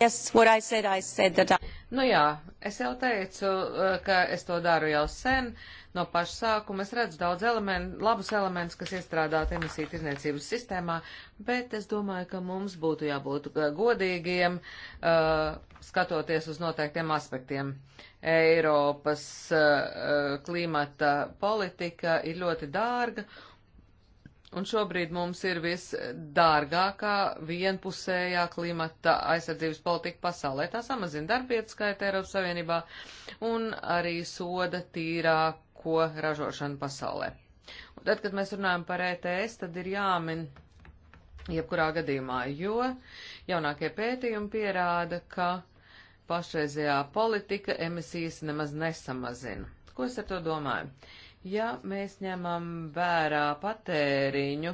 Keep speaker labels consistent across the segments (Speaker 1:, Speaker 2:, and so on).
Speaker 1: Yes, what I said, I said that I... Nu jā, es jau teicu, uh, ka es to daru jau sen, no paša sākuma. Es redzu daudz elementu, labus elementus, kas iestrādāti emisiju tirniecības sistēmā, bet es domāju, ka mums būtu jābūt uh, godīgiem, uh, skatoties uz noteiktiem aspektiem. Eiropas uh, uh klimata politika ir ļoti dārga, Un šobrīd mums ir visdārgākā vienpusējā klimata aizsardzības politika pasaulē. Tā samazina darbietu skaitu Eiropas Savienībā un arī soda tīrāko ražošanu pasaulē. Un tad, kad mēs runājam par ETS, tad ir jāmin jebkurā gadījumā, jo jaunākie pētījumi pierāda, ka pašreizējā politika emisijas nemaz nesamazina. Ko es ar to domāju? Uh, Ja mēs ņemam vērā patēriņu,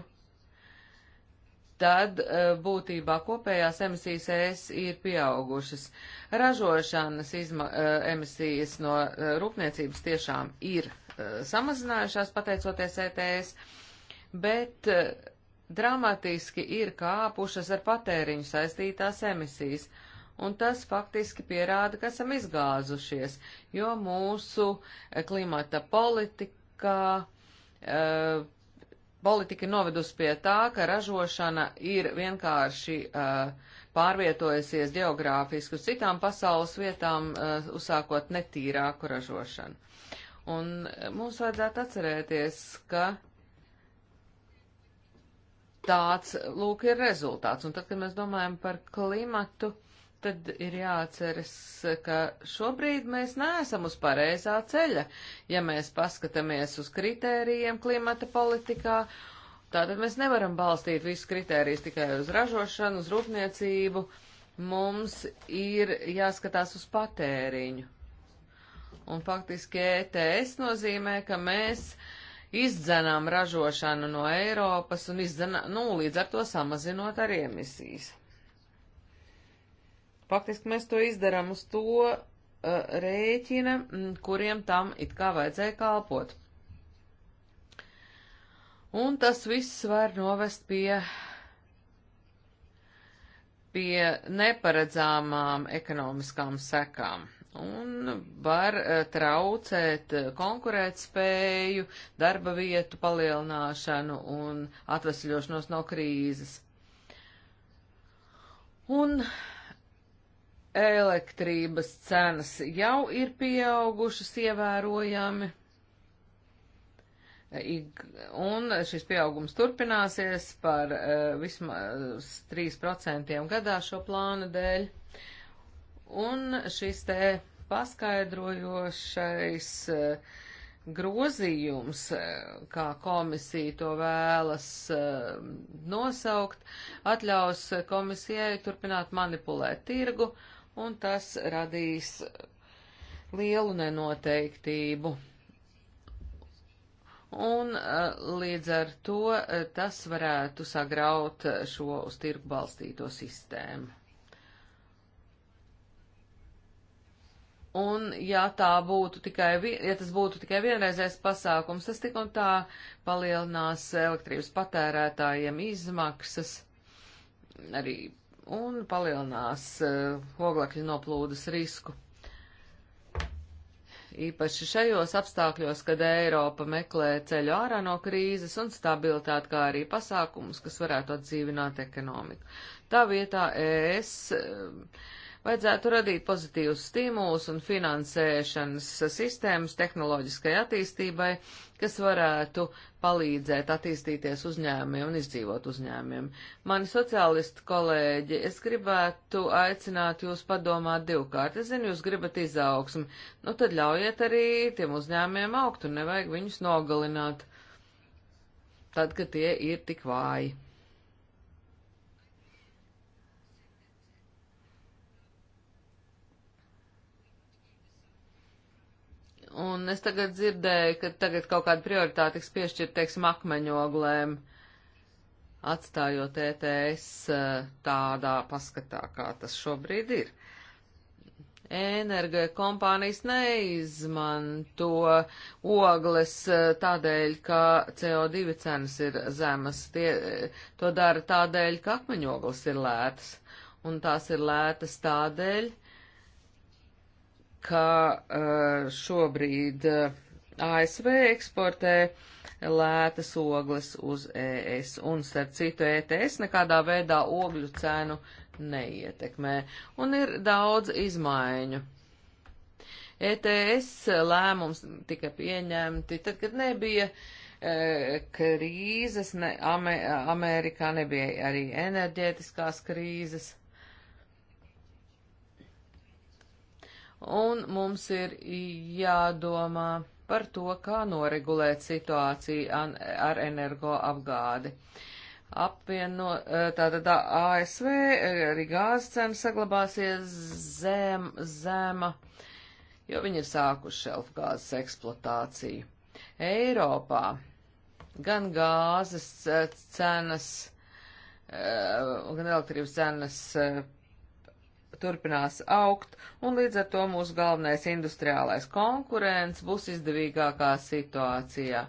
Speaker 1: tad e, būtībā kopējās emisijas ES ir pieaugušas. Ražošanas izma, e, emisijas no e, rūpniecības tiešām ir samazinājušās pateicoties ETS, bet dramatiski ir kāpušas ar patēriņu saistītās emisijas. Un tas faktiski pierāda, ka esam izgāzušies, jo mūsu klimata politika ka uh, politika novedusi pie tā, ka ražošana ir vienkārši uh, pārvietojusies geogrāfiski uz citām pasaules vietām, uh, uzsākot netīrāku ražošanu. Un mums vajadzētu atcerēties, ka tāds, lūk, ir rezultāts. Un tad, kad mēs domājam par klimatu, tad ir jāatceras, ka šobrīd mēs neesam uz pareizā ceļa, ja mēs paskatāmies uz kritērijiem klimata politikā. Tātad mēs nevaram balstīt visus kritērijus tikai uz ražošanu, uz rūpniecību. Mums ir jāskatās uz patēriņu. Un faktiski ETS nozīmē, ka mēs izdzenām ražošanu no Eiropas un izdzenām, nu, līdz ar to samazinot arī emisijas. Faktiski mēs to izdarām uz to uh, rēķina, mm, kuriem tam it kā vajadzēja kalpot. Un tas viss var novest pie, pie neparedzāmām ekonomiskām sekām un var uh, traucēt uh, konkurētspēju, darba vietu palielināšanu un atvesļošanos no krīzes. Un elektrības cenas jau ir pieaugušas ievērojami, un šis pieaugums turpināsies par eh, vismaz 3% gadā šo plānu dēļ. Un šis te paskaidrojošais eh, grozījums, eh, kā komisija to vēlas nosaukt, atļaus komisijai turpināt manipulēt tirgu, uh, un tas radīs lielu nenoteiktību. Un eh, līdz ar to eh, tas varētu sagraut eh, šo uz tirgu balstīto sistēmu. Un ja tā būtu tikai, ja tas būtu tikai vienreizais pasākums, tas tik un tā palielinās elektrības patērētājiem izmaksas, arī un palielinās uh, oglekļa noplūdes risku. Īpaši šajos apstākļos, kad Eiropa meklē ceļu ārā no krīzes un stabilitāti, kā arī pasākumus, kas varētu atdzīvināt ekonomiku. Tā vietā ES uh, eh, Vajadzētu radīt pozitīvus stimulus un finansēšanas sistēmas tehnoloģiskai attīstībai, kas varētu palīdzēt attīstīties uzņēmumiem un izdzīvot uzņēmumiem. Mani sociālisti kolēģi, es gribētu aicināt jūs padomāt divkārt. Es zinu, jūs gribat izaugsmi, nu tad ļaujiet arī tiem uzņēmumiem augt un nevajag viņus nogalināt tad, kad tie ir tik vāji. Un es tagad dzirdēju, ka tagad kaut kāda prioritāte tiks piešķirt, teiksim, akmeņoglēm, atstājot ETS eh, tādā paskatā, kā tas šobrīd ir. Energo kompānijas neizmanto ogles eh, tādēļ, ka CO2 cenas ir zemas. Tie, to dara tādēļ, ka akmeņogles ir lētas. Un tās ir lētas tādēļ, ka e, šobrīd e, ASV eksportē lētas ogles uz ES, un starp citu ETS nekādā veidā ogļu cenu neietekmē, un ir daudz izmaiņu. ETS lēmums tika pieņemti, tad, kad nebija e, krīzes, ne, Amer Amerikā nebija arī enerģētiskās krīzes. un mums ir jādomā par to, kā noregulēt situāciju ar energoapgādi. Apvieno, e, tātad ASV e, arī gāzes cena saglabāsies zem, zema, jo viņi ir sākuši šelfgāzes eksploatāciju. Eiropā gan gāzes e, cenas, gan elektrības cenas turpinās augt, un līdz ar to mūsu galvenais industriālais konkurents būs izdevīgākā situācijā,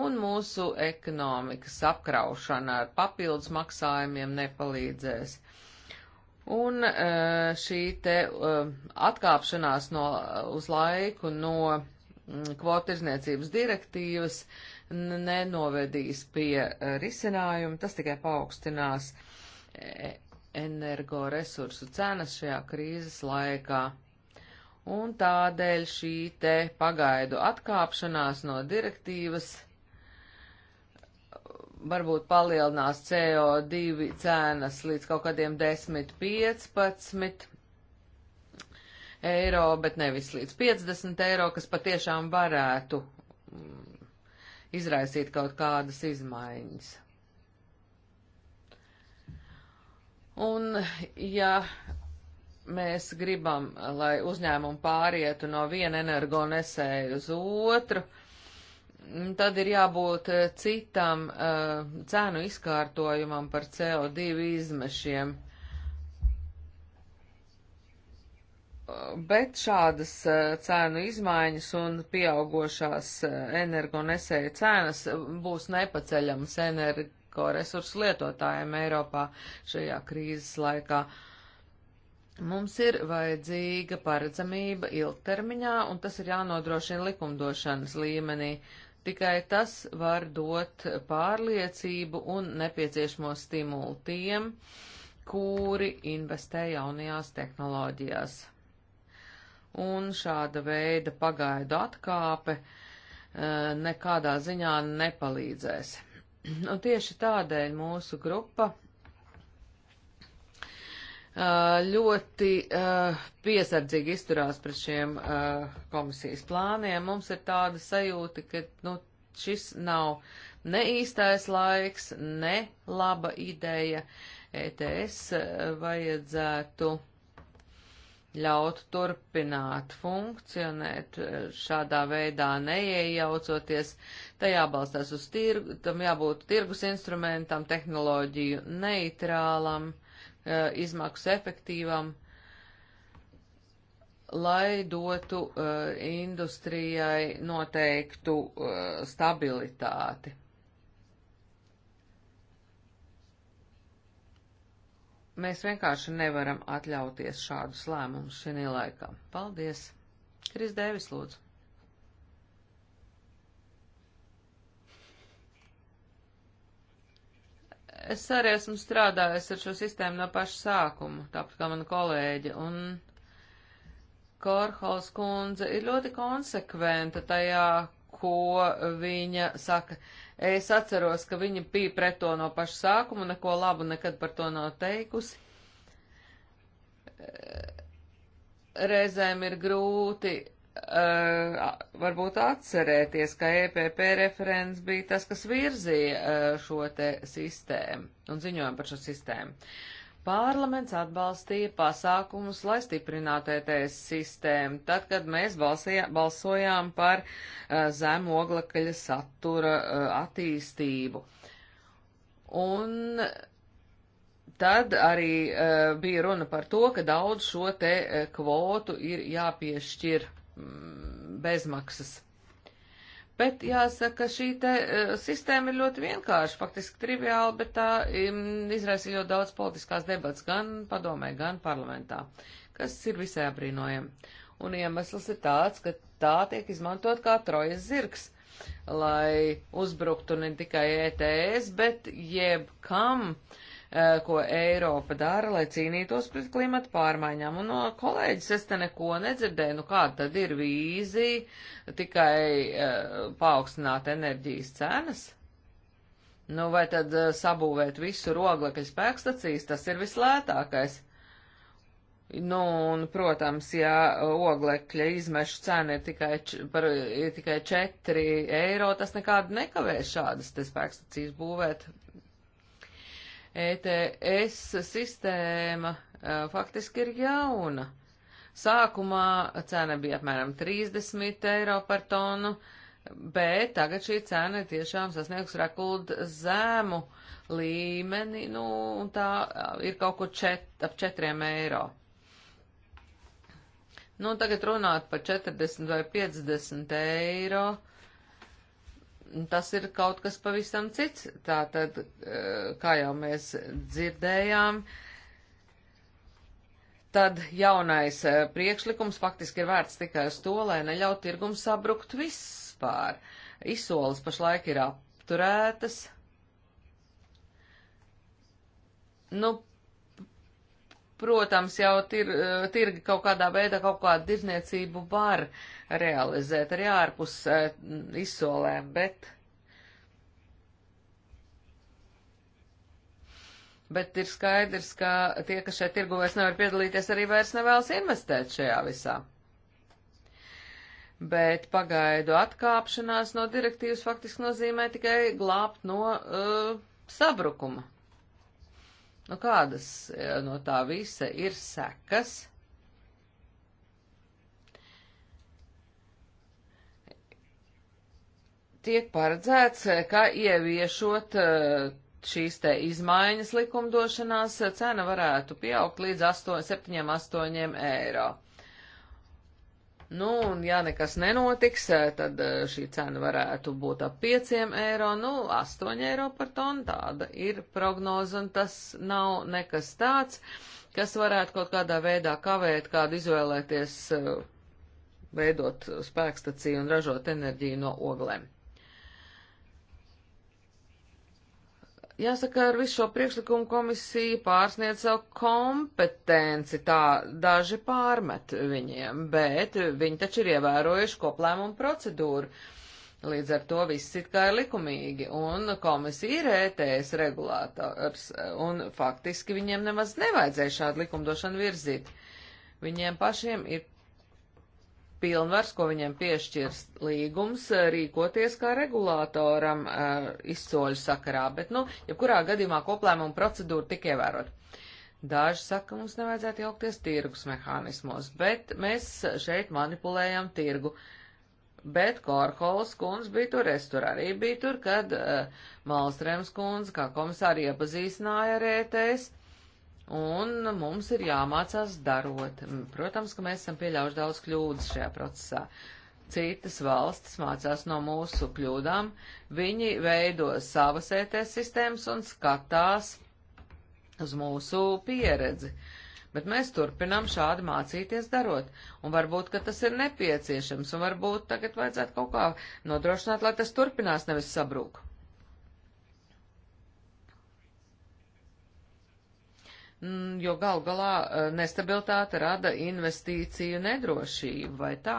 Speaker 1: un mūsu ekonomikas apkraušana ar papildus maksājumiem nepalīdzēs. Un e, šī te e, atkāpšanās no, uz laiku no mm, kvotirzniecības direktīvas nenovedīs pie e, risinājuma, tas tikai paaugstinās energoresursu cenas šajā krīzes laikā. Un tādēļ šī te pagaidu atkāpšanās no direktīvas uh, varbūt palielinās CO2 cenas līdz kaut kādiem 10-15 eiro, bet nevis līdz 50 eiro, kas patiešām varētu mm, izraisīt kaut kādas izmaiņas. Un, ja mēs gribam, lai uzņēmumi pārietu no viena energonesēja uz otru, tad ir jābūt eh, citam uh, eh, cēnu izkārtojumam par CO2 izmešiem. Bet šādas uh, eh, cēnu izmaiņas un pieaugošās uh, energonesēja cēnas būs nepaceļams energi energoresursu lietotājiem Eiropā šajā krīzes laikā. Mums ir vajadzīga paredzamība ilgtermiņā, un tas ir jānodrošina likumdošanas līmenī. Tikai tas var dot pārliecību un nepieciešamo stimulu tiem, kuri investē jaunajās tehnoloģijās. Un šāda veida pagaidu atkāpe eh, nekādā ziņā nepalīdzēs. Un nu, tieši tādēļ mūsu grupa ļoti piesardzīgi izturās pret šiem komisijas plāniem. Mums ir tāda sajūta, ka nu, šis nav ne īstais laiks, ne laba ideja. ETS vajadzētu ļautu turpināt funkcionēt e, šādā veidā, neiejaucoties. Tā jābalstās uz tirgu, tam jābūt tirgus instrumentam, tehnoloģiju neitrālam, e, izmaksu efektīvam, lai dotu e, industrijai noteiktu stabilitāti. Mēs vienkārši nevaram atļauties šādus lēmumus šī laikā. Paldies! Kris Dēvis, lūdzu! Es arī esmu strādājis ar šo sistēmu no paša sākuma, tāpat kā mana kolēģe, un Korhols kundze ir ļoti konsekventa tajā, ko viņa saka. Uh, Es atceros, ka viņa bija pret to no paša sākuma, neko labu nekad par to nav teikusi. Reizēm ir grūti uh, varbūt atcerēties, ka EPP referents bija tas, kas virzīja uh, šo te sistēmu un ziņoja par šo sistēmu. Parlaments atbalstīja pasākumus, lai stiprinātu ETS sistēmu, tad, kad mēs balsajā, balsojām par uh, zem oglekļa satura uh, attīstību. Un tad arī uh, bija runa par to, ka daudz šo te uh, kvotu ir jāpiešķir mm, bezmaksas. Bet jāsaka, šī te eh, sistēma ir ļoti vienkārša, faktiski triviāla, bet tā izraisa ļoti daudz politiskās debats gan padomē, gan parlamentā, kas ir visai apbrīnojami. Un iemesls ir tāds, ka tā tiek izmantot kā trojas zirgs, lai uzbruktu ne tikai ETS, bet jebkam. Uh, Eh, ko Eiropa dara, lai cīnītos pret klimatu pārmaiņām. Un no kolēģis es te neko nedzirdēju, nu kāda tad ir vīzija, tikai eh, paaugstināt enerģijas cenas? Nu vai tad eh, sabūvēt visu roglekļu spēkstacijas, tas ir vislētākais. Nu, un, protams, ja oglekļa izmešu cena ir tikai, par, ir tikai 4 eiro, tas nekādu nekavēs šādas spēkstacijas būvēt ETS sistēma e, faktiski ir jauna. Sākumā cena bija apmēram 30 eiro par tonu, bet tagad šī cena ir tiešām sasniegus rekord zēmu līmeni, nu, un tā e, ir kaut kur čet, ap 4 eiro. Nu, tagad runāt par 40 vai 50 eiro tas ir kaut kas pavisam cits. Tātad, e, kā jau mēs dzirdējām, tad jaunais e, priekšlikums faktiski ir vērts tikai uz to, lai neļaut tirgumu sabrukt vispār. Izsoles pašlaik ir apturētas. Nu, Protams, jau tir, eh, tirgi kaut kādā veidā kaut kādu tirzniecību var realizēt arī ārpus eh, izsolēm, bet, bet ir skaidrs, ka tie, kas šeit tirgu vairs nevar piedalīties, arī vairs nevēlas investēt šajā visā bet pagaidu atkāpšanās no direktīvas faktiski nozīmē tikai glābt no uh, sabrukuma. Nu, kādas e, no tā visa ir sekas? Tiek paredzēts, e, ka ieviešot e, šīs te izmaiņas likumdošanās, cena varētu pieaugt līdz 7-8 eiro. Nu, un ja nekas nenotiks, eh, tad eh, šī cena varētu būt ap 5 eiro, nu, 8 eiro par tonu. Tāda ir prognoze, un tas nav nekas tāds, kas varētu kaut kādā veidā kavēt kādu izvēlēties eh, veidot spēkstaciju un ražot enerģiju no oglēm. Jāsaka, ar visu šo priekšlikumu komisija pārsniedz savu kompetenci, tā daži pārmet viņiem, bet viņi taču ir ievērojuši koplēmumu procedūru. Līdz ar to viss it kā ir likumīgi, un komisija ir ETS regulātors, un faktiski viņiem nemaz nevajadzēja šādu likumdošanu virzīt. Viņiem pašiem ir pilnvars, ko viņiem piešķirs līgums, eh, rīkoties kā regulātoram uh, izsoļu sakarā, bet, nu, jebkurā gadījumā koplēmuma procedūra tik ievērot. Daži saka, mums nevajadzētu jaukties tirgus mehānismos, bet mēs šeit manipulējam tirgu. Bet Korholas kundze bija tur, es tur arī biju tur, kad uh, eh, Malstrēms kundze kā komisāri iepazīstināja ar ETS. Uh, un mums ir jāmācās darot. Protams, ka mēs esam pieļaujuši daudz kļūdas šajā procesā. Citas valstis mācās no mūsu kļūdām, viņi veido savas ETS sistēmas un skatās uz mūsu pieredzi. Bet mēs turpinām šādi mācīties darot, un varbūt, ka tas ir nepieciešams, un varbūt tagad vajadzētu kaut kā nodrošināt, lai tas turpinās, nevis sabrūk. Mm, jo gal galā e, nestabilitāte rada investīciju nedrošību, vai tā?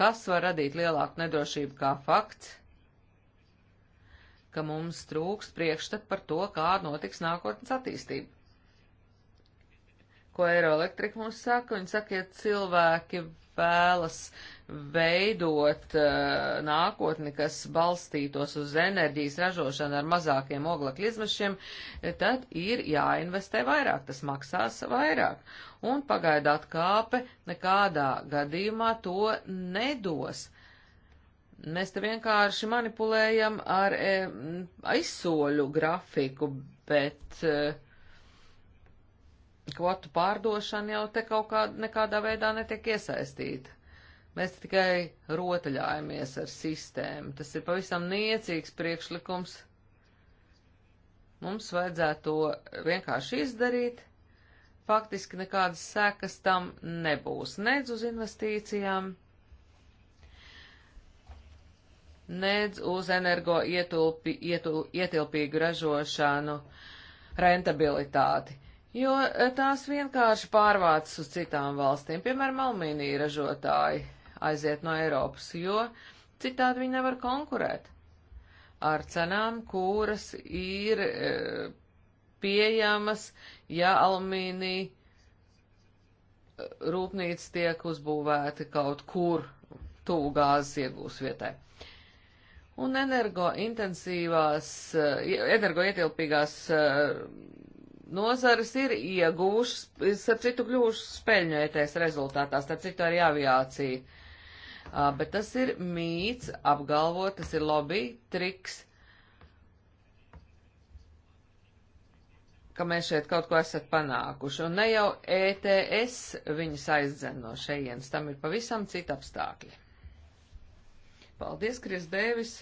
Speaker 1: Kas var radīt lielāku nedrošību kā fakts, ka mums trūkst priekšstat par to, kāda notiks nākotnes attīstība? Ko Eiroelektrika mums saka? Viņi saka, ja cilvēki vēlas uh, veidot uh, nākotni, kas balstītos uz enerģijas ražošanu ar mazākiem oglekļa izmešiem, eh, tad ir jāinvestē vairāk, tas maksās vairāk. Un pagaida atkāpe nekādā gadījumā to nedos. Mēs te vienkārši manipulējam ar e, aizsoļu grafiku, bet e, kvotu pārdošana jau te kaut kādā, nekādā veidā netiek iesaistīta. Mēs tikai rotaļājamies ar sistēmu. Tas ir pavisam niecīgs priekšlikums. Mums vajadzētu to vienkārši izdarīt. Faktiski nekādas sekas tam nebūs. Nedz uz investīcijām, nedz uz energo ietulpi, ietul, ietilpīgu ražošanu rentabilitāti jo tās vienkārši pārvācas uz citām valstīm, piemēram, alumīnija ražotāji aiziet no Eiropas, jo citādi viņi nevar konkurēt ar cenām, kuras ir e, pieejamas, ja alumīnija e, rūpnīca tiek uzbūvēta kaut kur tuvu gāzes iegūs vietai. Un energointensīvās, e, energoietilpīgās e, nozares ir ieguvušas, starp citu, kļuvušas spēļņojoties rezultātā, starp citu, arī aviācija Ah, bet tas ir mīts, apgalvot, tas ir lobby triks, ka mēs šeit kaut ko esat panākuši. Un ne jau ETS viņus aizdzen no šejienes, tam ir pavisam cita apstākļi. Paldies, Kris Dēvis.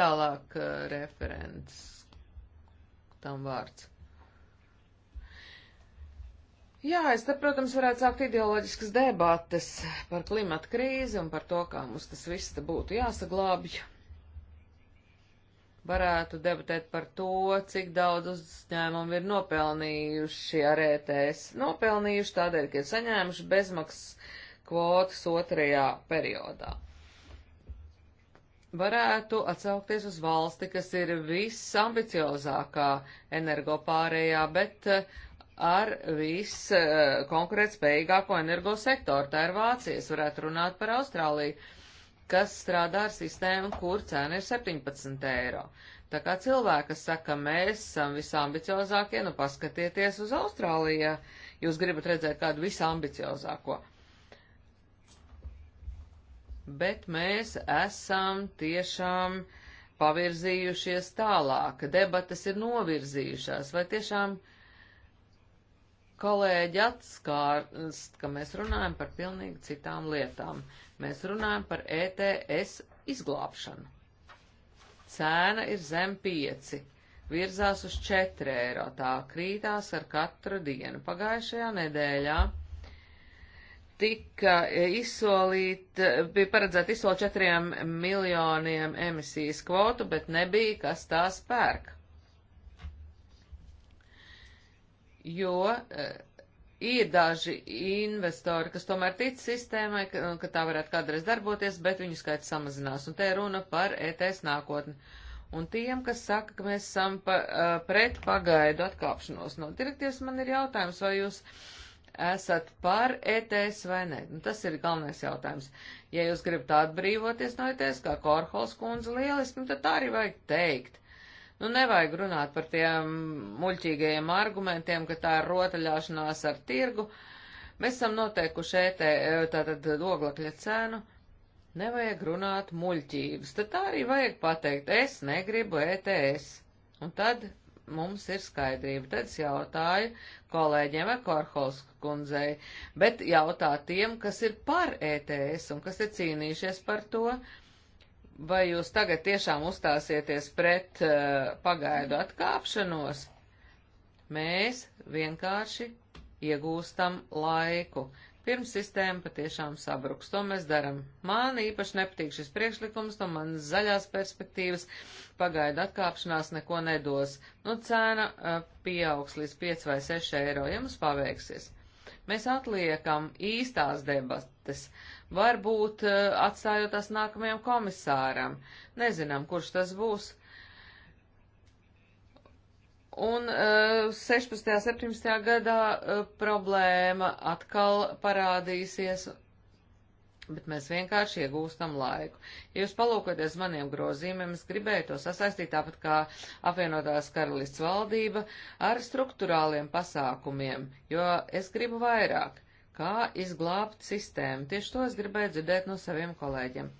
Speaker 1: Tālāk uh, referents. Tam vārds. Jā, es te, protams, varētu sākt ideoloģiskas debates par klimata krīzi un par to, kā mums tas viss te būtu jāsaglābj. Varētu debatēt par to, cik daudz uzņēmumu ir nopelnījuši ar ETS. Nopelnījuši tādēļ, ka ir saņēmuši bezmaksas kvotas otrajā periodā. Varētu atsaukties uz valsti, kas ir visambiciozākā energopārējā, bet uh, ar vis konkurētspējīgāko energosektoru. Tā ir Vācijas, varētu runāt par Austrāliju, kas strādā ar sistēmu, kur cena ir 17 eiro. Tā kā cilvēki, kas saka, mēs esam visambiciozākie, nu paskatieties uz Austrāliju, ja jūs gribat redzēt kādu visambiciozāko. Bet mēs esam tiešām pavirzījušies tālāk, debatas ir novirzījušās, vai tiešām uh, kolēģi atskārst, ka mēs runājam par pilnīgi citām lietām. Mēs runājam par ETS izglābšanu. Cēna ir zem pieci, virzās uz četri eiro, tā krītās ar katru dienu. Pagājušajā nedēļā tika izsolīt, bija paredzēta izsolīt četriem miljoniem emisijas kvotu, bet nebija, kas tās pērk. jo eh, ir daži investori, kas tomēr tic sistēmai, ka, ka tā varētu kādreiz darboties, bet viņu skaits samazinās. Un te runa par ETS nākotni. Un tiem, kas saka, ka mēs esam pa, eh, pret pagaidu atkāpšanos no direktīvas, man ir jautājums, vai jūs esat par ETS vai nē. Nu, tas ir galvenais jautājums. Ja jūs gribat atbrīvoties no ETS, kā Korhols kundze lieliski, nu, tad tā arī vajag teikt. Nu, nevajag runāt par tiem muļķīgajiem argumentiem, ka tā ir rotaļāšanās ar tirgu. Mēs esam noteikuši ētē, e e, tātad oglekļa cenu. Nevajag runāt muļķības. Tad tā arī vajag pateikt, es negribu ETS. Un tad mums ir skaidrība. Tad es jautāju kolēģiem Ekorholsku kundzei, bet jautā tiem, kas ir par ETS un kas ir cīnījušies par to, uh, vai jūs tagad tiešām uzstāsieties pret uh, pagaidu atkāpšanos? Mēs vienkārši iegūstam laiku. Pirms sistēma patiešām sabruks, to mēs daram. Man īpaši nepatīk šis priekšlikums, no manas zaļās perspektīvas pagaidu atkāpšanās neko nedos. Nu, cena uh, pieaugs līdz 5 vai 6 eiro, ja mums paveiksies. Mēs atliekam īstās debates, varbūt eh, atstājot tās nākamajam komisāram. Nezinām, kurš tas būs. Un uh, 16. un 17. gadā uh, problēma atkal parādīsies, bet mēs vienkārši iegūstam laiku. Ja jūs palūkoties maniem grozījumiem, es gribēju to sasaistīt tāpat kā apvienotās karalists valdība ar struktūrāliem pasākumiem, jo es gribu vairāk. Kā izglābt sistēmu? Tieši to es gribēju dzirdēt no saviem kolēģiem.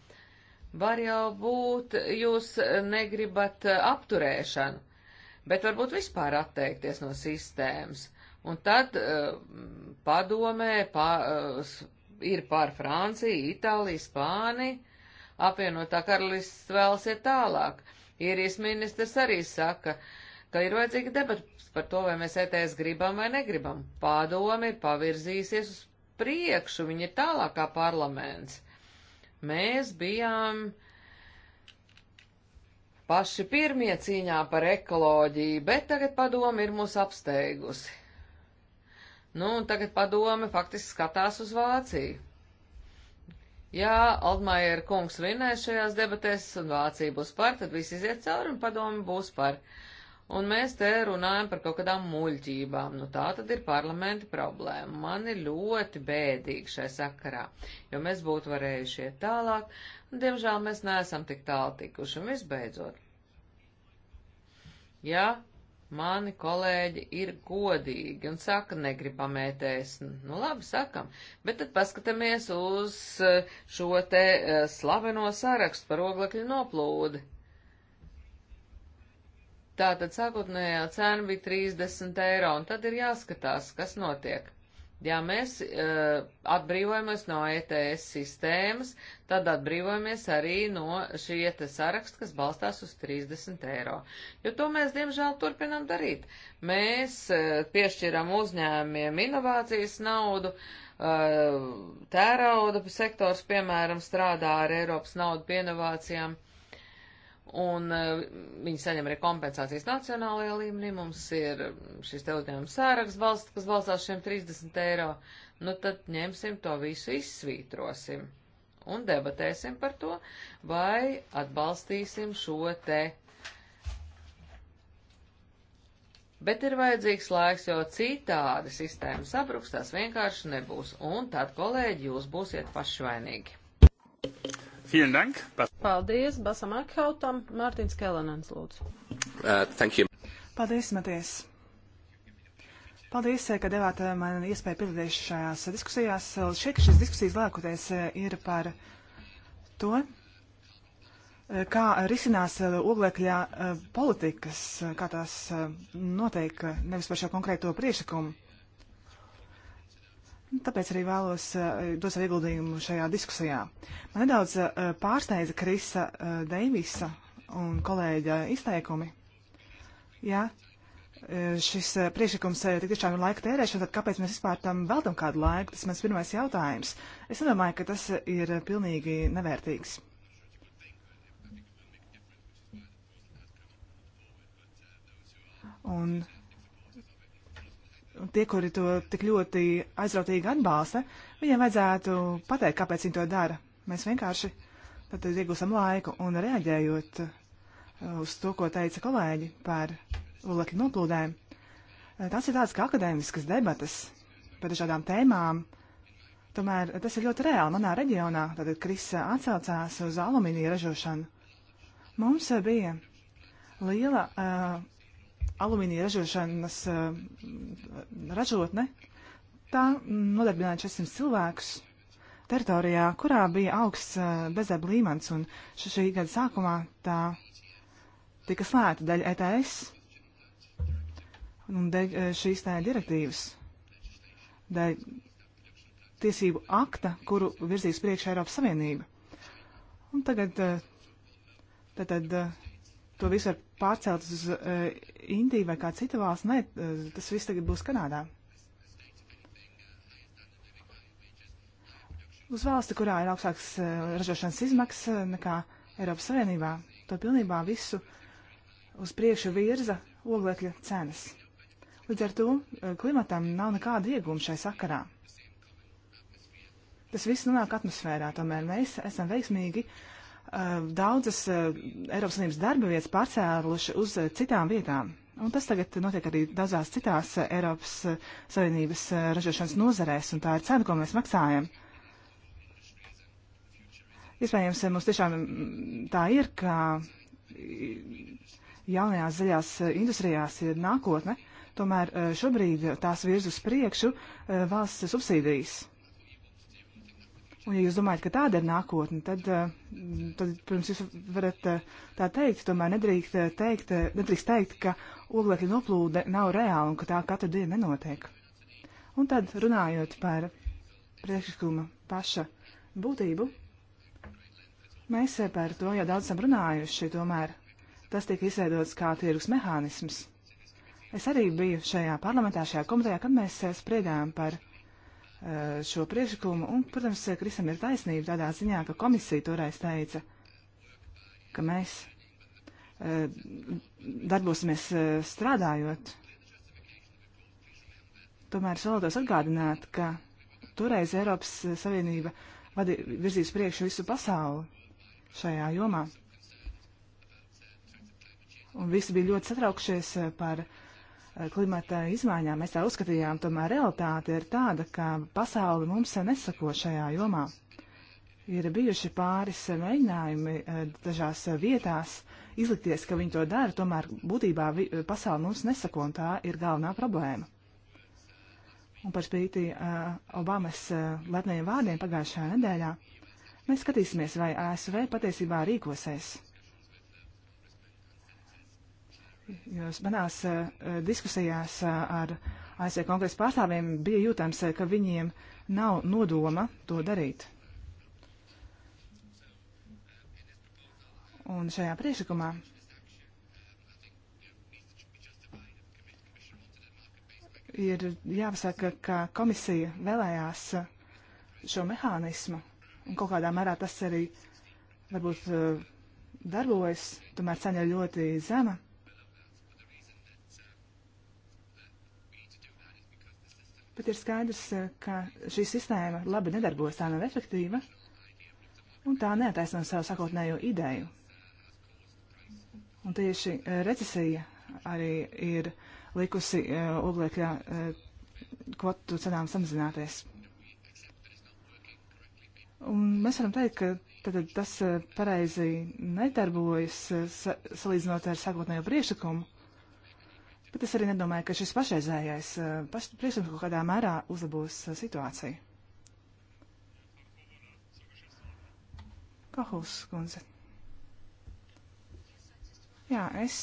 Speaker 1: Var jau būt, jūs negribat eh, apturēšanu, bet varbūt vispār atteikties no sistēmas. Un tad uh, padomē, pa, uh, ir pār Franciju, Itāliju, Spāniju, apvienotā karalists vēlas iet tālāk. Īrijas ministrs arī saka, ka ir vajadzīga debats par to, vai mēs ETS gribam vai negribam. Pādome ir pavirzījusies uz priekšu, viņi ir tālākā parlaments. Mēs bijām paši pirmie cīņā par ekoloģiju, bet tagad padomi ir mūs apsteigusi. Nu, un tagad padome faktiski skatās uz Vāciju. Ja Altmaier kungs vinēs šajās debatēs un Vācija būs par, tad visi iziet cauri un padomi būs par. Un mēs te runājam par kaut kādām muļķībām. Nu tā tad ir parlamenta problēma. Man ir ļoti bēdīgi šai sakarā, jo mēs būtu varējuši iet tālāk, un diemžēl mēs neesam tik tālu tikuši. Un visbeidzot, ja Mani kolēģi ir godīgi un saka, negribam ēties. Nu labi, sakam, bet tad paskatamies uz eh, šo te eh, slaveno sarakstu par oglekļu noplūdi. Tātad sākotnējā cena bija 30 eiro, un tad ir jāskatās, kas notiek. Ja mēs uh, atbrīvojamies no ETS sistēmas, tad atbrīvojamies arī no šī te saraksta, kas balstās uz 30 eiro. Jo to mēs, diemžēl, turpinam darīt. Mēs uh, piešķiram uzņēmiem inovācijas naudu, uh, tērauda sektors, piemēram, strādā ar Eiropas naudu pie inovācijām. Uh, un e, viņi saņem arī kompensācijas nacionālajā līmenī. Mums ir šis te uzņēmums sēraks valsts, kas balstās šiem 30 eiro. Nu tad ņemsim to visu, izsvītrosim un debatēsim par to, vai atbalstīsim šo te. Bet ir vajadzīgs laiks, jo citādi sistēma sabruks, tas vienkārši nebūs, un tad, kolēģi, jūs būsiet pašvainīgi.
Speaker 2: Vielen Dank.
Speaker 3: Paldies Basam Akhautam. Mārtiņš Kelenens, lūdzu.
Speaker 2: Uh, thank you. Paldies, Matīs. Paldies, eh, ka devāt eh, man iespēju piedalīties šajās diskusijās. Šķiet, ka šīs diskusijas lēkoties eh, ir par to, kā risinās oglekļa politikas, kā tās notiek, nevis par šo konkrēto priekšlikumu. Tāpēc arī vēlos eh, dot savu ieguldījumu šajā diskusijā. Man nedaudz eh, pārsteidza Krisa eh, Deivisa un kolēģa izteikumi. Jā, šis priekšlikums tik tiešām ir laika tērēšana, tad kāpēc mēs vispār tam veltam kādu laiku? Tas mans pirmais jautājums. Es nedomāju, ka tas ir pilnīgi nevērtīgs. Un tie, kuri to tik ļoti aizrautīgi atbalsta, viņiem vajadzētu pateikt, kāpēc viņi to dara. Mēs vienkārši tad iegūstam laiku un reaģējot uh, uz to, ko teica kolēģi par ulekļu noplūdēm. Uh, tas ir tāds kā akadēmiskas debatas par dažādām tēmām. Tomēr tas ir ļoti reāli manā reģionā. Tad Krisa atsaucās uz alumīnija ražošanu. Mums bija liela uh, alumīnija ražošanas eh, ražotne. Tā nodarbināja 400 cilvēkus teritorijā, kurā bija augsts eh, bezdarba līmenis, un šī gada sākumā tā tika slēgta daļa ETS un dēļ eh, šīs tā direktīvas, dēļ tiesību akta, kuru virzīs priekšā Eiropas Savienība. Un tagad tātad to visu var pārcelt uz uh, Indiju vai kādu citu valstu. Nē, uh, tas viss tagad būs Kanādā. Uz valsti, kurā ir augstāks uh, ražošanas izmaksas nekā Eiropas Savienībā, to pilnībā visu uz priekšu virza oglekļa cenas. Līdz ar to uh, klimatam nav nekāda ieguma šai sakarā. Tas viss nonāk atmosfērā, tomēr mēs esam veiksmīgi uh, Eh, daudzas eh, Eiropas Savienības darba vietas pārcēluši uz eh, citām vietām. Un tas tagad notiek arī daudzās citās Eiropas Savienības ražošanas nozarēs, un tā ir cena, ko mēs maksājam. Iespējams, mums tiešām mm, tā ir, ka mm, jaunajās zaļās industrijās ir nākotne, tomēr šobrīd tās virz uz priekšu valsts subsīdijas. Un, ja jūs domājat, ka tāda ir nākotne, tad, eh, tad protams, jūs varat eh, tā teikt, tomēr nedrīkst eh, teikt, nedrīkst teikt ka oglekļa noplūde nav reāla un ka tā katru dienu nenotiek. Un tad, runājot par priekšlikuma paša būtību, mēs par to jau daudz esam runājuši, tomēr tas tika izveidots kā tirgus mehānisms. Es arī biju šajā parlamentā, šajā komitejā, kad mēs spriedām par Eh, šo priekšlikumu. Un, protams, eh, Krisam ir taisnība tādā ziņā, ka komisija toreiz teica, ka mēs eh, darbosimies strādājot. Tomēr es vēlētos atgādināt, ka toreiz Eiropas Savienība virzīs priekšu visu pasauli šajā jomā. Un visi bija ļoti satraukšies par uh, Eh, klimata izmaiņām. Mēs tā uzskatījām, tomēr realitāte ir tāda, ka pasauli mums nesako šajā jomā. Ir bijuši pāris mēģinājumi eh, dažās vietās izlikties, ka viņi to dara, tomēr būtībā pasauli mums nesako, un tā ir galvenā problēma. Un par spīti uh, Obamas uh, lepniem vārdiem pagājušajā nedēļā, mēs skatīsimies, vai ASV patiesībā rīkosies Jūs manās eh, diskusijās eh, ar ASV kongresa pārstāvjiem bija jūtams, eh, ka viņiem nav nodoma to darīt. Un šajā priekšlikumā ir jāpasaka, ka komisija vēlējās šo mehānismu, un kaut kādā mērā tas arī varbūt darbojas, tomēr ceņa ļoti zema. bet ir skaidrs, eh, ka šī sistēma labi nedarbojas, tā nav efektīva, un tā neataisno savu sakotnējo ideju. Un tieši eh, recesija arī ir likusi uh, oglekļa uh, kvotu cenām samazināties. Un mēs varam teikt, ka tad, tas pareizi nedarbojas sa salīdzinot ar sākotnējo priekšlikumu. Bet es arī nedomāju, ka šis pašreizējais eh, priekšlikums kaut kādā mērā uzlabos eh, situāciju. Kahūs kundze. Jā, es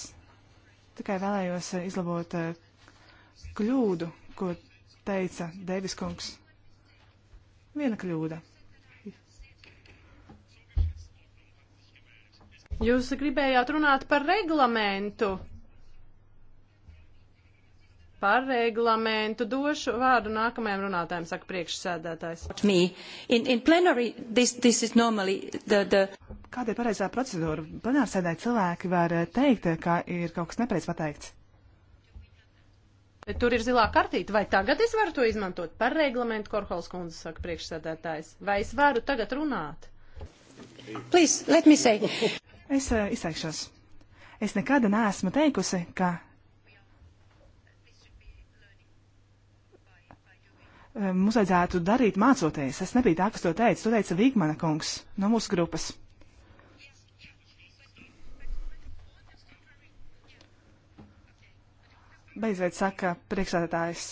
Speaker 2: tikai vēlējos eh, izlabot kļūdu, ko teica Deivis kungs. Viena kļūda.
Speaker 3: Jūs gribējāt runāt par reglamentu. Par reglamentu došu vārdu nākamajam runātājam, saka priekšsēdētājs. In, in plenary, this, this the,
Speaker 2: the... Kāda ir pareizā procedūra? Plenārsēdē cilvēki var eh, teikt, eh, ka ir kaut kas nepareiz pateikts.
Speaker 3: Bet tur ir zilā kartīte. Vai tagad es varu to izmantot par reglamentu, Korholas kundze saka priekšsēdētājs? Vai es varu tagad runāt?
Speaker 2: Please, let me say. Es uh, izteikšos. Es nekad neesmu teikusi, ka mums vajadzētu darīt mācoties. Es nebiju tā, kas to teica. To teica Vigmana kungs no mūsu grupas. Beidzot, saka priekšsādātājs.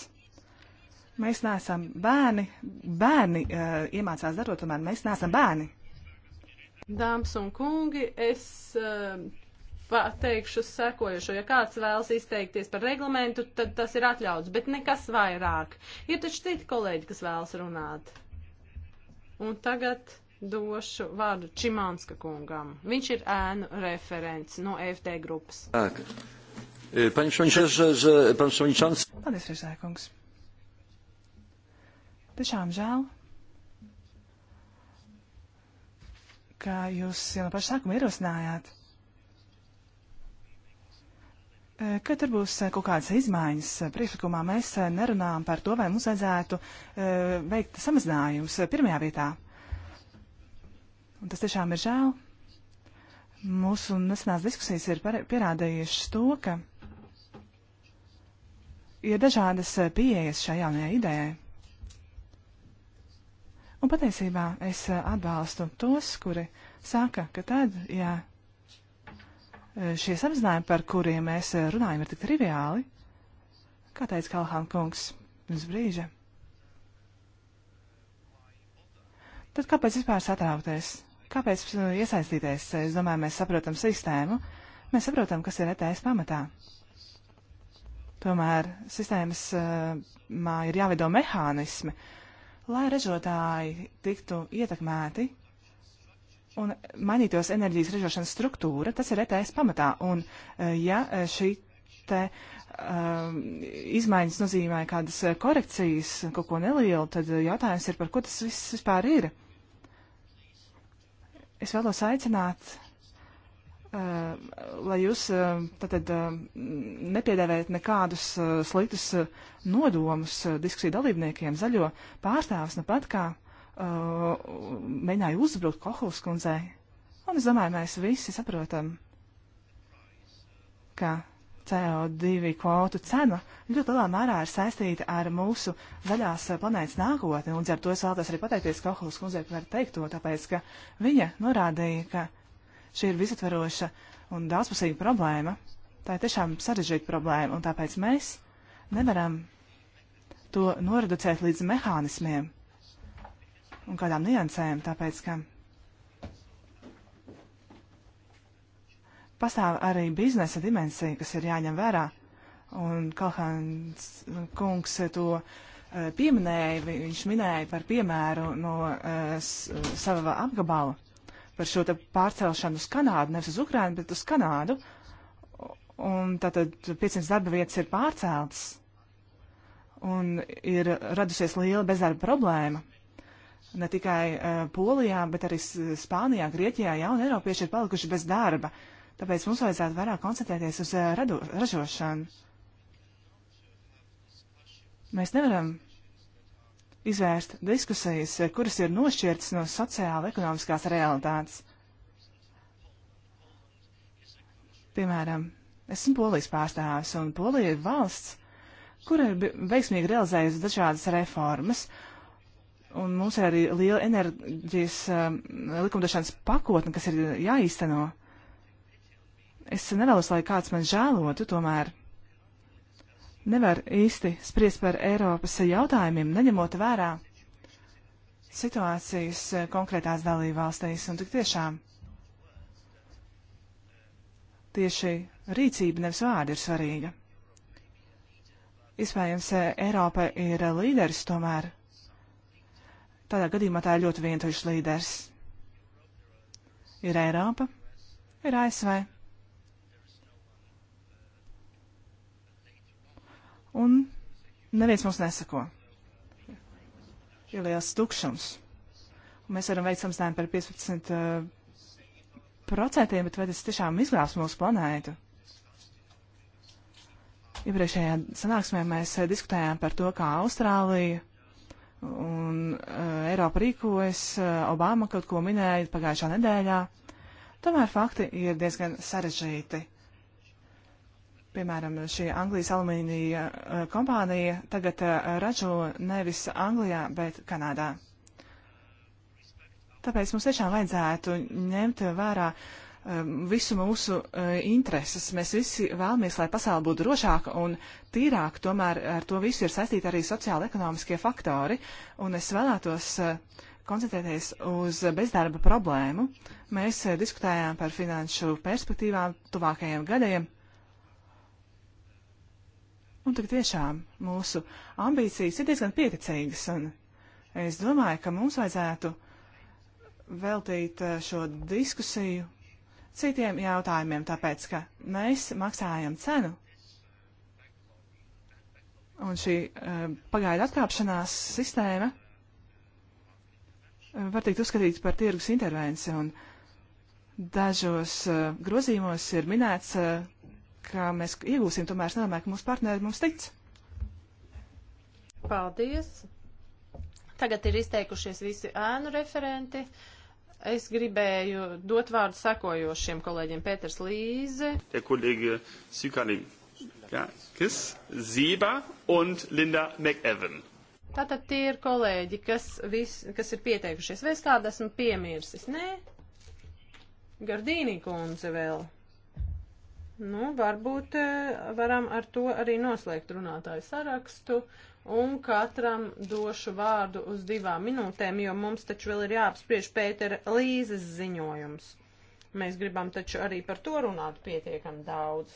Speaker 2: Mēs neesam bērni. Bērni uh, iemācās darot, tomēr mēs neesam bērni.
Speaker 3: Dāmas un kungi, es uh, pateikšu sekojušo. Ja kāds vēlas izteikties par reglamentu, tad tas ir atļauts, bet nekas vairāk. Ir taču citi kolēģi, kas vēlas runāt. Un tagad došu vārdu Čimānska kungam. Viņš ir ēnu referents no FD grupas. E, Pani Šoņšans.
Speaker 2: Paldies, Rezēkungs. Tiešām žēl, ka jūs jau no paša sākuma ierosinājāt Kad tur būs eh, kaut kādas izmaiņas eh, priekšlikumā, mēs eh, nerunājam par to, vai mums vajadzētu veikt samazinājumus pirmajā vietā. Un tas tiešām ir žēl. Mūsu nesenās diskusijas ir pierādījušas to, ka ir dažādas pieejas šai jaunajai idejai. Un patiesībā es atbalstu tos, kuri saka, ka tad, ja šie samazinājumi, par kuriem mēs eh, runājam, ir tik triviāli, kā teica Kalhāna kungs pirms brīža. Tad kāpēc vispār satraukties? Kāpēc eh, iesaistīties? Es domāju, mēs saprotam sistēmu, mēs saprotam, kas ir ETS pamatā. Tomēr sistēmas eh, mā ir jāveido mehānismi, lai ražotāji tiktu ietekmēti un mainītos enerģijas ražošanas struktūra, tas ir ETS pamatā. Un, eh, ja eh, šī te uh, izmaiņas nozīmē kādas korekcijas, kaut ko nelielu, tad jautājums ir, par ko tas viss vispār ir. Es vēlos aicināt, uh, lai jūs uh, tātad nepiedēvējat nekādus sliktus nodomus diskusiju dalībniekiem. Zaļo pārstāvs nu pat kā uh, mēģināja uzbrukt Kohovas kundzei. Un es domāju, mēs visi saprotam, ka CO2 kvotu cena ļoti lielā mērā ir saistīta ar mūsu zaļās planētas nākotni, un ar to es vēlos arī pateikties Kohulas kundzei par teikto, tāpēc, ka viņa norādīja, ka šī ir visatveroša un daudzpusīga problēma. Tā ir tiešām sarežģīta problēma, un tāpēc mēs nevaram to noreducēt līdz mehānismiem, un kādām niansēm, tāpēc ka pastāv arī biznesa dimensija, kas ir jāņem vērā. Un Kalhāns kungs to eh, pieminēja, viņš minēja par piemēru no eh, sava apgabala par šo pārcelšanu uz Kanādu, nevis uz Ukrainu, bet uz Kanādu. Un tātad 500 darba vietas ir pārceltas un ir radusies liela bezdarba problēma ne tikai uh, Polijā, bet arī Spānijā, Grieķijā jauni Eiropieši ir palikuši bez darba. Tāpēc mums vajadzētu vairāk koncentrēties uz uh, radu, ražošanu. Mēs nevaram izvērst diskusijas, eh, kuras ir nošķirtas no sociāla ekonomiskās realitātes. Piemēram, esmu Polijas pārstāvis, un Polija ir valsts, kura ir veiksmīgi realizējusi dažādas reformas, uh, Un mums ir arī liela enerģijas um, likumdošanas pakotne, kas ir jāīsteno. Es nevēlos, lai kāds man žēlotu, tomēr nevar īsti spriest par Eiropas jautājumiem, neņemot vērā situācijas eh, konkrētās dalībvalstīs. Un tik tiešām tieši rīcība, nevis vārdi, ir svarīga. Iespējams, Eiropa ir līderis tomēr Tādā gadījumā tā ir ļoti vientuļš līderis. Ir Eiropa, ir ASV. Un neviens mums nesako. Ir liels tukšums. Un mēs varam veikt samazinājumu par 15%, uh, eh, procentiem, bet vai tas tiešām izglābs mūsu planētu? Iepriekšējā sanāksmē mēs uh, diskutējām par to, kā Austrālija un uh, Eiropa rīkojas, uh, eh, Obama kaut ko minēja pagājušā nedēļā. Tomēr fakti ir diezgan sarežģīti. Piemēram, šī Anglijas alumīnija uh, kompānija tagad uh, ražo nevis Anglijā, bet Kanādā. Tāpēc mums tiešām vajadzētu ņemt vērā uh, Um, visu mūsu uh, intereses. Mēs visi vēlamies, lai pasauli būtu drošāka un tīrāka, tomēr ar to visu ir saistīti arī sociāla-ekonomiskie faktori, un es vēlētos uh, koncentrēties uz bezdarba problēmu. Mēs uh, diskutējām par finanšu perspektīvām tuvākajiem gadiem. Un tik tiešām mūsu ambīcijas ir diezgan pieticīgas, un es domāju, ka mums vajadzētu veltīt šo diskusiju citiem jautājumiem, tāpēc, ka mēs maksājam cenu. Un šī uh, pagaidu atkāpšanās sistēma eh, var tikt uzskatīta par tirgus intervenciju, un dažos uh, grozījumos ir minēts, uh, ka mēs iegūsim, tomēr es nedomāju, ka mūsu partneri mums tic.
Speaker 3: Paldies! Tagad ir izteikušies visi ēnu referenti. Uh, Es gribēju dot vārdu sekojošiem kolēģiem. Pēters Līze.
Speaker 2: Der kolēģi Sikaling. Ja, Kis, Zība un Linda McEvan.
Speaker 3: Tātad tie ir kolēģi, kas, vis, kas ir pieteikušies. Vai es kādu esmu piemirsis? Nē? Gardīnī kundze vēl. Nu, varbūt eh, varam ar to arī noslēgt runātāju sarakstu. Uh, un katram došu vārdu uz divām minūtēm, jo mums taču vēl ir jāapspriež Pētera Līzes ziņojums. Mēs gribam taču arī par to runāt pietiekam daudz.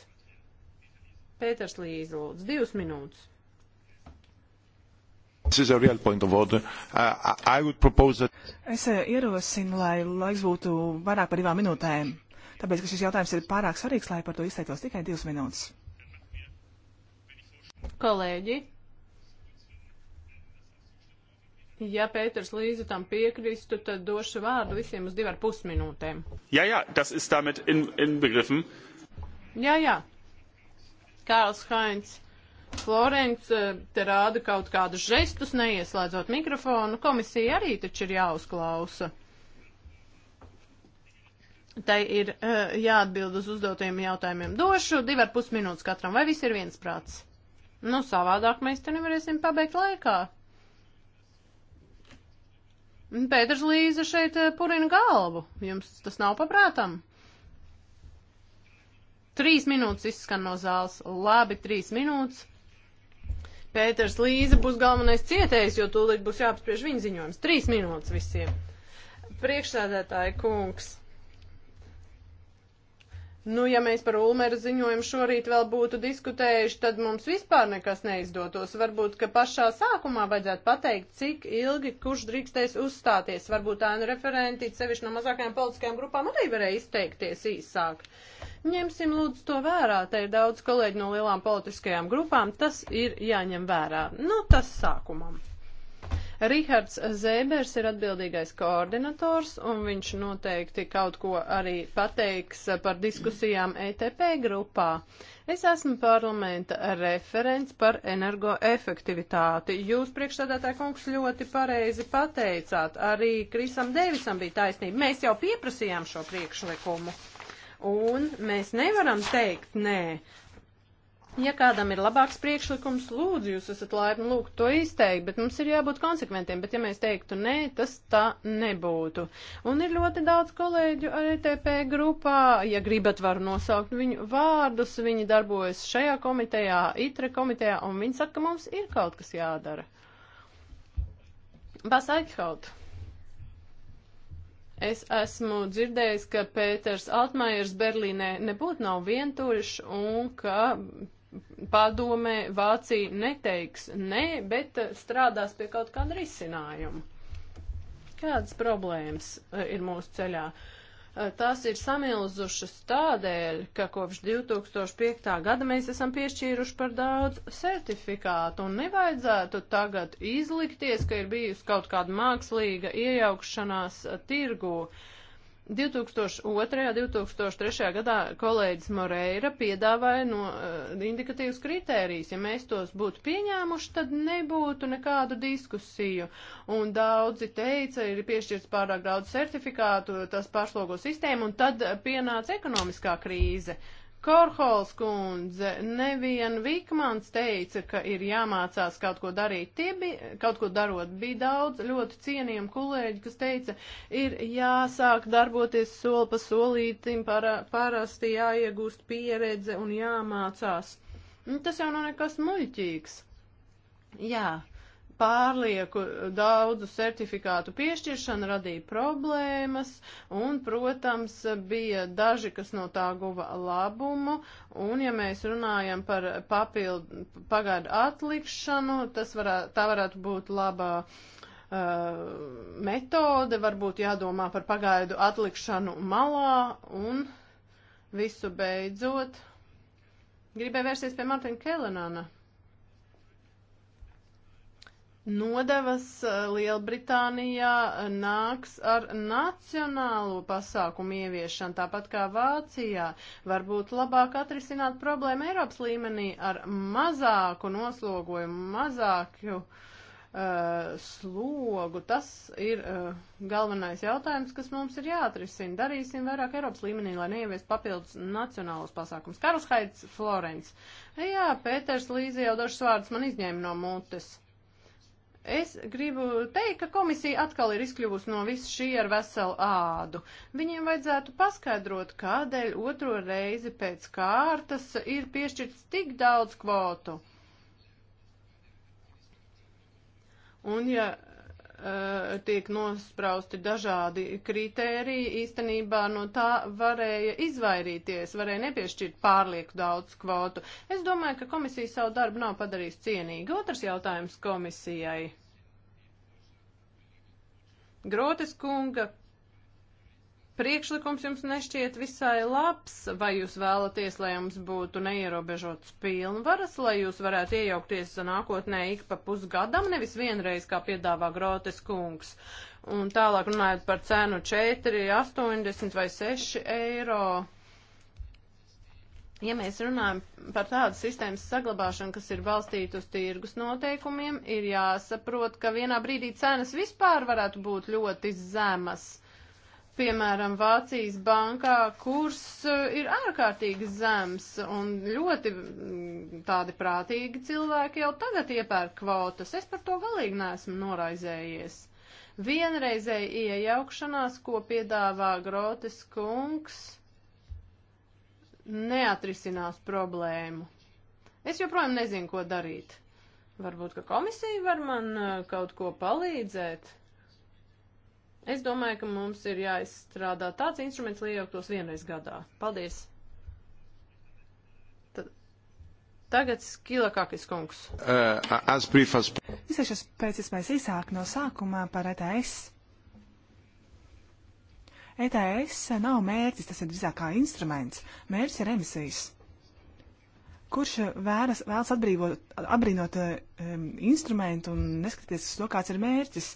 Speaker 2: Pēters Līze, lūdzu, divas minūtes.
Speaker 1: Uh, that...
Speaker 2: Es eh, ierosinu, lai laiks būtu vairāk par divām minūtēm, tāpēc, ka šis jautājums ir pārāk svarīgs, lai par to izteiktos tikai divas minūtes.
Speaker 3: Kolēģi, Ja Pēters Līze tam piekristu, tad došu vārdu visiem uz divar pusminūtēm.
Speaker 2: Jā, jā, tas ir damit in, inbegriffen.
Speaker 3: Jā, jā. Kārls Hainz. Florence eh, te rāda kaut kādus žestus, neieslēdzot mikrofonu. Komisija arī taču ir jāuzklausa. Tai ir uh, jāatbild uz uzdotiem jautājumiem. Došu divar pusminūtes katram, vai viss ir viens prāts? Nu, savādāk mēs te nevarēsim pabeigt laikā. Pēters Līze šeit eh, purina galvu. Jums tas nav paprātam? Trīs minūtes izskan no zāles. Labi, trīs minūtes. Pēters Līze būs galvenais cietējs, jo tūlīt būs jāapspriež viņa ziņojums. Trīs minūtes visiem. Priekšsēdētāji kungs. Nu, ja mēs par Ulmera ziņojumu šorīt vēl būtu diskutējuši, tad mums vispār nekas neizdotos. Varbūt, ka pašā sākumā vajadzētu pateikt, cik ilgi kurš drīkstēs uzstāties. Varbūt ēnu referenti, sevišķi no mazākajām politiskajām grupām, arī varēja izteikties īsāk. Ņemsim lūdzu to vērā, te ir daudz kolēģi no lielām politiskajām grupām, tas ir jāņem vērā. Nu, tas sākumam. Rihards Zēbers ir atbildīgais koordinators, un viņš noteikti kaut ko arī pateiks par diskusijām ETP grupā. Es esmu parlamenta referents par energoefektivitāti. Jūs priekšstādātāja kungs ļoti pareizi pateicāt. Arī Krisam Devisam bija taisnība. Mēs jau pieprasījām šo priekšlikumu. Un mēs nevaram teikt nē. Ja kādam ir labāks priekšlikums, lūdzu, jūs esat laipni lūgt to izteikt, bet mums ir jābūt konsekventiem, bet ja mēs teiktu nē, tas tā nebūtu. Un ir ļoti daudz kolēģu ar e ETP grupā, ja gribat var nosaukt viņu vārdus, viņi darbojas šajā komitejā, ITRE komitejā, un viņi saka, ka mums ir kaut kas jādara. Bas Aikhaut. Es esmu dzirdējis, ka Pēters Altmaiers Berlīnē nebūtu nav vientuļš un ka padomē Vācija neteiks nē, ne, bet eh, strādās pie kaut kāda risinājuma. Kādas problēmas eh, ir mūsu ceļā? Eh, tās ir samilzušas tādēļ, ka kopš 2005. gada mēs esam piešķīruši par daudz certifikātu un nevajadzētu tagad izlikties, ka ir bijusi kaut kāda mākslīga iejaukšanās tirgū. Uh, 2002. un 2003. gadā kolēģis Moreira piedāvāja no, uh, eh, indikatīvus kritērijus. Ja mēs tos būtu pieņēmuši, tad nebūtu nekādu diskusiju. Un daudzi teica, ir piešķirts pārāk daudz certifikātu, tas pārslogo sistēmu, un tad eh, pienāca ekonomiskā krīze. Uh, Korhols kundze, nevien Vikmans teica, ka ir jāmācās kaut ko darīt. Tie bija, kaut ko darot, bija daudz ļoti cienījami kolēģi, kas teica, ir jāsāk darboties soli pa solītim, para, parasti jāiegūst pieredze un jāmācās. Nu, tas jau nav nekas muļķīgs. Jā, pārlieku daudzu certifikātu piešķiršana radīja problēmas, un, protams, bija daži, kas no tā guva labumu, un, ja mēs runājam par papildu pagaidu atlikšanu, tas varētu, tā varētu būt labā uh, metode, varbūt jādomā par pagaidu atlikšanu malā, un visu beidzot. Gribēju vērsties pie Martina Kelenana. Nodevas eh, Lielbritānijā eh, nāks ar nacionālo pasākumu ieviešanu, tāpat kā Vācijā. Varbūt labāk atrisināt problēmu Eiropas līmenī ar mazāku noslogojumu, mazāku uh, slogu. Tas ir uh, galvenais jautājums, kas mums ir jāatrisina. Darīsim vairāk Eiropas līmenī, lai neievies papildus nacionālos pasākumus. Karls Haids, Florence. Jā, Pēters Līzi jau dažus vārdus man izņēma no mutes. Es gribu teikt, ka komisija atkal ir izkļuvusi no visa šī ar veselu ādu. Viņiem vajadzētu paskaidrot, kādēļ otro reizi pēc kārtas ir piešķirts tik daudz kvotu. Un ja Eh, tiek nosprausti dažādi kritēriji, īstenībā no tā varēja izvairīties, varēja nepiešķirt pārlieku daudz kvotu. Es domāju, ka komisija savu darbu nav padarījusi cienīgi. Otrs jautājums komisijai. Grotes kunga priekšlikums jums nešķiet visai labs, vai jūs vēlaties, lai jums būtu neierobežotas pilnvaras, lai jūs varētu iejaukties nākotnē ik pa pusgadam, nevis vienreiz, kā piedāvā Grotes kungs. Un tālāk runājot par cenu 4, 80 vai 6 eiro. Ja mēs runājam par tādu sistēmas saglabāšanu, kas ir balstīta uz tirgus noteikumiem, ir jāsaprot, ka vienā brīdī cenas vispār varētu būt ļoti zemas piemēram, Vācijas bankā kurs eh, ir ārkārtīgi zems, un ļoti mm, tādi prātīgi cilvēki jau tagad iepērk kvotas. Es par to galīgi neesmu noraizējies. Vienreizēji iejaukšanās, ko piedāvā Grotes kungs, neatrisinās problēmu. Es joprojām nezinu, ko darīt. Varbūt, ka komisija var man eh, kaut ko palīdzēt. Es domāju, ka mums ir jāizstrādā tāds instruments, lai iejauktos vienreiz gadā. Paldies! Tad, tagad Skilakakis kungs. Uh, as brief as...
Speaker 2: Iziešu pēc iespējas īsāk no sākumā par ETS. ETS nav mērķis, tas ir drīzāk kā instruments. Mērķis ir emisijas. Kurš vēras, vēlas atbrīvot, atbrīnot um, instrumentu un neskaties uz to, kāds ir mērķis?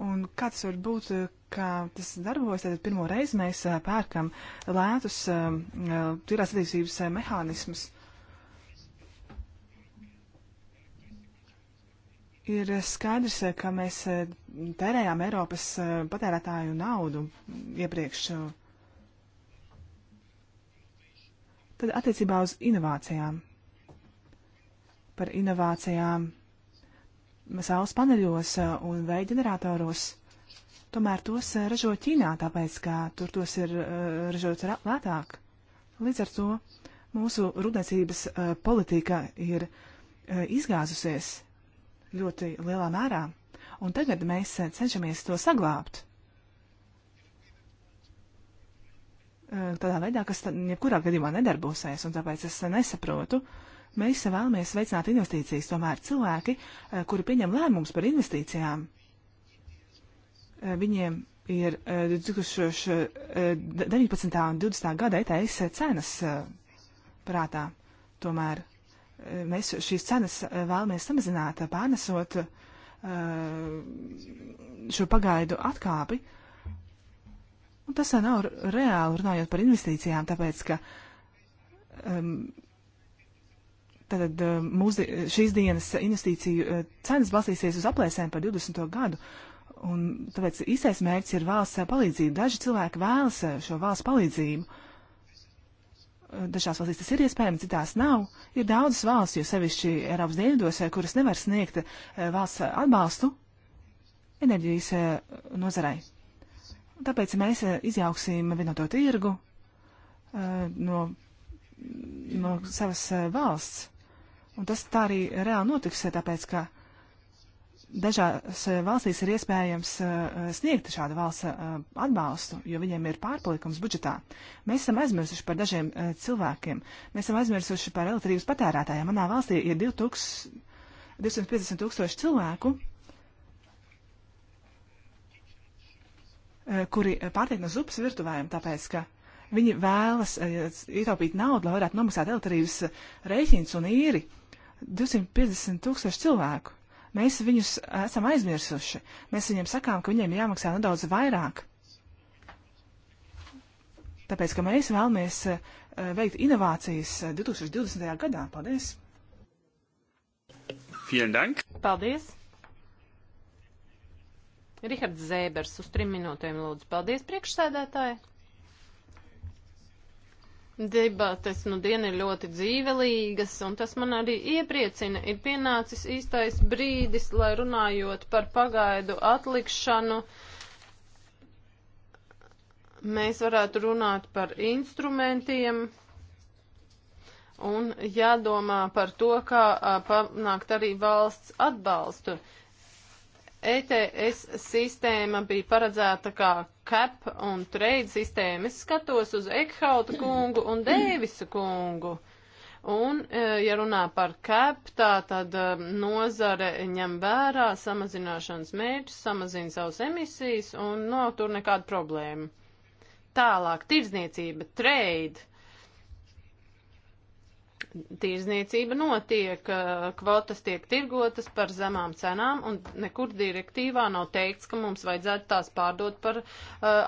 Speaker 2: Un kā tas var būt, eh, kā tas darbojas, tad pirmo reizi mēs eh, pērkam lētus eh, tīrās attīstības mehānismus. Ir skaidrs, ka mēs tērējām Eiropas patērētāju naudu iepriekš. Tad attiecībā uz inovācijām. Par inovācijām saules paneļos uh, un vēja ģeneratoros. Tomēr tos uh, ražo Ķīnā, tāpēc, ka tur tos ir uh, ražots lētāk. Līdz ar to mūsu rūpniecības politika ir izgāzusies ļoti lielā mērā, un tagad mēs cenšamies to saglābt. Tādā veidā, kas jebkurā gadījumā nedarbosies, un tāpēc es nesaprotu, uh, Mēs vēlamies veicināt investīcijas, tomēr cilvēki, eh, kuri pieņem lēmumus par investīcijām, eh, viņiem ir 2019. Eh, un 2020. gada ETS cenas prātā. Tomēr mēs šīs cenas vēlamies samazināt, pārnesot šo pagaidu atkāpi. Un tas nav reāli runājot par investīcijām, tāpēc ka um, Tātad eh, mūzi, šīs dienas investīciju eh, cenas balstīsies uz aplēsēm par 20. gadu. Un tāpēc īstais mērķis ir valsts eh, palīdzība. Daži cilvēki vēlas šo valsts palīdzību. Dažās valstīs tas ir iespējams, citās nav. Ir daudzas valsts, jo sevišķi Eiropas dienvidos, kuras nevar sniegt valsts atbalstu enerģijas nozarei. Tāpēc mēs izjauksim vienoto tirgu no, no savas valsts. Un tas tā arī reāli notiks, tāpēc, ka dažās eh, valstīs ir iespējams eh, sniegt šādu valsts eh, atbalstu, jo viņiem ir pārpalikums budžetā. Mēs esam aizmirsuši par dažiem cilvēkiem. Mēs esam aizmirsuši par elektrības patērētājiem. Manā valstī ir 2000, 250 tūkstoši cilvēku, kuri pārtiek no zupas virtuvēm, tāpēc, ka viņi vēlas ietaupīt naudu, lai varētu nomaksāt elektrības rēķins un īri. 250 tūkstoši cilvēku. Mēs viņus esam aizmirsuši. Mēs viņiem sakām, ka viņiem jāmaksā nedaudz vairāk. Tāpēc, ka mēs vēlamies eh, veikt inovācijas 2020. Eh, gadā. Paldies! Vielen Dank! Paldies!
Speaker 3: Rihards Zēbers uz trim minūtēm lūdzu. Paldies, priekšsēdētāji! Debates nu dien ir ļoti dzīvelīgas, un tas man arī iepriecina. Ir pienācis īstais brīdis, lai runājot par pagaidu atlikšanu, mēs varētu runāt par instrumentiem un jādomā par to, kā panākt arī valsts atbalstu. ETS sistēma bija paredzēta kā cap un trade sistēmu. Es skatos uz Ekhauta kungu un Dēvisa kungu. Un, eh, ja runā par cap, tā tad eh, nozare ņem vērā samazināšanas mērķus, samazina savas emisijas un nav no, tur nekāda problēma. Tālāk, tirdzniecība, trade tirzniecība notiek, eh, kvotas tiek tirgotas par zemām cenām, un nekur direktīvā nav teikts, ka mums vajadzētu tās pārdot par uh,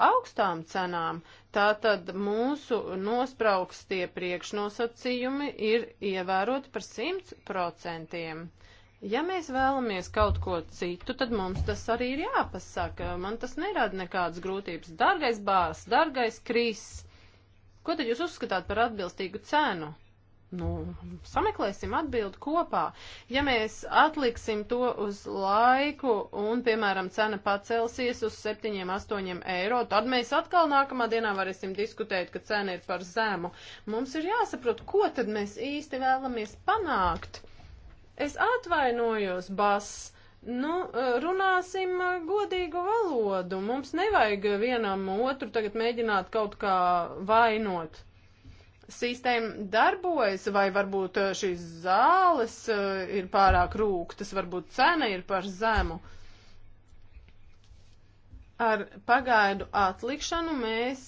Speaker 3: augstām cenām. Tātad mūsu nospraukstie priekšnosacījumi ir ievēroti par 100%. Ja mēs vēlamies kaut ko citu, tad mums tas arī ir jāpasaka. Man tas nerada nekādas grūtības. Dargais bārs, dargais kris, ko tad jūs uzskatāt par atbilstīgu cenu? nu, sameklēsim atbildi kopā. Ja mēs atliksim to uz laiku un, piemēram, cena pacelsies uz 7-8 eiro, tad mēs atkal nākamā dienā varēsim diskutēt, ka cena ir par zemu. Mums ir jāsaprot, ko tad mēs īsti vēlamies panākt. Es atvainojos, Bass. Nu, runāsim uh, godīgu valodu. Mums nevajag vienam otru tagad mēģināt kaut kā vainot sistēma darbojas, vai varbūt eh, šīs zāles eh, ir pārāk rūktas, varbūt cena ir par zemu. Ar pagaidu atlikšanu mēs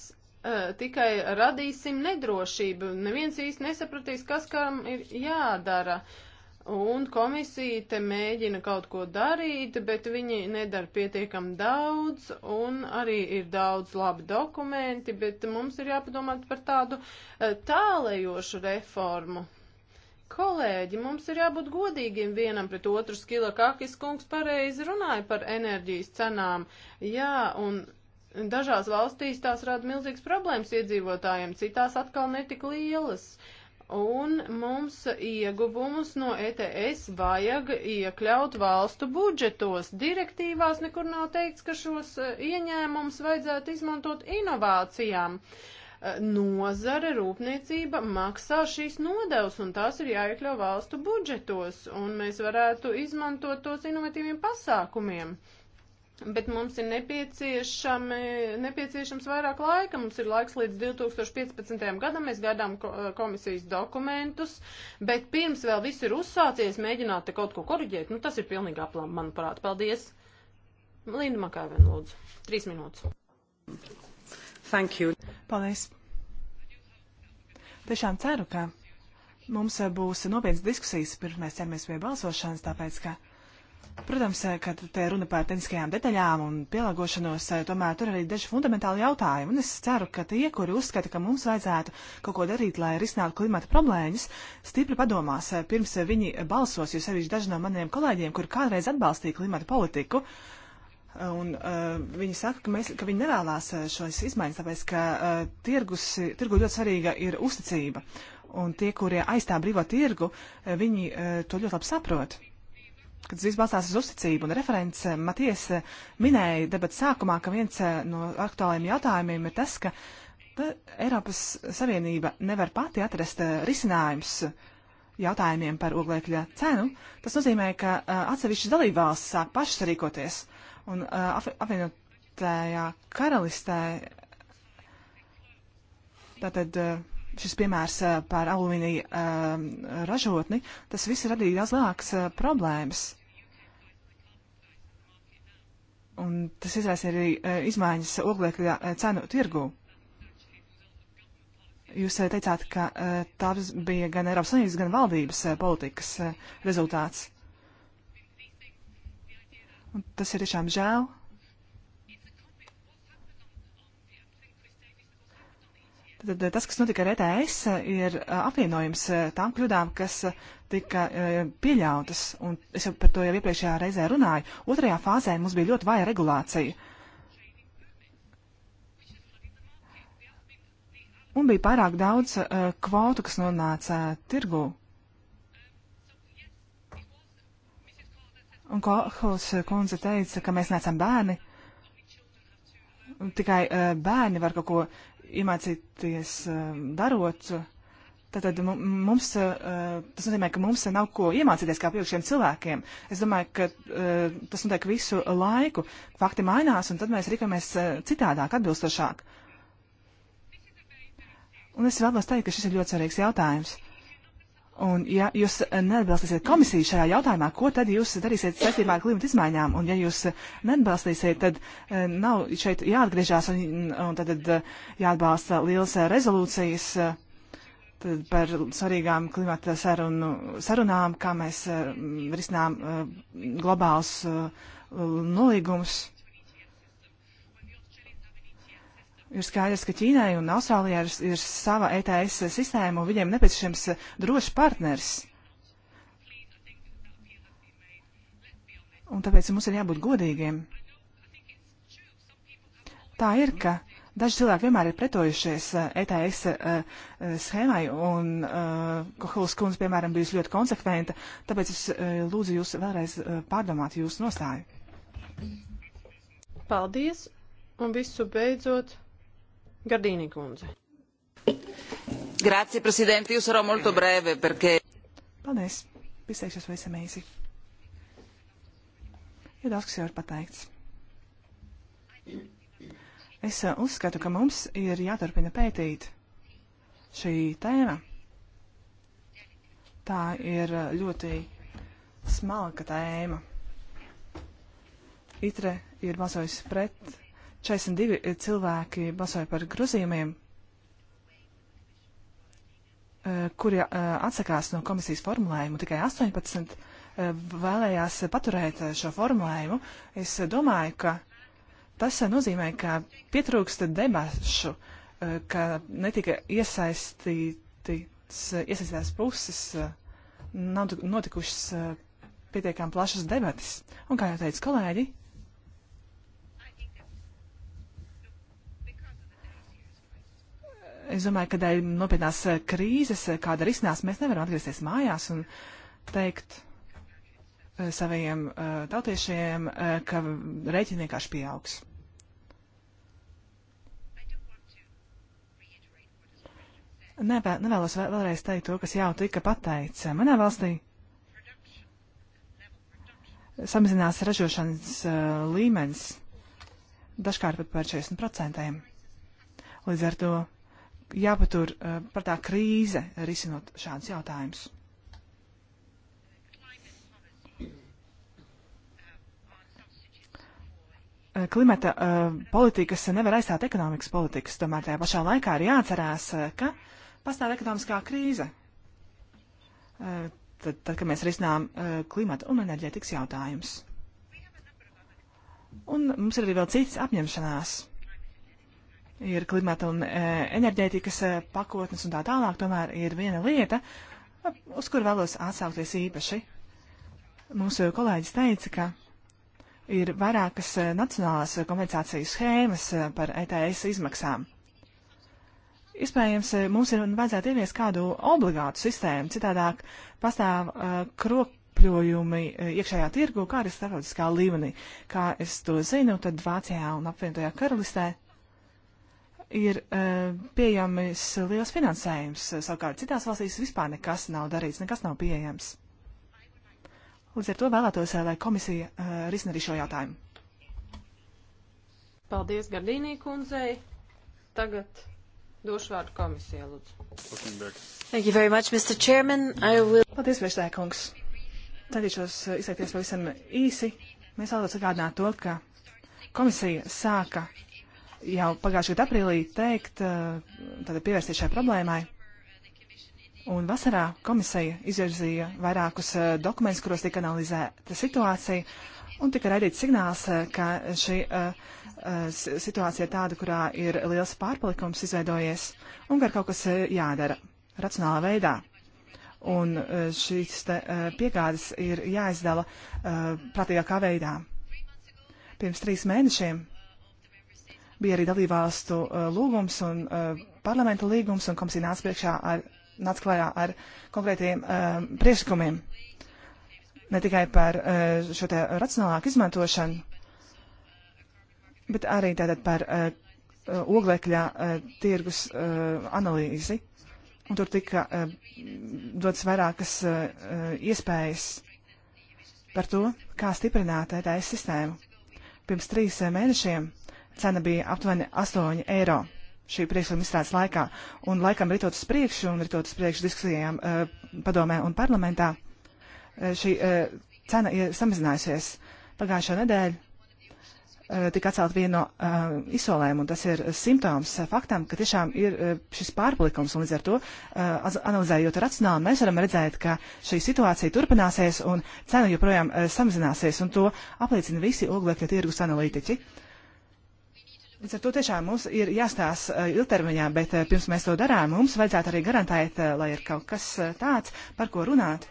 Speaker 3: uh, tikai radīsim nedrošību. Neviens īsti nesapratīs, kas kam ir jādara. Uh, Un komisija te mēģina kaut ko darīt, bet viņi nedara pietiekam daudz, un arī ir daudz labi dokumenti, bet mums ir jāpadomā par tādu eh, tālējošu reformu. Kolēģi, mums ir jābūt godīgiem vienam pret otru. Skila Kakis kungs pareizi runāja par enerģijas cenām. Jā, un dažās valstīs tās rada milzīgas problēmas iedzīvotājiem, citās atkal netik lielas. Uh, Un mums ieguvumus no ETS vajag iekļaut valstu budžetos. Direktīvās nekur nav teikts, ka šos e, ieņēmumus vajadzētu izmantot inovācijām. E, nozare rūpniecība maksā šīs nodevs, un tās ir jāiekļau valstu budžetos, un mēs varētu izmantot tos inovatīviem pasākumiem. Uh, Bet mums ir nepieciešams vairāk laika. Mums ir laiks līdz 2015. gadam. Mēs gaidām eh, komisijas dokumentus, bet pirms vēl viss ir uzsācies, mēģināt te kaut ko koriģēt. Nu, tas ir pilnīgi aplām, manuprāt. Paldies. Linda Makāven, lūdzu. Trīs minūtes.
Speaker 2: Thank you. Paldies. Tiešām ceru, ka mums būs nopietnas diskusijas, pirms mēs ķeramies pie balsošanas, tāpēc, ka Protams, eh, kad te runa par tehniskajām detaļām un pielāgošanos, eh, tomēr tur arī daži fundamentāli jautājumi. Un es ceru, ka tie, kuri uzskata, ka mums vajadzētu kaut ko darīt, lai risinātu klimata problēmas, stipri padomās eh, pirms viņi balsos, jo sevišķi daži no maniem kolēģiem, kuri kādreiz atbalstīja klimata politiku, Un, uh, viņi saka, ka, mēs, ka viņi nevēlas šos izmaiņas, tāpēc, ka uh, tirgus, tirgu ļoti svarīga ir uzticība. Un tie, kurie aizstāv brīvo tirgu, viņi uh, to ļoti labi saprot. Uh, kad viss balstās uz uzticību, un referents eh, Maties eh, minēja debats sākumā, ka viens eh, no aktuālajiem jautājumiem ir tas, ka Eiropas Savienība nevar pati atrast risinājums jautājumiem par oglekļa cenu. Tas nozīmē, ka atsevišķas dalībvalsts sāk pašas rīkoties, un apvienotajā karalistē tātad. Uh, šis piemērs eh, par alumīnija eh, ražotni, tas viss radīja daudz lielākas eh, problēmas. Un tas izraisa arī izmaiņas oglekļa cenu tirgū. Jūs teicāt, ka tās bija gan Eiropas Savienības, gan valdības politikas rezultāts. Un tas ir tiešām žēl. Tad eh, tas, kas notika ar ETS, ir eh, apvienojums eh, tām kļūdām, kas tika pieļautas, un es jau par to jau iepriekšējā reizē runāju. Otrajā fāzē mums bija ļoti vāja regulācija. Un bija pārāk daudz kvotu, kas nonāca tirgū. Un Kohls kundze teica, ka mēs neesam bērni. Un tikai uh, bērni var kaut ko iemācīties eh, darot. Tātad mums, eh, tas nozīmē, ka mums nav ko iemācīties kā pieaugušiem cilvēkiem. Es domāju, ka eh, tas notiek visu laiku. Fakti mainās, un tad mēs rīkojamies citādāk, atbilstošāk. Un es vēlos teikt, ka šis ir ļoti svarīgs jautājums. Un, ja jūs neatbalstīsiet komisiju šajā jautājumā, ko tad jūs darīsiet saistībā ar klimatu izmaiņām? Un, ja jūs neatbalstīsiet, tad eh, nav šeit jāatgriežās un, un tad, tad eh, jāatbalsta liels eh, rezolūcijas tad par svarīgām klimata sarunu, sarunām, kā mēs risinām globāls nolīgums. Ir skaidrs, ka Ķīnai un Austrālijai ir, ir sava ETS sistēma, un viņiem nepieciešams drošs partners. Un tāpēc mums ir jābūt godīgiem. Tā ir, ka daži cilvēki vienmēr ir pretojušies uh, ETS uh, uh, schēmai, un Kohulas kundze, piemēram, bijusi ļoti konsekventa, tāpēc es lūdzu jūs vēlreiz pārdomāt jūsu nostāju.
Speaker 3: Paldies, un visu beidzot.
Speaker 2: Gardīnī kundze.
Speaker 1: Grazie, prezidente, jūs sarò molto breve,
Speaker 2: perché... Paldies, izteikšos visam īsi. Ir daudz, kas jau ir pateikts. Es eh, uzskatu, ka mums ir jāturpina pētīt šī tēma. Tā ir eh, ļoti smalka tēma. Itre ir balsojis pret 42 cilvēki balsoja par grozījumiem, eh, kuri eh, atsakās no komisijas formulējumu. Tikai 18 eh, vēlējās paturēt šo formulējumu. Es domāju, ka tas nozīmē, ka pietrūksta debašu, ka netika iesaistīti, iesaistītās puses, nav notikušas pietiekām plašas debatas. Un, kā jau teica kolēģi, Es domāju, ka dēļ nopietnās eh, krīzes, eh, kāda risinās, mēs nevaram atgriezties mājās un teikt eh, saviem tautiešiem, ka rēķini vienkārši pieaugs. Nevēl, nevēlos vēlreiz teikt to, kas jau tika pateikts. Manā valstī samazinās ražošanas uh, līmenis dažkārt pat par 40%. Līdz ar to jāpatur uh, par tā krīze risinot šādus jautājumus. Eh, klimata uh, politikas nevar aizstāt ekonomikas politikas, tomēr tajā pašā laikā ir jāatcerās, ka pastāv ekonomiskā krīze. Uh, tad, tad, kad mēs risinām klimata un enerģētikas jautājumus. Un mums ir arī vēl citas apņemšanās ir klimata un e, enerģētikas e, pakotnes un tā tālāk, tomēr ir viena lieta, uz kuru vēlos atsaukties īpaši. Mūsu kolēģis teica, ka ir vairākas e, nacionālās kompensācijas schēmas par ETS izmaksām. Iespējams, mums ir un vajadzētu ieviest kādu obligātu sistēmu, citādāk pastāv uh, kropļojumi iekšējā tirgu, kā arī starptautiskā līmenī. Kā es to zinu, tad Vācijā un apvienotajā karalistē ir e, pieejams liels finansējums, savukārt citās valstīs vispār nekas nav darīts, nekas nav pieejams. Līdz ar to vēlētos, e, lai komisija e, risina arī šo jautājumu.
Speaker 3: Paldies Gardīnī kundzei. Tagad došu vārdu komisijai, lūdzu.
Speaker 2: Thank you very much, Mr. Chairman. I will... Paldies, priekšstādā kungs. Centīšos izteikties pavisam īsi. Mēs vēlētos atgādināt to, ka komisija sāka jau pagājušajā gadā aprīlī teikt, eh, tad pievērsties šai problēmai. Un vasarā komisija izvirzīja vairākus eh, dokumentus, kuros tika analizēta situācija, un tika raidīts signāls, eh, ka šī uh, situācija ir tāda, kurā ir liels pārpalikums izveidojies, un ka ir kaut kas jādara racionālā veidā. Un šīs te, piegādes ir jāizdala uh, prātīgākā veidā. Pirms trīs mēnešiem Bija arī dalībvalstu uh, lūgums un uh, parlamenta līgums, un komisija nāca priekšā ar, nāca klājā ar konkrētiem um, priekšlikumiem. Ne tikai par uh, šo te racionālāku izmantošanu, bet arī tātad par oglekļa tirgus analīzi. Un tur tika dots vairākas iespējas par to, kā stiprināt ETS sistēmu. Pirms trīs mēnešiem cena bija aptuveni 8 eiro šī priekšlikuma izstrādes laikā. Un laikam ritot uz priekšu un ritot uz priekšu diskusijām uh, padomē un parlamentā, uh, šī uh, cena ir samazinājusies. Pagājušo nedēļu tika atcelt viena no izsolēm, un tas ir simptoms faktam, ka tiešām ir šis pārpalikums, un līdz ar to analizējot racionāli, mēs varam redzēt, ka šī situācija turpināsies, un cena joprojām samazināsies, un to apliecina visi oglekļa tirgus analītiķi. Uh, Līdz ar to tiešām mums ir jāstās eh, ilgtermiņā, bet eh, pirms mēs to darām, mums vajadzētu arī garantēt, eh, lai ir kaut kas tāds, par ko runāt.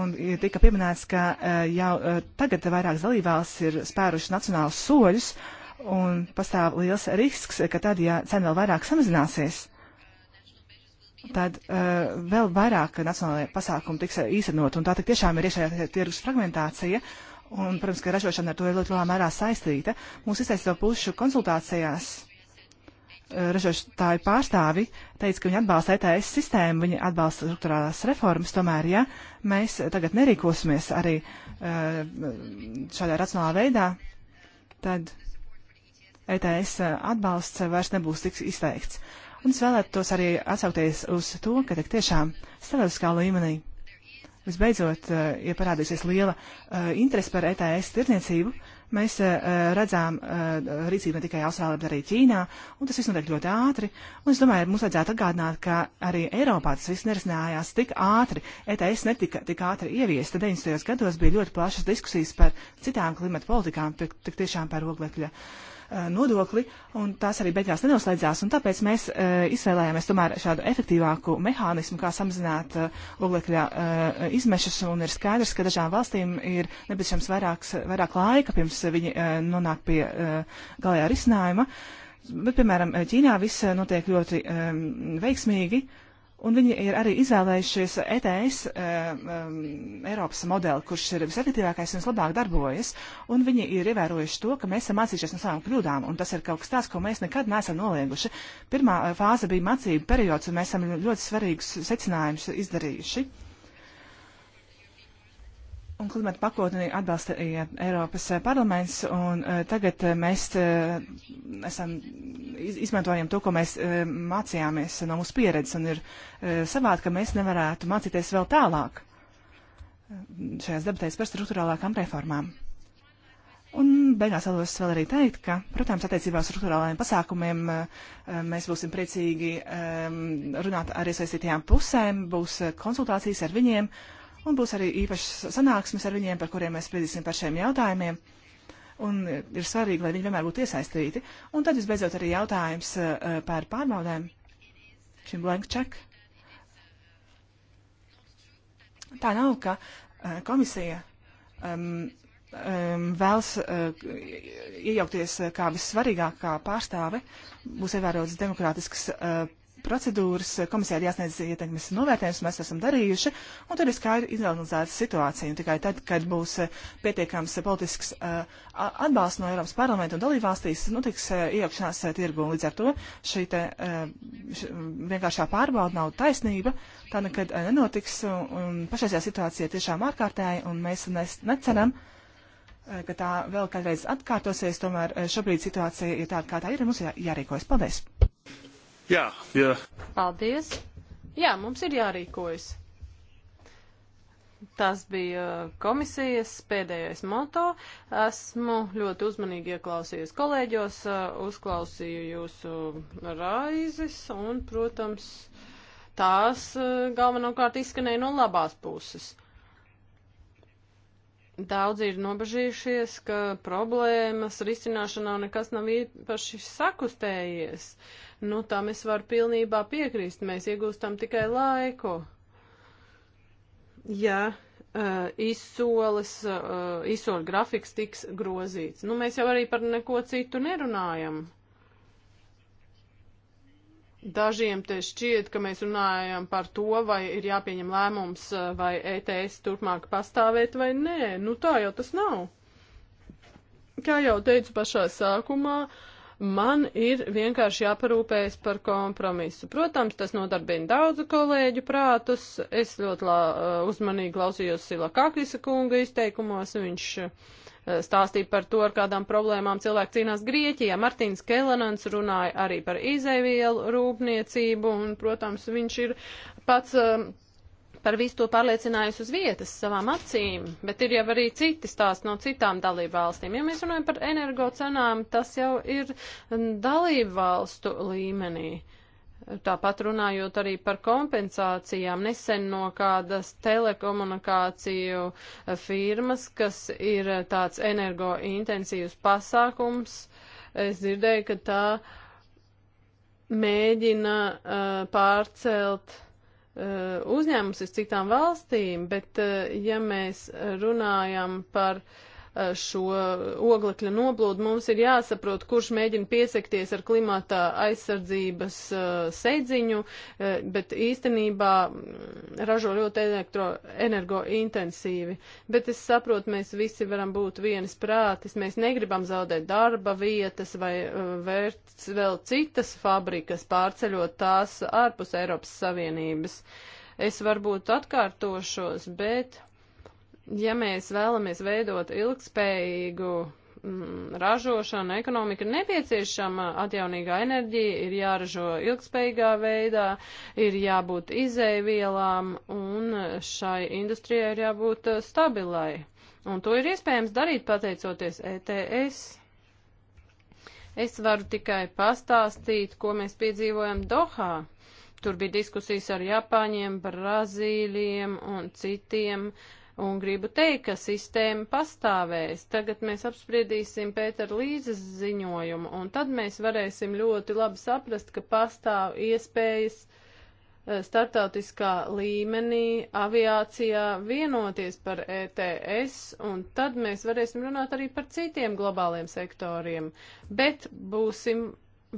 Speaker 2: Un tika pieminēts, ka jau tagad vairākas dalībvalstis ir spērušas nacionālus soļus, un pastāv liels risks, ka tad, ja cena vēl vairāk samazināsies, tad uh, vēl vairāk nacionālajie pasākumi tiks īstenot, un tā tik tiešām ir iešējā tirgus fragmentācija. Uh, un, protams, ka ražošana ar to ir ļoti lielā mērā saistīta. Mūsu iesaistīto pušu konsultācijās eh, ražotāju pārstāvi teica, ka viņi atbalsta ETS sistēmu, viņi atbalsta struktūrālās reformas, tomēr, ja mēs tagad nerīkosimies arī eh, šādā racionālā veidā, tad ETS eh, atbalsts vairs nebūs tik izteikts. Un es vēlētos arī atsaukties uz to, ka tik tiešām starptautiskā līmenī Visbeidzot, eh, ja parādīsies liela eh, interese par ETS tirdzniecību, mēs eh, redzām rīcību ne tikai Austrālijā, bet arī Ķīnā, un tas viss notiek ļoti ātri. Un es domāju, mums vajadzētu atgādināt, ka arī Eiropā tas viss nerisinājās tik ātri. ETS netika tik ātri ieviesta. 90. gados bija ļoti plašas diskusijas par citām klimata politikām, tik tiešām par oglekļa uh, Eh, nodokli, un tās arī beigās nenoslēdzās, un tāpēc mēs eh, izvēlējāmies tomēr šādu efektīvāku mehānismu, kā samazināt eh, oglekļa izmešas, un ir skaidrs, ka dažām valstīm ir nepieciešams vairāks, vairāk laika, pirms viņi nonāk pie galējā risinājuma. Bet, piemēram, Ķīnā viss notiek ļoti um, veiksmīgi, uh, Un viņi ir arī izvēlējušies ETS um, eh, eh, Eiropas modeli, kurš ir visefektīvākais un vislabāk darbojas. Un viņi ir ievērojuši to, ka mēs esam mācījušies no savām kļūdām. Un tas ir kaut kas tāds, ko mēs nekad neesam nolieguši. Pirmā eh, fāze bija mācību periods, un mēs esam ļoti svarīgus secinājumus izdarījuši. Uh, un klimata pakotni atbalsta Eiropas eh, parlaments, un eh, tagad eh, mēs esam, izmantojam to, ko mēs mācījāmies no mūsu pieredzes, un ir savādi, ka mēs nevarētu mācīties vēl tālāk šajās debatēs par struktūrālākām reformām. Un beigās vēlos vēl arī teikt, ka, protams, attiecībā uz struktūrālajiem pasākumiem mēs būsim priecīgi runāt ar iesaistītajām pusēm, būs konsultācijas ar viņiem. Uh, un būs arī īpašas sanāksmes ar viņiem, par kuriem mēs spriedīsim par šiem jautājumiem. Un ir svarīgi, lai viņi vienmēr būtu iesaistīti. Un tad visbeidzot arī jautājums uh, par pārbaudēm. Šim blank check. Tā nav, ka uh, komisija um, um, vēlas uh, iejaukties kā vissvarīgākā pārstāve, būs ievērotas demokrātiskas uh, procedūras eh, komisijā ir jāsniedz ietekmes novērtējums, mēs esam darījuši, un tad ir skaidri izanalizēta situācija. Un tikai tad, kad būs eh, pietiekams eh, politisks atbalsts no Eiropas parlamenta un dalībvalstīs, notiks iejaukšanās tirgu. Un līdz ar to šī te, š, vienkāršā pārbauda nav taisnība, tā nekad nenotiks, un pašreizajā situācija tiešām ārkārtēja, un mēs neceram. Ne ka tā vēl kādreiz atkārtosies, tomēr šobrīd situācija ir tāda, kā tā ir, un mums jā, jārīkojas. Paldies! Jā, jā. Paldies.
Speaker 3: Jā, mums ir jārīkojas. Tas bija komisijas pēdējais moto. Esmu ļoti uzmanīgi ieklausījies kolēģos, uzklausīju jūsu raizes un, protams, tās eh, galvenokārt izskanēja no labās puses. Daudzi ir nobežījušies, ka problēmas risināšanā nekas nav īpaši sakustējies. Nu, tam es varu pilnībā piekrīst, mēs iegūstam tikai laiku. Ja uh, izsoles, uh, izsoļu grafiks tiks grozīts. Nu, mēs jau arī par neko citu nerunājam. Dažiem te šķiet, ka mēs runājam par to, vai ir jāpieņem lēmums, eh, vai ETS turpmāk pastāvēt vai nē. Nu tā jau tas nav. Kā jau teicu pašā sākumā, man ir vienkārši jāparūpējas par kompromisu. Protams, tas nodarbina daudzu kolēģu prātus. Es ļoti lā, uzmanīgi klausījos Sila Kakisa kunga izteikumos. Viņš uh, Eh, stāstīja par to, ar kādām problēmām cilvēki cīnās Grieķijā. Martins Kelenans runāja arī par izēvielu rūpniecību, un, protams, viņš ir pats eh, par visu to pārliecinājis uz vietas savām acīm, bet ir jau arī citi stāsti no citām dalību valstīm. Ja mēs runājam par energo cenām, tas jau ir mm, dalību valstu līmenī. Uh, Tāpat runājot arī par kompensācijām, nesen no kādas telekomunikāciju firmas, kas ir tāds energointensīvs pasākums, es dzirdēju, ka tā mēģina uh, pārcelt uh, uzņēmumus uz citām valstīm, bet uh, ja mēs runājam par uh, Eh, šo oglekļa noplūdu, mums ir jāsaprot, kurš mēģina piesakties ar klimata aizsardzības uh, eh, sēdziņu, uh, eh, bet īstenībā mm, ražo ļoti elektro, energointensīvi. Bet es saprotu, mēs visi varam būt vienas prātis, mēs negribam zaudēt darba vietas vai uh, vērt vēl citas fabrikas, pārceļot tās ārpus Eiropas Savienības. Es varbūt atkārtošos, bet ja mēs vēlamies veidot ilgspējīgu mm, ražošanu, ekonomika ir nepieciešama atjaunīgā enerģija, ir jāražo ilgspējīgā veidā, ir jābūt izēvielām un šai industrijai ir jābūt eh, stabilai. Un to ir iespējams darīt pateicoties ETS. Es varu tikai pastāstīt, ko mēs piedzīvojam Dohā. Tur bija diskusijas ar Japāņiem, Brazīliem un citiem uh, Un gribu teikt, ka sistēma pastāvēs. Tagad mēs apspriedīsim Pētera Līzes ziņojumu, un tad mēs varēsim ļoti labi saprast, ka pastāv iespējas eh, startautiskā līmenī aviācijā vienoties par ETS, un tad mēs varēsim runāt arī par citiem globāliem sektoriem. Bet būsim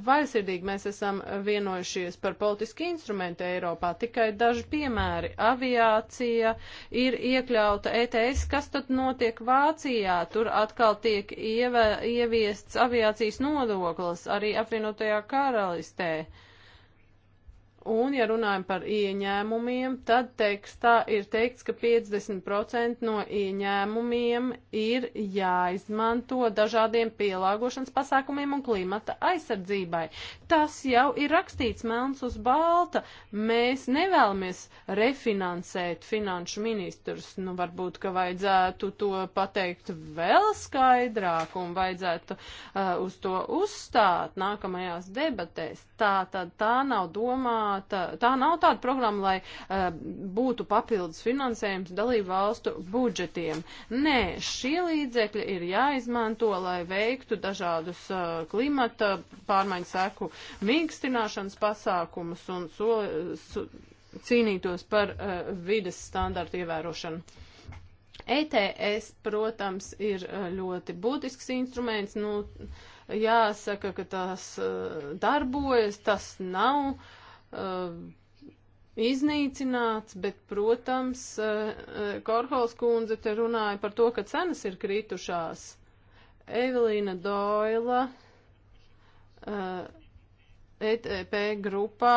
Speaker 3: Vaisirdīgi mēs esam vienojušies par politiski instrumentu Eiropā. Tikai daži piemēri. Aviācija ir iekļauta ETS. Kas tad notiek Vācijā? Tur atkal tiek ievē, ieviests aviācijas nodoklis arī apvienotajā karalistē. Uh, Un, ja runājam par ieņēmumiem, tad tekstā ir teikts, ka 50% no ieņēmumiem ir jāizmanto dažādiem pielāgošanas pasākumiem un klimata aizsardzībai. Tas jau ir rakstīts melns uz balta. Mēs nevēlamies refinansēt finanšu ministrus. Nu, varbūt, ka vajadzētu to pateikt vēl skaidrāk un vajadzētu uh, uz to uzstāt nākamajās debatēs. Tā tad tā nav domāta domāta, tā nav tāda programma, lai uh, būtu papildus finansējums dalību valstu budžetiem. Nē, šie līdzekļi ir jāizmanto, lai veiktu dažādus uh, klimata pārmaiņu seku mīkstināšanas pasākumus un soli, su, cīnītos par uh, vides standartu ievērošanu. ETS, protams, ir ļoti būtisks instruments. Nu, jāsaka, ka tas darbojas, tas nav uh, iznīcināts, bet, protams, uh, uh, Korhols kundze te runāja par to, ka cenas ir kritušās. Evelīna Doila uh, ETP grupā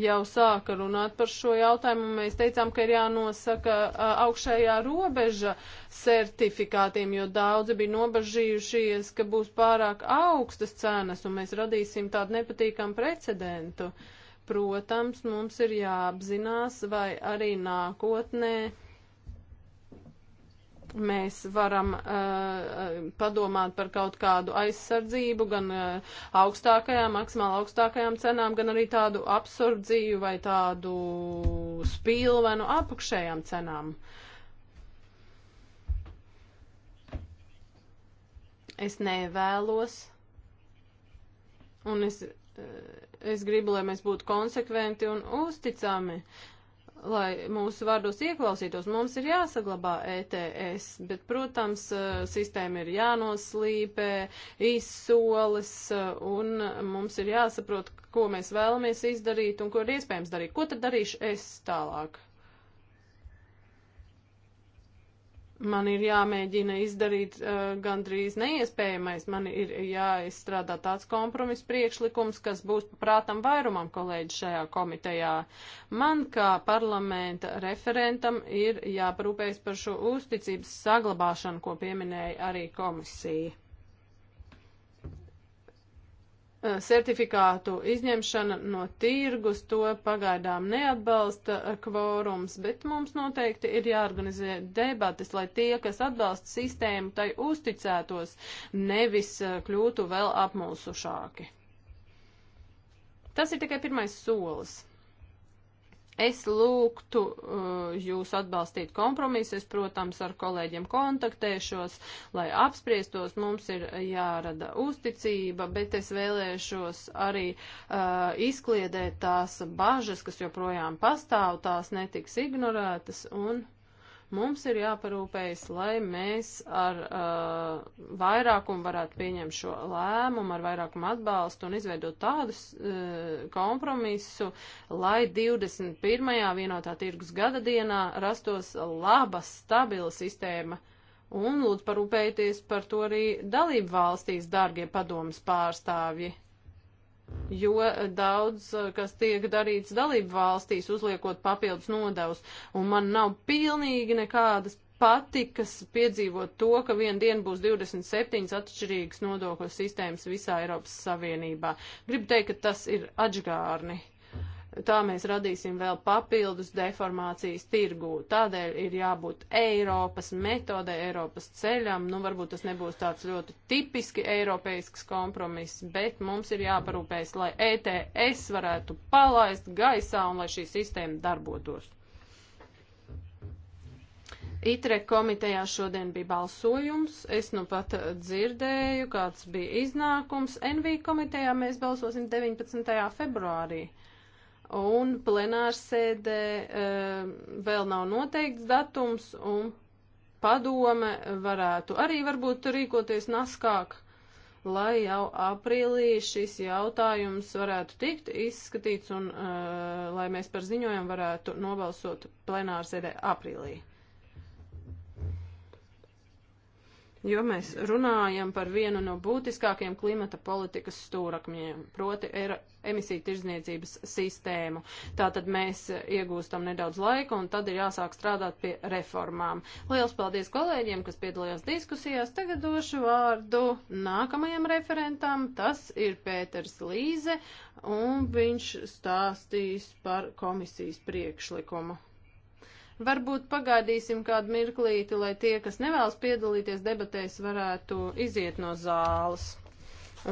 Speaker 3: jau sāka runāt par šo jautājumu. Mēs teicām, ka ir jānosaka uh, augšējā robeža certifikātiem, jo daudzi bija nobažījušies, ka būs pārāk augstas cenas, un mēs radīsim tādu nepatīkamu precedentu. Uh, protams, mums ir jāapzinās, vai arī nākotnē mēs varam uh, padomāt par kaut kādu aizsardzību, gan uh, augstākajām, maksimāli augstākajām cenām, gan arī tādu absorpciju vai tādu spīlvenu apakšējām cenām. Es nevēlos, un es. Uh, Es gribu, lai mēs būtu konsekventi un uzticami, lai mūsu vārdos ieklausītos. Mums ir jāsaglabā ETS, bet, protams, eh, sistēma ir jānoslīpē, izsoles, eh, un mums ir jāsaprot, ko mēs vēlamies izdarīt un ko ir iespējams darīt. Ko tad darīšu es tālāk? Man ir jāmēģina izdarīt uh, gandrīz neiespējamais. Man ir jāizstrādā tāds kompromis priekšlikums, kas būs prātam vairumam kolēģi šajā komitejā. Man kā parlamenta referentam ir jāparūpējas par šo uzticības saglabāšanu, ko pieminēja arī komisija. Sertifikātu eh, izņemšana no tirgus to pagaidām neatbalsta eh, kvorums, bet mums noteikti ir jāorganizē debatas, lai tie, kas atbalsta sistēmu, tai uzticētos, nevis eh, kļūtu vēl apmulsušāki. Tas ir tikai pirmais solis. Es lūgtu uh, jūs atbalstīt kompromisus, protams, ar kolēģiem kontaktēšos, lai apspriestos, mums ir jārada uzticība, bet es vēlēšos arī uh, izkliedēt tās bažas, kas joprojām pastāv, tās netiks ignorētas un Mums ir jāparūpējas, lai mēs ar uh, vairākumu varētu pieņemt šo lēmumu, ar vairākumu atbalstu un izveidot tādus uh, kompromisu, lai 21. vienotā tirgus gada dienā rastos laba, stabila sistēma. Un lūdzu parūpēties par to arī dalību valstīs, dārgie padomas pārstāvji jo daudz, eh, kas tiek darīts dalību valstīs, uzliekot papildus nodevus, un man nav pilnīgi nekādas patikas piedzīvot to, ka vien dienu būs 27 atšķirīgas nodokļu sistēmas visā Eiropas Savienībā. Gribu teikt, ka tas ir atžgārni. Tā mēs radīsim vēl papildus deformācijas tirgū. Tādēļ ir jābūt Eiropas metodē, Eiropas ceļam. Nu, varbūt tas nebūs tāds ļoti tipiski eiropeisks kompromiss, bet mums ir jāparūpējas, lai ETS varētu palaist gaisā un lai šī sistēma darbotos. ITRE komitejā šodien bija balsojums, es nu pat dzirdēju, kāds bija iznākums. NV komitejā mēs balsosim 19. februārī. Uh, un plenārsēdē uh, vēl nav noteikts datums, un padome varētu arī varbūt rīkoties naskāk, lai jau aprīlī šis jautājums varētu tikt izskatīts un uh, lai mēs par ziņojumu varētu nobalsot plenārsēdē aprīlī. jo mēs runājam par vienu no būtiskākiem klimata politikas stūrakmiem, proti ir er, emisiju tirzniecības sistēmu. Tātad mēs iegūstam nedaudz laika un tad ir jāsāk strādāt pie reformām. Liels paldies kolēģiem, kas piedalījās diskusijās. Tagad došu vārdu nākamajam referentam. Tas ir Pēters Līze un viņš stāstīs par komisijas priekšlikumu. Varbūt pagaidīsim kādu mirklīti, lai tie, kas nevēlas piedalīties debatēs, varētu iziet no zāles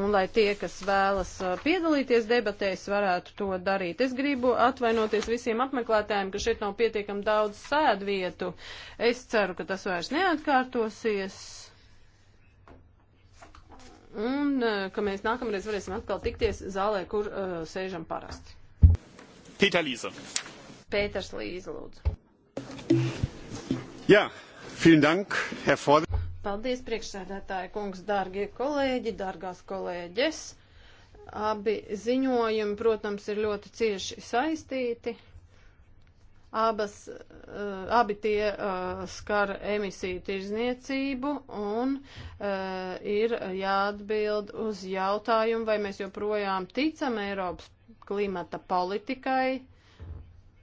Speaker 3: un lai tie, kas vēlas uh, piedalīties debatēs, varētu to darīt. Es gribu atvainoties visiem apmeklētājiem, ka šeit nav pietiekam daudz sēdvietu. Es ceru, ka tas vairs neatkārtosies. Un uh, ka mēs nākamreiz varēsim atkal tikties zālē, kur uh, sēžam parasti. Pēter Līze. Pēters Līze, lūdzu. Jā, vielen dank, Herr Ford. Paldies, priekšsēdētāja kungs, dārgie kolēģi, dārgās kolēģes. Abi ziņojumi, protams, ir ļoti cieši saistīti. Abas, uh, abi tie uh, skar emisiju tirzniecību un uh, ir jāatbild uz jautājumu, vai mēs joprojām ticam Eiropas klimata politikai,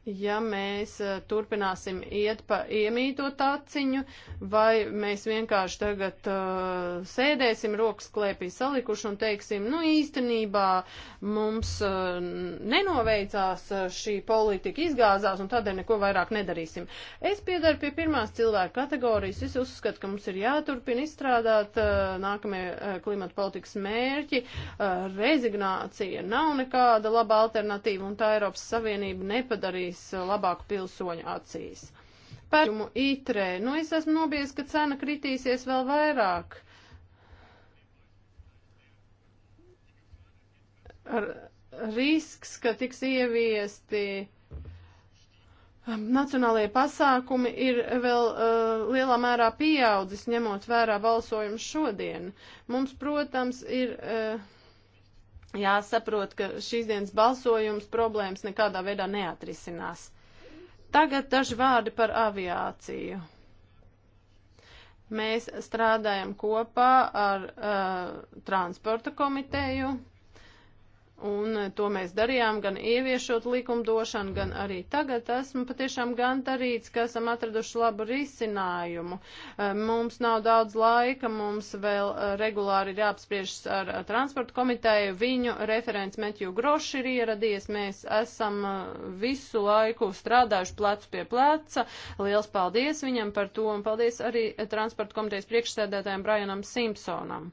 Speaker 3: ja mēs eh, turpināsim iet pa iemīto taciņu, vai mēs vienkārši tagad uh, sēdēsim rokas klēpī salikuši un teiksim, nu īstenībā mums uh, nenoveicās šī politika izgāzās un tādēļ neko vairāk nedarīsim. Es piedaru pie pirmās cilvēku kategorijas. Es uzskatu, ka mums ir jāturpina izstrādāt uh, nākamie uh, klimata politikas mērķi. Uh, rezignācija nav nekāda laba alternatīva un tā Eiropas Savienība nepadarīs Grieķijas labāku pilsoņu acīs. Pērkumu itrē, nu es esmu nobijies, ka cena kritīsies vēl vairāk. Ar risks, ka tiks ieviesti um, Nacionālajie pasākumi ir vēl uh, lielā mērā pieaudzis, ņemot vērā balsojumu šodien. Mums, protams, ir uh, jāsaprot, ka šīs dienas balsojums problēmas nekādā veidā neatrisinās. Tagad daži vārdi par aviāciju. Mēs strādājam kopā ar uh, transporta komiteju. Un eh, to mēs darījām gan ieviešot likumdošanu, gan arī tagad esmu patiešām gandarīts, ka esam atraduši labu risinājumu. Eh, mums nav daudz laika, mums vēl eh, regulāri ir jāapspriežas ar transporta komiteju. Viņu referents Metju Groši ir ieradies. Mēs esam visu laiku strādājuši plecu pie pleca. Liels paldies viņam par to un paldies arī transporta komitejas priekšsēdētājiem Brianam Simpsonam.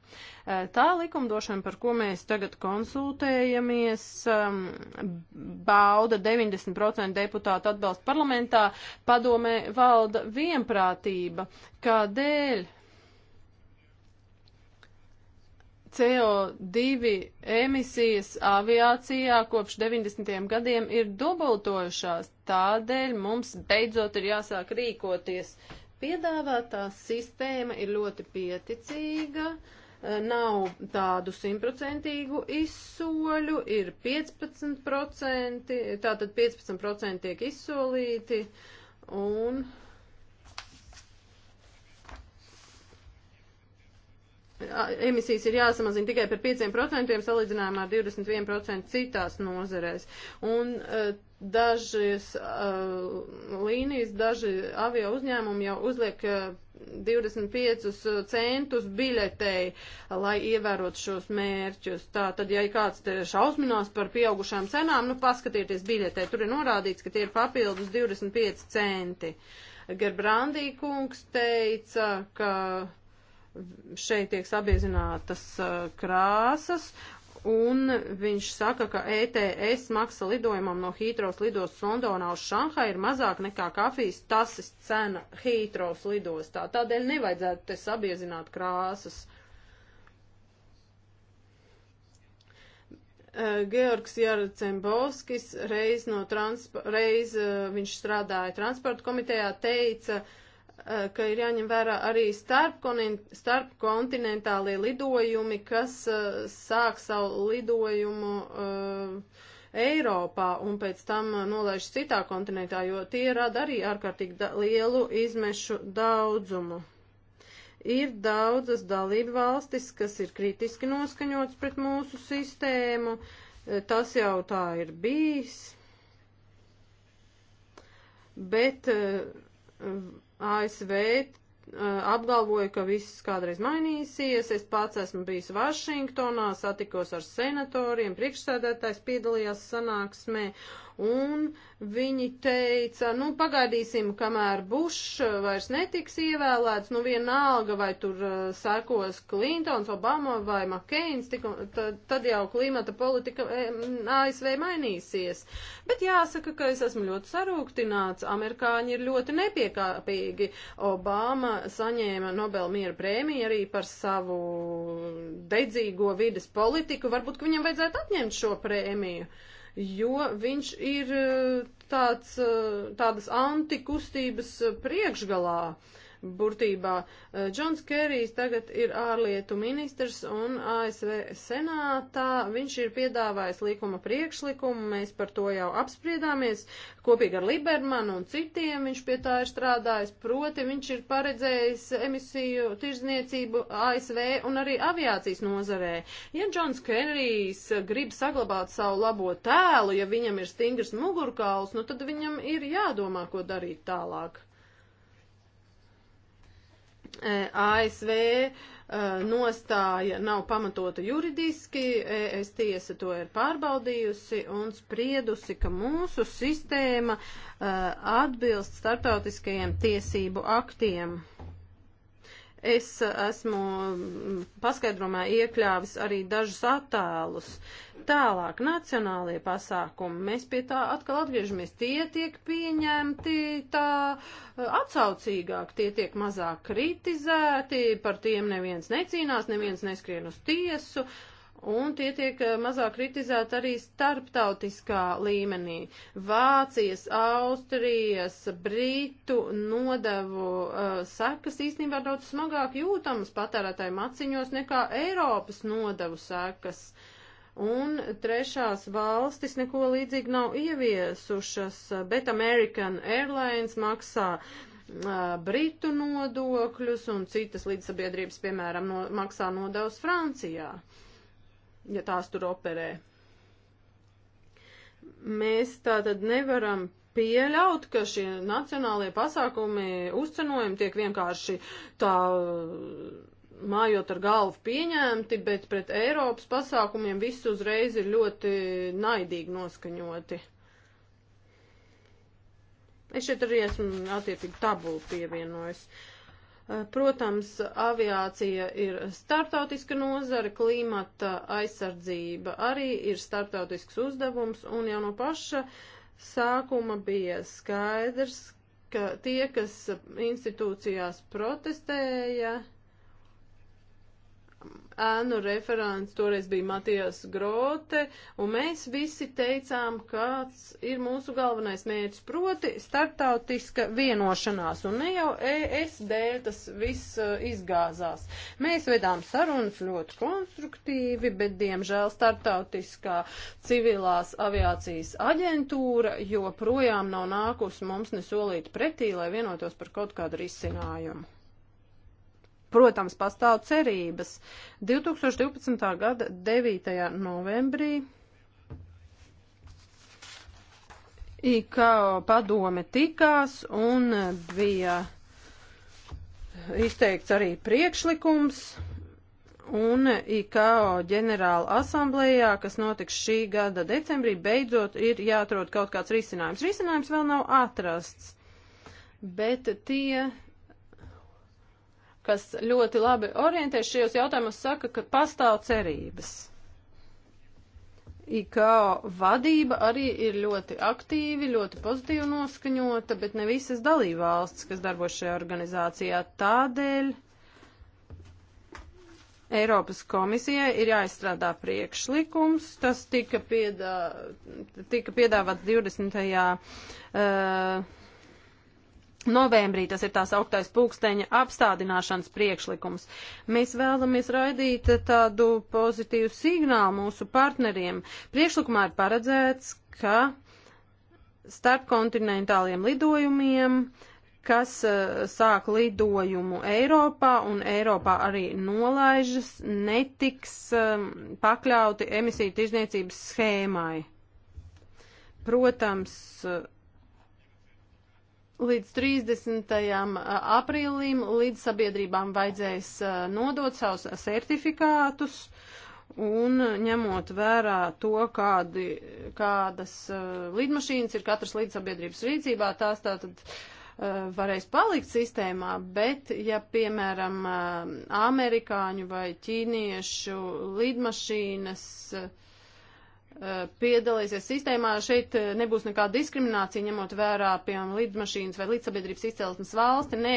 Speaker 3: Tā likumdošana, par ko mēs tagad konsultējam, gatavojamies, um, bauda 90% deputātu atbalstu parlamentā, padomē valda vienprātība. Kādēļ? CO2 emisijas aviācijā kopš 90. gadiem ir dubultojušās, tādēļ mums beidzot ir jāsāk rīkoties. Piedāvātā sistēma ir ļoti pieticīga. Uh, nav tādu simtprocentīgu izsoļu, ir 15%, tātad 15% tiek izsolīti un emisijas ir jāsamazina tikai par 5% salīdzinājumā ar 21% citās nozerēs. Un uh, dažas uh, līnijas, daži avio uzņēmumi jau uzliek e, uh, 25 centus biļetei, lai ievērot šos mērķus. Tā tad, ja kāds te šausminās par pieaugušām cenām, nu paskatieties biļetē, tur ir norādīts, ka tie ir papildus 25 centi. Gerbrandī kungs teica, ka šeit tiek sabiezinātas eh, krāsas, un viņš saka, ka ETS maksa lidojumam no Hītros lidos Londonā uz Šanhai ir mazāk nekā kafijas tasis cena Hītros lidostā. Tādēļ nevajadzētu te sabiezināt krāsas. Eh, Georgs Jaracembovskis reiz, no transpa, reiz eh, viņš strādāja transporta komitejā, teica, uh, Eh, ka ir jāņem vērā arī starpkontinentālie starp lidojumi, kas uh, sāk savu lidojumu uh, Eiropā un pēc tam nolaiž citā kontinentā, jo tie rada arī ārkārtīgi lielu izmešu daudzumu. Ir daudzas dalību valstis, kas ir kritiski noskaņots pret mūsu sistēmu. Tas jau tā ir bijis. Bet uh, ASV uh, apgalvoja, ka viss kādreiz mainīsies. Es pats esmu bijis Vašingtonā, satikos ar senatoriem, priekšsēdētājs piedalījās sanāksmē, un viņi teica, nu, pagaidīsim, kamēr Bušs vairs netiks ievēlēts, nu, vienalga, vai tur uh, sekos Klintons, Obama vai Makeins, tik, tad, tad jau klimata politika eh, ASV mainīsies. Bet jāsaka, ka es esmu ļoti sarūktināts, amerikāņi ir ļoti nepiekāpīgi. Obama saņēma Nobel miera prēmiju arī par savu dedzīgo vides politiku, varbūt, ka viņam vajadzētu atņemt šo prēmiju. Uh, jo viņš ir eh, tāds, eh, tādas antikustības eh, priekšgalā. Uh, Burtībā eh, Džons Kerijs tagad ir ārlietu ministrs un ASV senātā. Viņš ir piedāvājis likuma priekšlikumu, mēs par to jau apspriedāmies kopīgi ar Libermanu un citiem. Viņš pie tā ir strādājis, proti viņš ir paredzējis emisiju tirzniecību ASV un arī aviācijas nozarē. Ja Džons Kerijs grib saglabāt savu labo tēlu, ja viņam ir stingrs mugurkauls, nu tad viņam ir jādomā, ko darīt tālāk. E, ASV e, nostāja nav pamatota juridiski, es tiesa to ir pārbaudījusi un spriedusi, ka mūsu sistēma e, atbilst startautiskajiem tiesību aktiem. Es esmu paskaidrumā iekļāvis arī dažus attēlus. Uh, Tālāk, nacionālie pasākumi, mēs pie tā atkal atgriežamies. Tie tiek pieņemti tā eh, atsaucīgāk, tie tiek mazāk kritizēti, par tiem neviens necīnās, neviens neskrien uz tiesu. Un tie tiek eh, mazāk kritizēti arī starptautiskā līmenī. Vācijas, Austrijas, Britu nodevu uh, sekas īstenībā daudz smagāk jūtamas patērētāju maciņos nekā Eiropas nodevu sekas. Uh, un trešās valstis neko līdzīgi nav ieviesušas, bet American Airlines maksā uh, Britu nodokļus un citas līdzsabiedrības, piemēram, no, maksā nodevs Francijā, ja tās tur operē. Mēs tātad nevaram pieļaut, ka šie nacionālie pasākumi, uzcenojumi tiek vienkārši tā uh, mājot ar galvu pieņemti, bet pret Eiropas pasākumiem viss uzreiz ir ļoti naidīgi noskaņoti. Es šeit arī esmu attiecīgi tabulu pievienojis. Eh, protams, aviācija ir startautiska nozara, klimata aizsardzība arī ir startautisks uzdevums, un jau no paša sākuma bija skaidrs, ka tie, kas institūcijās protestēja, ēnu referents toreiz bija Matijas Grote, un mēs visi teicām, kāds ir mūsu galvenais mērķis, proti startautiska vienošanās, un ne jau ES dēļ tas viss uh, izgāzās. Mēs vedām sarunas ļoti konstruktīvi, bet, diemžēl, startautiskā civilās aviācijas aģentūra joprojām nav nākus mums nesolīt pretī, lai vienotos par kaut kādu risinājumu protams, pastāv cerības. 2012. gada 9. novembrī IKO padome tikās un bija izteikts arī priekšlikums un IKO ģenerāla asamblējā, kas notiks šī gada decembrī, beidzot ir jāatrod kaut kāds risinājums. Risinājums vēl nav atrasts, bet tie kas ļoti labi orientēs šajos jautājumos, saka, ka pastāv cerības. IKO vadība arī ir ļoti aktīvi, ļoti pozitīvi noskaņota, bet ne visas dalībvalstis, kas darbojas šajā organizācijā. Tādēļ Eiropas komisijai ir jāizstrādā priekšlikums. Tas tika, piedā, tika piedāvāts 20. Uh, eh, Novembrī tas ir tās augtais pulksteņa apstādināšanas priekšlikums. Mēs vēlamies raidīt tādu pozitīvu signālu mūsu partneriem. Priekšlikumā ir paredzēts, ka starpkontinentāliem lidojumiem, kas uh, sāk lidojumu Eiropā un Eiropā arī nolaižas, netiks um, pakļauti emisiju tirzniecības schēmai. Protams, uh, Līdz 30. aprīlim līdz sabiedrībām vajadzēs nodot savus certifikātus, Un ņemot vērā to, kādi, kādas uh, lidmašīnas ir katras līdzsabiedrības rīcībā, tās tātad uh, varēs palikt sistēmā, bet ja, piemēram, uh, amerikāņu vai ķīniešu lidmašīnas uh, piedalīsies sistēmā, šeit eh, nebūs nekāda diskriminācija, ņemot vērā, piemēram, lidmašīnas vai līdzsabiedrības izcelsmes valsti. Nē,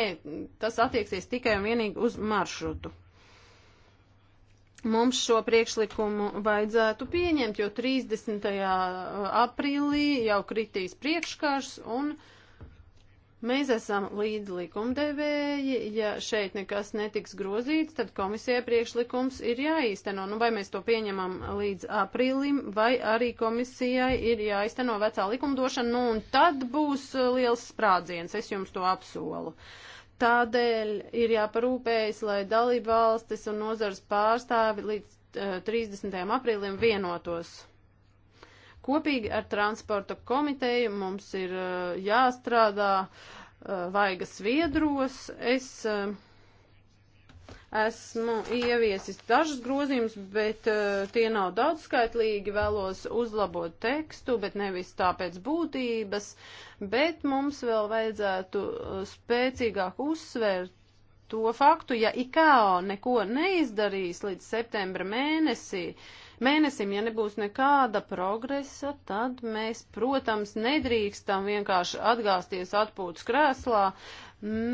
Speaker 3: tas attieksies tikai un vienīgi uz maršrutu. Mums šo priekšlikumu vajadzētu pieņemt, jo 30. Eh, aprīlī jau kritīs priekškārs un uh, Mēs esam līdzlikumdevēji, ja šeit nekas netiks grozīts, tad komisijai priekšlikums ir jāīsteno. Nu, vai mēs to pieņemam līdz aprīlim, vai arī komisijai ir jāīsteno vecā likumdošana, nu, un tad būs uh, liels sprādziens, es jums to apsolu. Tādēļ ir jāparūpējas, lai dalība valstis un nozars pārstāvi līdz uh, 30. aprīlim vienotos. Kopīgi ar transporta komiteju mums ir eh, jāstrādā eh, vaigas viedros. Es eh, esmu ieviesis dažus grozījumus, bet uh, tie nav daudzskaitlīgi, vēlos uzlabot tekstu, bet nevis tāpēc būtības, bet mums vēl vajadzētu spēcīgāk uzsvērt to faktu, ja IKO neko neizdarīs līdz septembra mēnesī, uh, mēnesim. Ja nebūs nekāda progresa, tad mēs, protams, nedrīkstam vienkārši atgāzties atpūtas krēslā.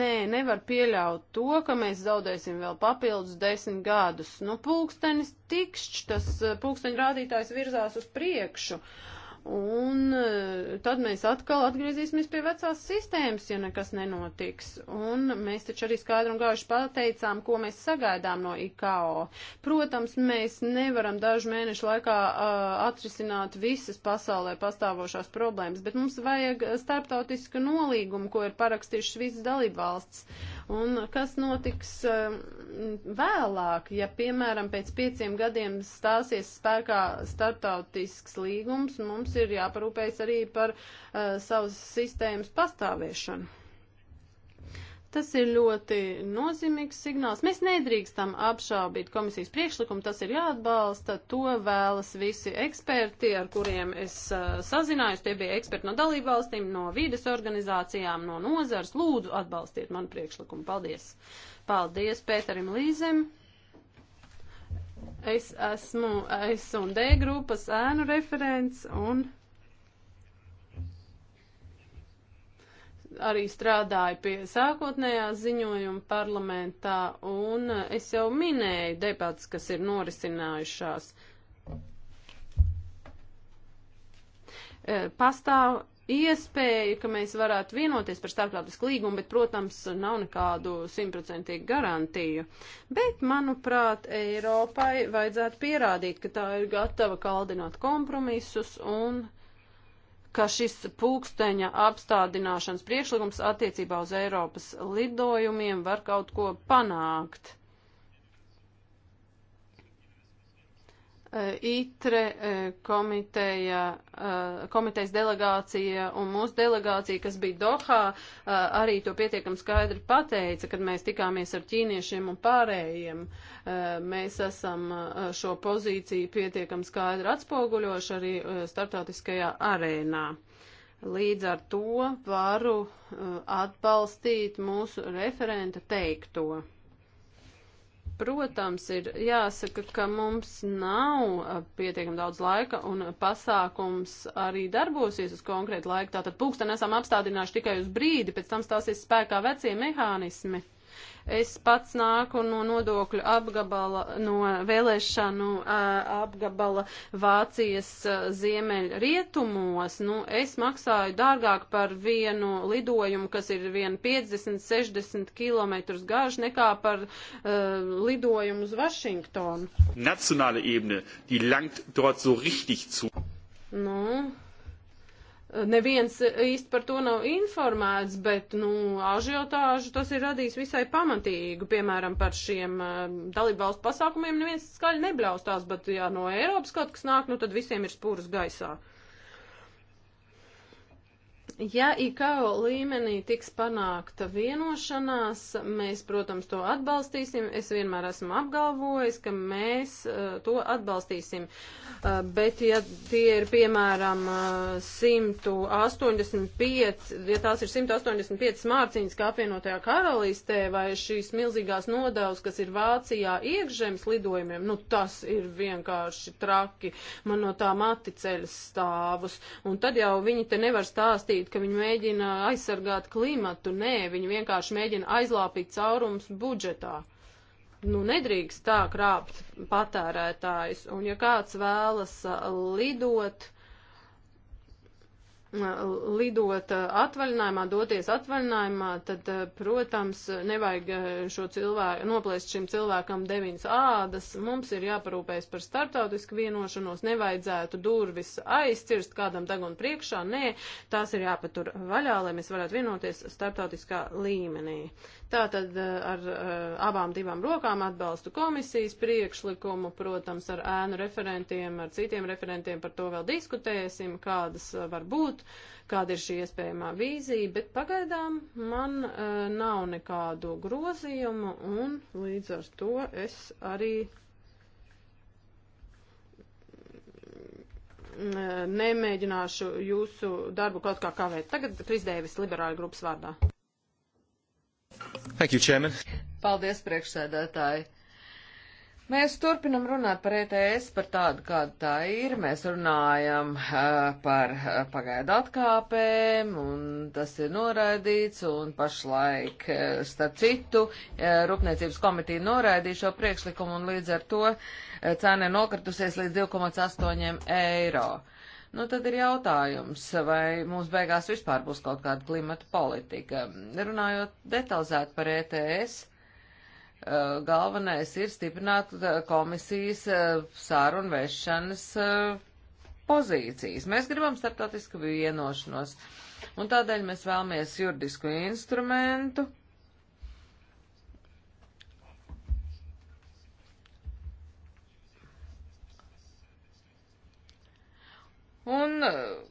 Speaker 3: Nē, nevar pieļaut to, ka mēs zaudēsim vēl papildus desmit gadus. Nu, pulkstenis tikšķ, tas eh, pulksteņu rādītājs virzās uz priekšu. Uh, Un eh, tad mēs atkal atgriezīsimies pie vecās sistēmas, ja nekas nenotiks. Un mēs taču arī skaidru un gājuši pateicām, ko mēs sagaidām no IKO. Protams, mēs nevaram dažu mēnešu laikā uh, atrisināt visas pasaulē pastāvošās problēmas, bet mums vajag starptautisku nolīgumu, ko ir parakstījušas visas dalību valsts. Un kas notiks um, vēlāk, ja, piemēram, pēc pieciem gadiem stāsies spēkā startautisks līgums, mums ir jāparūpējas arī par uh, savas sistēmas pastāviešanu. Tas ir ļoti nozīmīgs signāls. Mēs nedrīkstam apšaubīt komisijas priekšlikumu, tas ir jāatbalsta, to vēlas visi eksperti, ar kuriem es uh, sazinājos, tie bija eksperti no dalībvalstīm, no vīdes organizācijām, no nozars. Lūdzu, atbalstiet manu priekšlikumu. Paldies! Paldies Pēterim Līzem! Es esmu S un D grupas ēnu referents un. arī strādāju pie sākotnējā ziņojuma parlamentā, un es jau minēju debats, kas ir norisinājušās. E, pastāv iespēja, ka mēs varētu vienoties par starptautisku līgumu, bet, protams, nav nekādu simtprocentīgu garantiju. Bet, manuprāt, Eiropai vajadzētu pierādīt, ka tā ir gatava kaldināt kompromisus un uh, ka šis pulksteņa apstādināšanas priekšlikums attiecībā uz Eiropas lidojumiem var kaut ko panākt. ITRE eh, komiteja, eh, komitejas delegācija un mūsu delegācija, kas bija Dohā, eh, arī to pietiekam skaidri pateica, kad mēs tikāmies ar ķīniešiem un pārējiem. Mēs esam šo pozīciju pietiekam skaidri atspoguļoši arī startautiskajā arēnā. Līdz ar to varu atbalstīt mūsu referenta teikto. Protams, ir jāsaka, ka mums nav uh, pietiekami daudz laika un pasākums arī darbosies uz konkrētu laiku. Tātad pulksteni esam apstādinājuši tikai uz brīdi, pēc tam stāsies spēkā vecie mehānismi. Es pats nāku no nodokļu apgabala, no vēlēšanu apgabala Vācijas ziemeļa rietumos. Nu, es maksāju dārgāk par vienu lidojumu, kas ir 50-60 km garš, nekā par uh, lidojumu uz Vašingtonu.
Speaker 2: Nacionāla ebene, die langt dort so richtig zu.
Speaker 3: Nu, Neviens īsti par to nav informēts, bet, nu, ažiotāžu tas ir radījis visai pamatīgu, piemēram, par šiem uh, eh, dalībvalstu pasākumiem neviens skaļi nebļaustās, bet, ja no Eiropas kaut kas nāk, nu, tad visiem ir spūras gaisā. Uh, Ja IKO līmenī tiks panākta vienošanās, mēs, protams, to atbalstīsim. Es vienmēr esmu apgalvojis, ka mēs uh, to atbalstīsim. Uh, bet, ja tie ir, piemēram, 185, uh, ja tās ir 185 mārciņas, kā apvienotajā karalistē, vai šīs milzīgās nodevas, kas ir Vācijā iekšzemes lidojumiem, nu tas ir vienkārši traki. Man no tā mati ceļas stāvus. Un tad jau viņi te nevar stāstīt, šķiet, ka viņi mēģina aizsargāt klimatu. Nē, viņi vienkārši mēģina aizlāpīt caurums budžetā nu, nedrīkst tā krāpt patērētājs. Un ja kāds vēlas lidot, lidot uh, atvaļinājumā, doties atvaļinājumā, tad, uh, protams, nevajag uh, šo cilvēku, noplēst šim cilvēkam deviņas ādas. Mums ir jāparūpējas par startautisku vienošanos, nevajadzētu durvis aizcirst kādam dagun priekšā, nē, tās ir jāpatur vaļā, lai mēs varētu vienoties startautiskā līmenī. Uh, Tātad eh, ar eh, abām divām rokām atbalstu komisijas priekšlikumu, protams, ar ēnu referentiem, ar citiem referentiem par to vēl diskutēsim, kādas eh, var būt, kāda ir šī iespējamā vīzija, bet pagaidām man nav nekādu grozījumu un līdz ar to es arī nemēģināšu jūsu darbu kaut kā kavēt. Tagad Kris Dēvis, liberāļu grupas vārdā. Thank you, Chairman. Paldies, priekšsēdētāji. Mēs
Speaker 1: turpinam runāt par ETS, par tādu, kāda tā ir. Mēs runājam uh, par uh, pagaidu atkāpēm, un tas ir noraidīts, un pašlaik, uh, starp citu, uh, Rūpniecības komitīja noraidīja šo priekšlikumu, un līdz ar to uh, cena ir nokritusies līdz 2,8 eiro. Uh, Nu, tad ir jautājums, vai mums beigās vispār būs kaut kāda klimata politika. Runājot detalizēt par ETS, eh, galvenais ir stiprināt eh, komisijas eh, sārunu vešanas pozīcijas. Mēs gribam starptautisku vienošanos, un tādēļ mēs vēlamies juridisku instrumentu Un uh,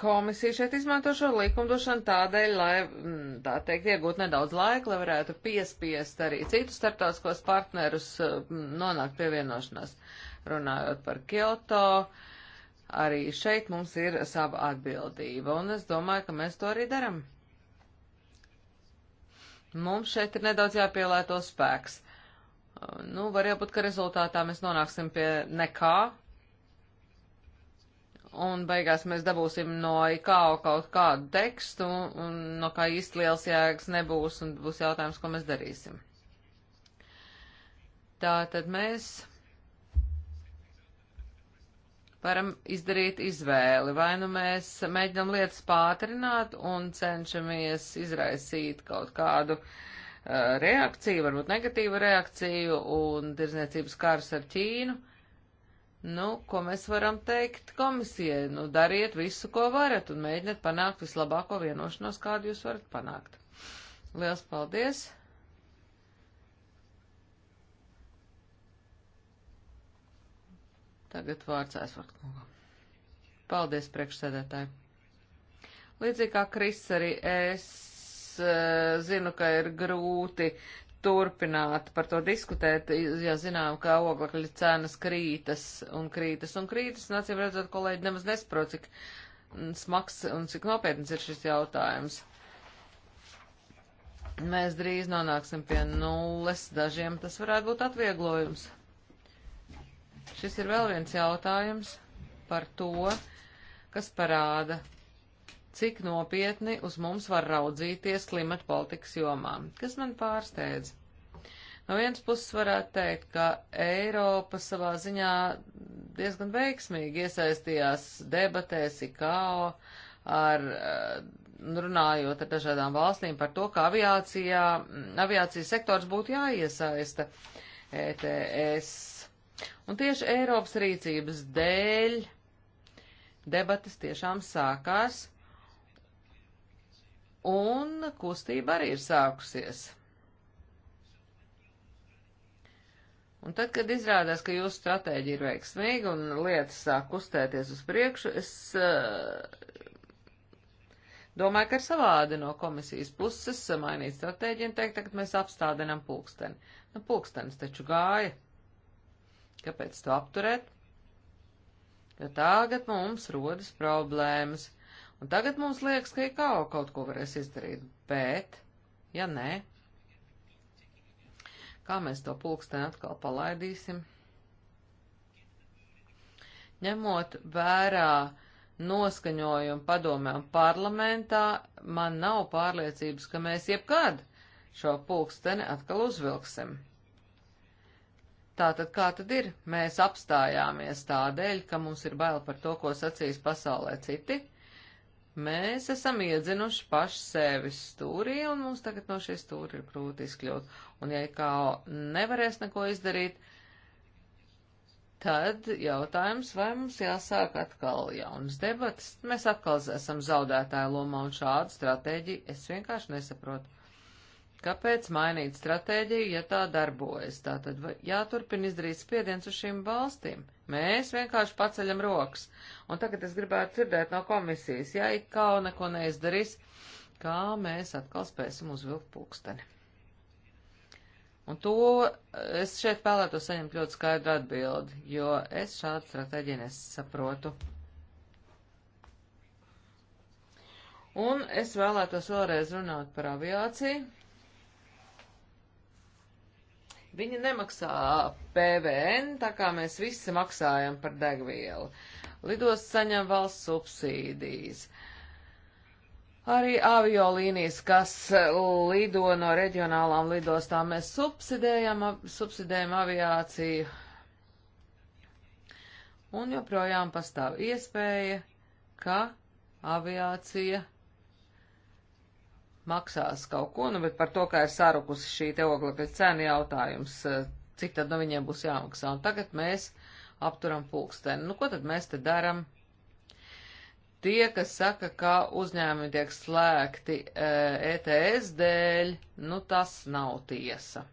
Speaker 1: komisija šeit izmanto šo likumdošanu tādēļ, lai, mm, tā teikt, iegūtu nedaudz laika, lai varētu piespiest arī citus starptautiskos partnerus uh, mm, nonākt pie vienošanās. Runājot par Kyoto, arī šeit mums ir sava atbildība, un es domāju, ka mēs to arī daram. Mums šeit ir nedaudz jāpielēto spēks. Uh, nu, var jābūt, ka rezultātā mēs nonāksim pie nekā, un beigās mēs dabūsim no IKO kaut kādu tekstu, un no kā īsti liels jēgas nebūs, un būs jautājums, ko mēs darīsim. Tā tad mēs varam izdarīt izvēli. Vai nu mēs mēģinam lietas pātrināt un cenšamies izraisīt kaut kādu uh, reakciju, varbūt negatīvu reakciju, un tirzniecības kārs ar Ķīnu Nu, ko mēs varam teikt komisijai? Nu, dariet visu, ko varat, un mēģiniet panākt vislabāko vienošanos, kādu jūs varat panākt. Liels paldies! Tagad vārds aizvakt kungam. Paldies, priekšsēdētāji! Līdzīgi kā Kris arī es eh, zinu, ka ir grūti uh, turpināt par to diskutēt, ja zinām, ka oglekļa cenas krītas un krītas un krītas, un acīm redzot, kolēģi nemaz nesprot, cik smags un cik nopietns ir šis jautājums. Mēs drīz nonāksim pie nulles, dažiem tas varētu būt atvieglojums. Šis ir vēl viens jautājums par to, kas parāda, cik nopietni uz mums var raudzīties klimata politikas jomā, kas man pārsteidz. No vienas puses varētu teikt, ka Eiropa savā ziņā diezgan veiksmīgi iesaistījās debatēs IKO, ar, eh, runājot ar dažādām valstīm par to, ka aviācijā, mm, aviācijas sektors būtu jāiesaista ETS. Un tieši Eiropas rīcības dēļ debatas tiešām sākās un kustība arī ir sākusies. Un tad, kad izrādās, ka jūsu stratēģija ir veiksmīga un lietas sāk kustēties uz priekšu, es uh, domāju, ka ir savādi no komisijas puses mainīt stratēģiju un teikt, tagad mēs apstādinām pulksteni. Nu, pulkstenis taču gāja. Kāpēc to apturēt? Jo tagad mums rodas problēmas Un tagad mums liekas, ka IKO kaut ko varēs izdarīt, bet, ja nē, kā mēs to pulksteni atkal palaidīsim? Ņemot vērā noskaņojumu padomē un parlamentā, man nav pārliecības, ka mēs jebkad šo pulksteni atkal uzvilksim. Tātad kā tad ir? Mēs apstājāmies tādēļ, ka mums ir bail par to, ko sacīs pasaulē citi Mēs esam iedzinuši paši sevi stūrī, un mums tagad no šīs stūri ir grūti izkļūt. Un ja kā nevarēs neko izdarīt, tad jautājums, vai mums jāsāk atkal jaunas debatas. Mēs atkal esam zaudētāja lomā, un šādu stratēģiju es vienkārši nesaprotu. Kāpēc mainīt stratēģiju, ja tā darbojas? Tātad jāturpina izdarīt spiediens uz šīm valstīm. Mēs vienkārši paceļam rokas. Un tagad es gribētu dzirdēt no komisijas, ja ik kā neko neizdarīs, kā mēs atkal spēsim uzvilkt pulksteni. Un to es šeit vēlētu saņemt ļoti skaidru atbildi, jo es šādu stratēģiju nesaprotu. Un es vēlētos vēlreiz runāt par aviāciju Viņi nemaksā PVN, tā kā mēs visi maksājam par degvielu. Lidos saņem valsts subsīdijas. Arī aviolīnijas, kas lido no reģionālām lidostām, mēs subsidējam, subsidējam aviāciju. Un joprojām pastāv iespēja, ka aviācija maksās kaut ko, nu, bet par to, kā ir sarukusi šī te oglekļa cena jautājums, eh, cik tad no nu, viņiem būs jāmaksā. Un tagad mēs apturam pulksteni. Nu, ko tad mēs te daram? Tie, kas saka, ka uzņēmumi tiek slēgti eh, e, ETS dēļ, nu tas nav tiesa.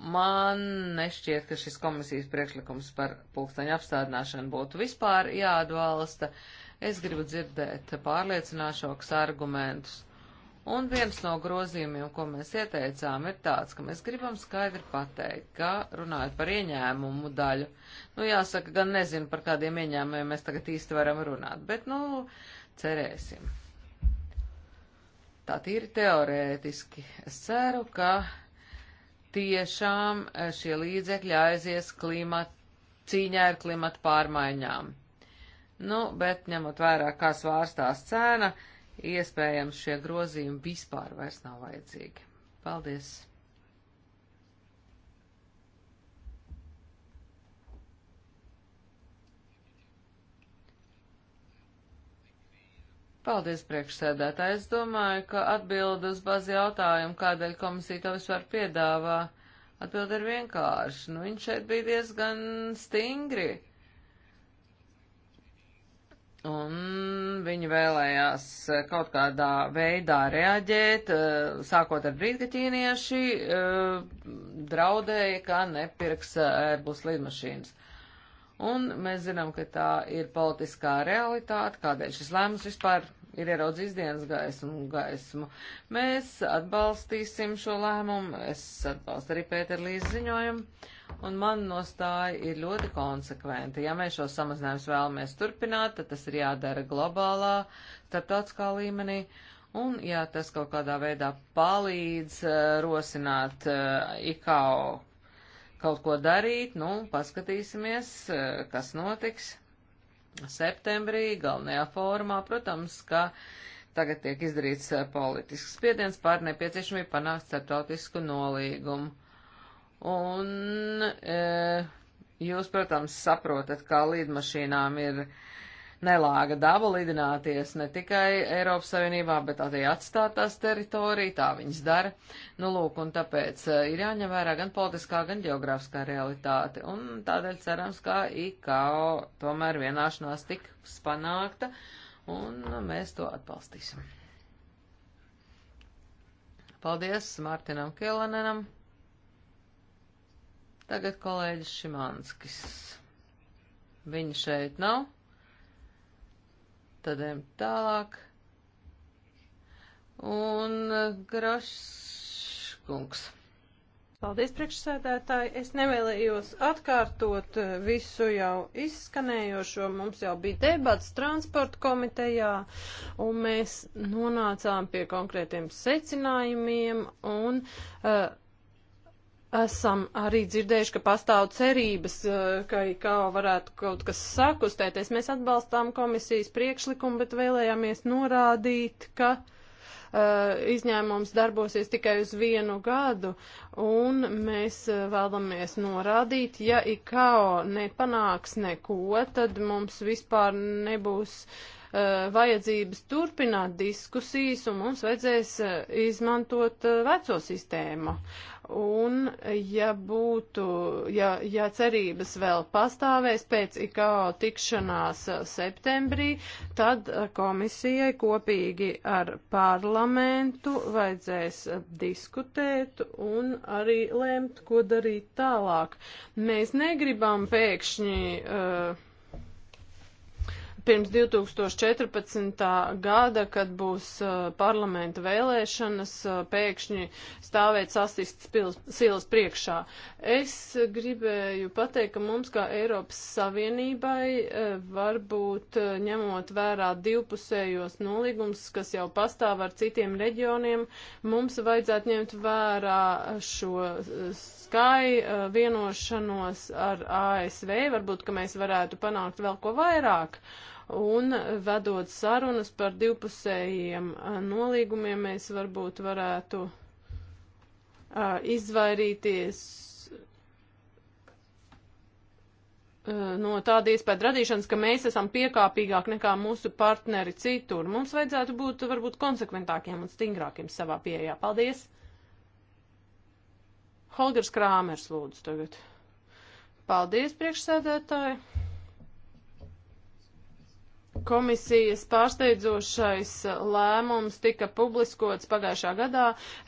Speaker 1: Man nešķiet, ka šis komisijas priekšlikums par pulksteņu apstādināšanu būtu vispār jāatbalsta. Uh, Es gribu dzirdēt pārliecināšākus argumentus. Un viens no grozījumiem, ko mēs ieteicām, ir tāds, ka mēs gribam skaidri pateikt, ka runājot par ieņēmumu daļu, nu jāsaka, gan nezinu, par kādiem ieņēmumiem mēs tagad īsti varam runāt, bet, nu, cerēsim. Tā tīri teorētiski. Es ceru, ka tiešām šie līdzekļi aizies klimata cīņā ar klimata pārmaiņām. Nu, bet ņemot vērā, kā svārstās cēna, iespējams šie grozījumi vispār vairs nav vajadzīgi. Paldies! Paldies, priekšsēdētāji. Es domāju, ka atbildi uz bazi jautājumu, kādēļ komisija to vispār piedāvā, atbildi ir vienkārši. Nu, viņš šeit bija diezgan stingri. Un viņi vēlējās kaut kādā veidā reaģēt, eh, sākot ar brīdi, ka ķīnieši eh, draudēja, ka nepirks eh, Airbus lidmašīnas. Un mēs zinām, ka tā ir politiskā realitāte, kādēļ šis lēmums vispār ir ieraudzījis dienas gaismu. gaismu. Mēs atbalstīsim šo lēmumu, es atbalstu arī Pēterlīs ziņojumu un man nostāja ir ļoti konsekventa. Ja mēs šos samazinājumus vēlamies turpināt, tad tas ir jādara globālā, starptautiskā līmenī. Un, ja tas kaut kādā veidā palīdz uh, rosināt uh, eh, IKO kaut ko darīt, nu, paskatīsimies, uh, kas notiks septembrī, galvenajā formā, protams, ka tagad tiek izdarīts politisks spiediens pār nepieciešamību panākt starptautisku nolīgumu. Un e, jūs, protams, saprotat, kā līdmašīnām ir nelāga daba lidināties ne tikai Eiropas Savienībā, bet arī atstātās teritorija, tā viņas dara. Nu, lūk, un tāpēc e, ir jāņem vērā gan politiskā, gan geogrāfiskā realitāte. Un tādēļ cerams, ka IKO tomēr vienāšanās tiks panākta, un mēs to atbalstīsim. Paldies Mārtiņam Kielanenam! Tagad kolēģis Šimanskis. Viņa šeit nav. Tad ejam tālāk.
Speaker 3: Un eh, Graškungs. Paldies, priekšsēdētāji. Es nevēlējos atkārtot eh, visu jau izskanējošo. Mums jau bija debats transporta komitejā, un mēs nonācām pie konkrētiem secinājumiem. Un, uh, Esam arī dzirdējuši, ka pastāv cerības, eh, ka IKO varētu kaut kas sakustēties. Mēs atbalstām komisijas priekšlikumu, bet vēlējāmies norādīt, ka uh, izņēmums darbosies tikai uz vienu gadu, un mēs eh, vēlamies norādīt, ja IKO nepanāks neko, tad mums vispār nebūs uh, Uh, vajadzības turpināt diskusijas un mums vajadzēs uh, izmantot uh, veco sistēmu. Un ja būtu, ja, ja cerības vēl pastāvēs pēc IKO tikšanās septembrī, tad komisijai kopīgi ar parlamentu vajadzēs diskutēt un arī lēmt, ko darīt tālāk. Mēs negribam pēkšņi. Uh, pirms 2014. gada, kad būs uh, parlamenta vēlēšanas, uh, pēkšņi stāvēt sasists pils, silas priekšā. Es gribēju pateikt, ka mums kā Eiropas Savienībai uh, varbūt uh, ņemot vērā divpusējos nolīgums, kas jau pastāv ar citiem reģioniem, mums vajadzētu ņemt vērā šo uh, Sky uh, vienošanos ar ASV, varbūt, ka mēs varētu panākt vēl ko vairāk un vedot sarunas par divpusējiem nolīgumiem, mēs varbūt varētu izvairīties no tāda iespēja radīšanas, ka mēs esam piekāpīgāk nekā mūsu partneri citur. Mums vajadzētu būt varbūt konsekventākiem un stingrākiem savā pieejā. Paldies! Holgers Krāmers lūdzu tagad. Paldies, priekšsēdētāji! Komisijas pārsteidzošais lēmums tika publiskots pagājušā gadā.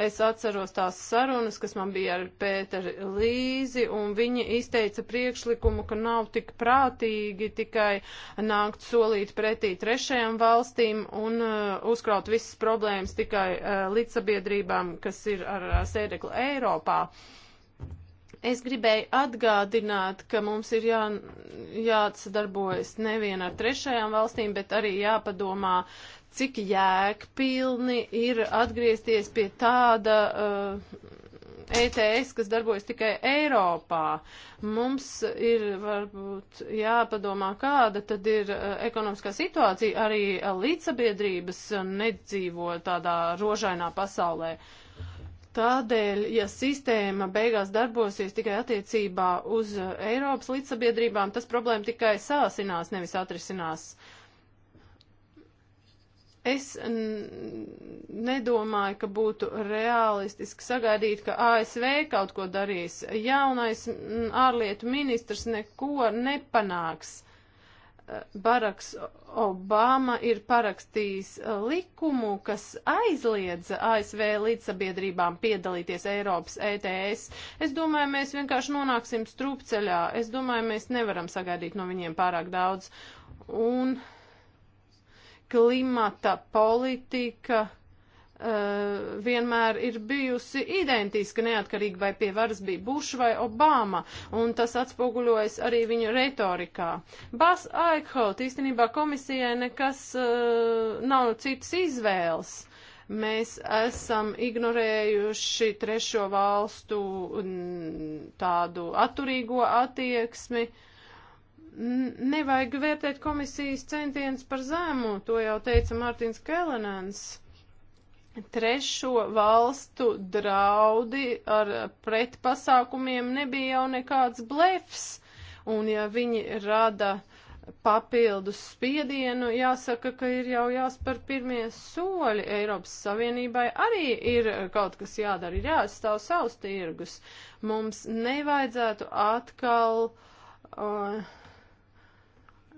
Speaker 3: Es atceros tās sarunas, kas man bija ar Pēteru Līzi, un viņi izteica priekšlikumu, ka nav tik prātīgi tikai nākt solīt pretī trešajām valstīm un uh, uzkraut visas problēmas tikai uh, līdzsabiedrībām, kas ir ar uh, sēdekli Eiropā. Uh, Es gribēju atgādināt, ka mums ir jā, jāsadarbojas nevien ar trešajām valstīm, bet arī jāpadomā, cik jēgpilni ir atgriezties pie tāda uh, ETS, kas darbojas tikai Eiropā. Mums ir varbūt jāpadomā, kāda tad ir uh, ekonomiskā situācija. Arī uh, līdzsabiedrības uh, nedzīvo tādā rožainā pasaulē. Uh, Tādēļ, ja sistēma beigās darbosies tikai attiecībā uz uh, Eiropas līdzsabiedrībām, tas problēma tikai sāsinās, nevis atrisinās. Es nedomāju, ka būtu realistiski sagaidīt, ka ASV kaut ko darīs. Jaunais mm, ārlietu ministrs neko nepanāks. Baraks Obama ir parakstījis uh, likumu, kas aizliedza ASV līdzsabiedrībām piedalīties Eiropas ETS. Es domāju, mēs vienkārši nonāksim strupceļā. Es domāju, mēs nevaram sagaidīt no viņiem pārāk daudz. Un klimata politika uh, vienmēr ir bijusi identiska, neatkarīgi vai pie varas bija Bušs vai Obama, un tas atspoguļojas arī viņa retorikā. Bas Aikholt, īstenībā komisijai nekas uh, nav citas izvēles mēs esam ignorējuši trešo valstu mm, tādu atturīgo attieksmi. Nevajag vērtēt komisijas centienus par zemu, to jau teica Mārtiņš Kelenans trešo valstu draudi ar pretpasākumiem nebija jau nekāds blefs, un ja viņi rada papildus spiedienu, jāsaka, ka ir jau jāspēr pirmie soļi. Eiropas Savienībai arī ir kaut kas jādara, ir jāizstāv savus tirgus. Mums nevajadzētu atkal. Uh,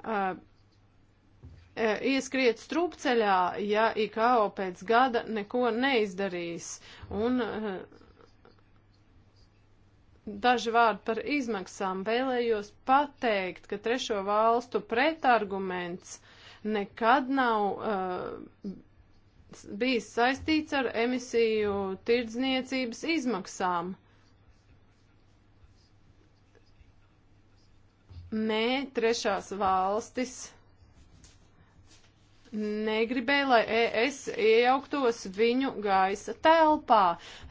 Speaker 3: uh, E, ieskriet strupceļā, ja IKO pēc gada neko neizdarīs. Un e, daži vārdi par izmaksām vēlējos pateikt, ka trešo valstu pretarguments nekad nav uh, bijis saistīts ar emisiju tirdzniecības izmaksām. Nē, trešās valstis negribēja, lai ES iejauktos viņu gaisa telpā.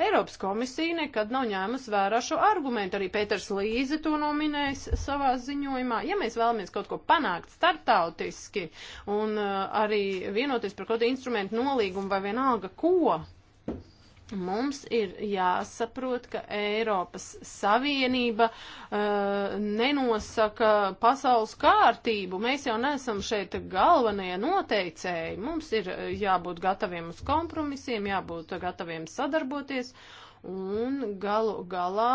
Speaker 3: Eiropas komisija nekad nav ņēmusi vērā šo argumentu, arī Pēters Līze to nominējis savā ziņojumā. Ja mēs vēlamies kaut ko panākt startautiski un uh, arī vienoties par kaut kādu instrumentu nolīgumu vai vienalga ko, Mums ir jāsaprot, ka Eiropas Savienība uh, nenosaka pasaules kārtību. Mēs jau neesam šeit galvenie noteicēji. Mums ir eh, jābūt gataviem uz kompromisiem, jābūt gataviem sadarboties. Un galu galā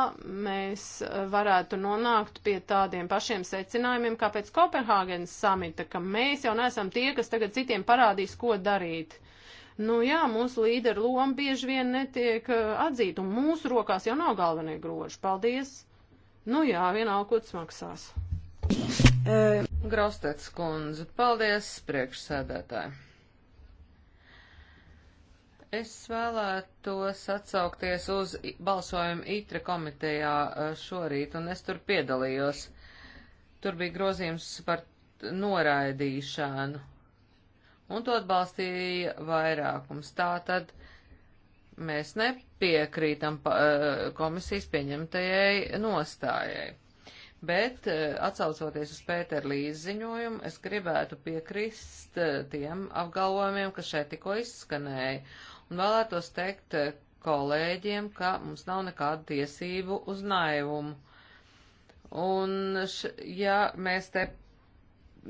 Speaker 3: mēs eh, varētu nonākt pie tādiem pašiem secinājumiem, kā pēc Kopenhāgenes samita, ka mēs jau neesam tie, kas tagad citiem parādīs, ko darīt. Uh, Nu jā, mūsu līderu loma bieži vien netiek eh, atzīta, un mūsu rokās jau nav galvenie groži. Paldies! Nu jā, vienalga, ko tas maksās. E, eh, Graustēts kundze, paldies priekšsēdētāji.
Speaker 1: Es vēlētos atsaukties uz balsojumu ITRE komitejā eh, šorīt, un es tur piedalījos. Tur bija grozījums par noraidīšanu un to atbalstīja vairākums. Tātad mēs nepiekrītam eh, komisijas pieņemtajai nostājai. Bet eh, atsaucoties uz Pēteru Līzi ziņojumu, es gribētu piekrist eh, tiem apgalvojumiem, kas šeit tikko izskanēja, un vēlētos teikt kolēģiem, ka mums nav nekādu tiesību uz naivumu. Un, š, ja mēs te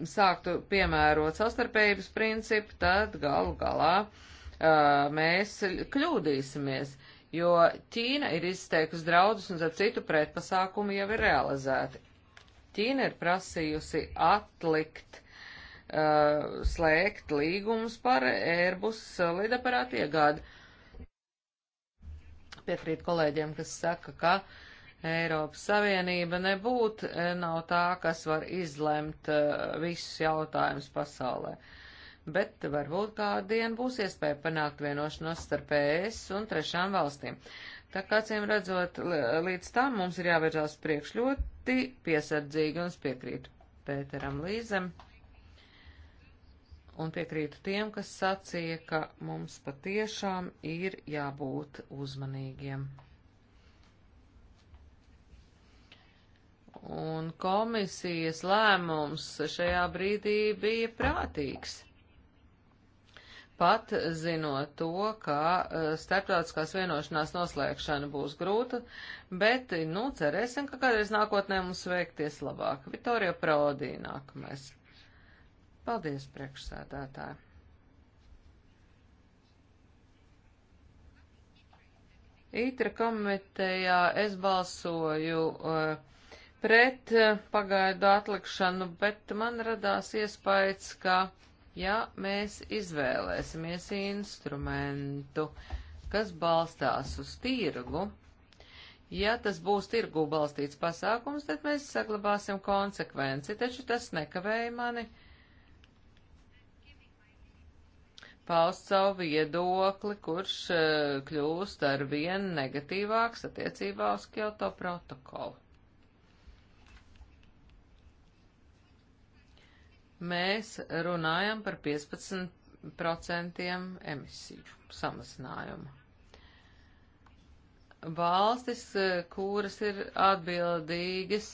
Speaker 1: sāktu piemērot savstarpējības principu, tad galu galā uh, mēs kļūdīsimies, jo Ķīna ir izteikusi draudus un ar citu pretpasākumu jau ir realizēti. Ķīna ir prasījusi atlikt, uh, slēgt līgumus par Airbus lidaparātu iegādi. Piekrīt kolēģiem, kas saka, ka uh, Eiropas Savienība nebūtu, eh, nav tā, kas var izlemt eh, visus jautājumus pasaulē. Bet varbūt kādu dienu būs iespēja panākt vienošanos starp ES un trešām valstīm. Tā kā cīm redzot, līdz tam mums ir jāvirzās priekš ļoti piesardzīgi un piekrītu Pēteram Līzem. Un piekrītu tiem, kas sacīja, ka mums patiešām ir jābūt uzmanīgiem. un komisijas lēmums šajā brīdī bija prātīgs. Pat zinot to, ka eh, starptautiskās vienošanās noslēgšana būs grūta, bet, nu, cerēsim, ka kādreiz nākotnē mums veikties labāk. Vitorija Prodī nākamais. Paldies, priekšsēdētāji! ITRA komitejā es balsoju uh, pret eh, pagaidu atlikšanu, bet man radās iespējas, ka ja mēs izvēlēsimies instrumentu, kas balstās uz tirgu, Ja tas būs tirgū balstīts pasākums, tad mēs saglabāsim konsekvenci, taču tas nekavēja mani paust savu viedokli, kurš uh, kļūst ar vien negatīvāks attiecībā uz Kyoto protokolu. mēs runājam par 15% emisiju samazinājumu. Valstis, kuras ir atbildīgas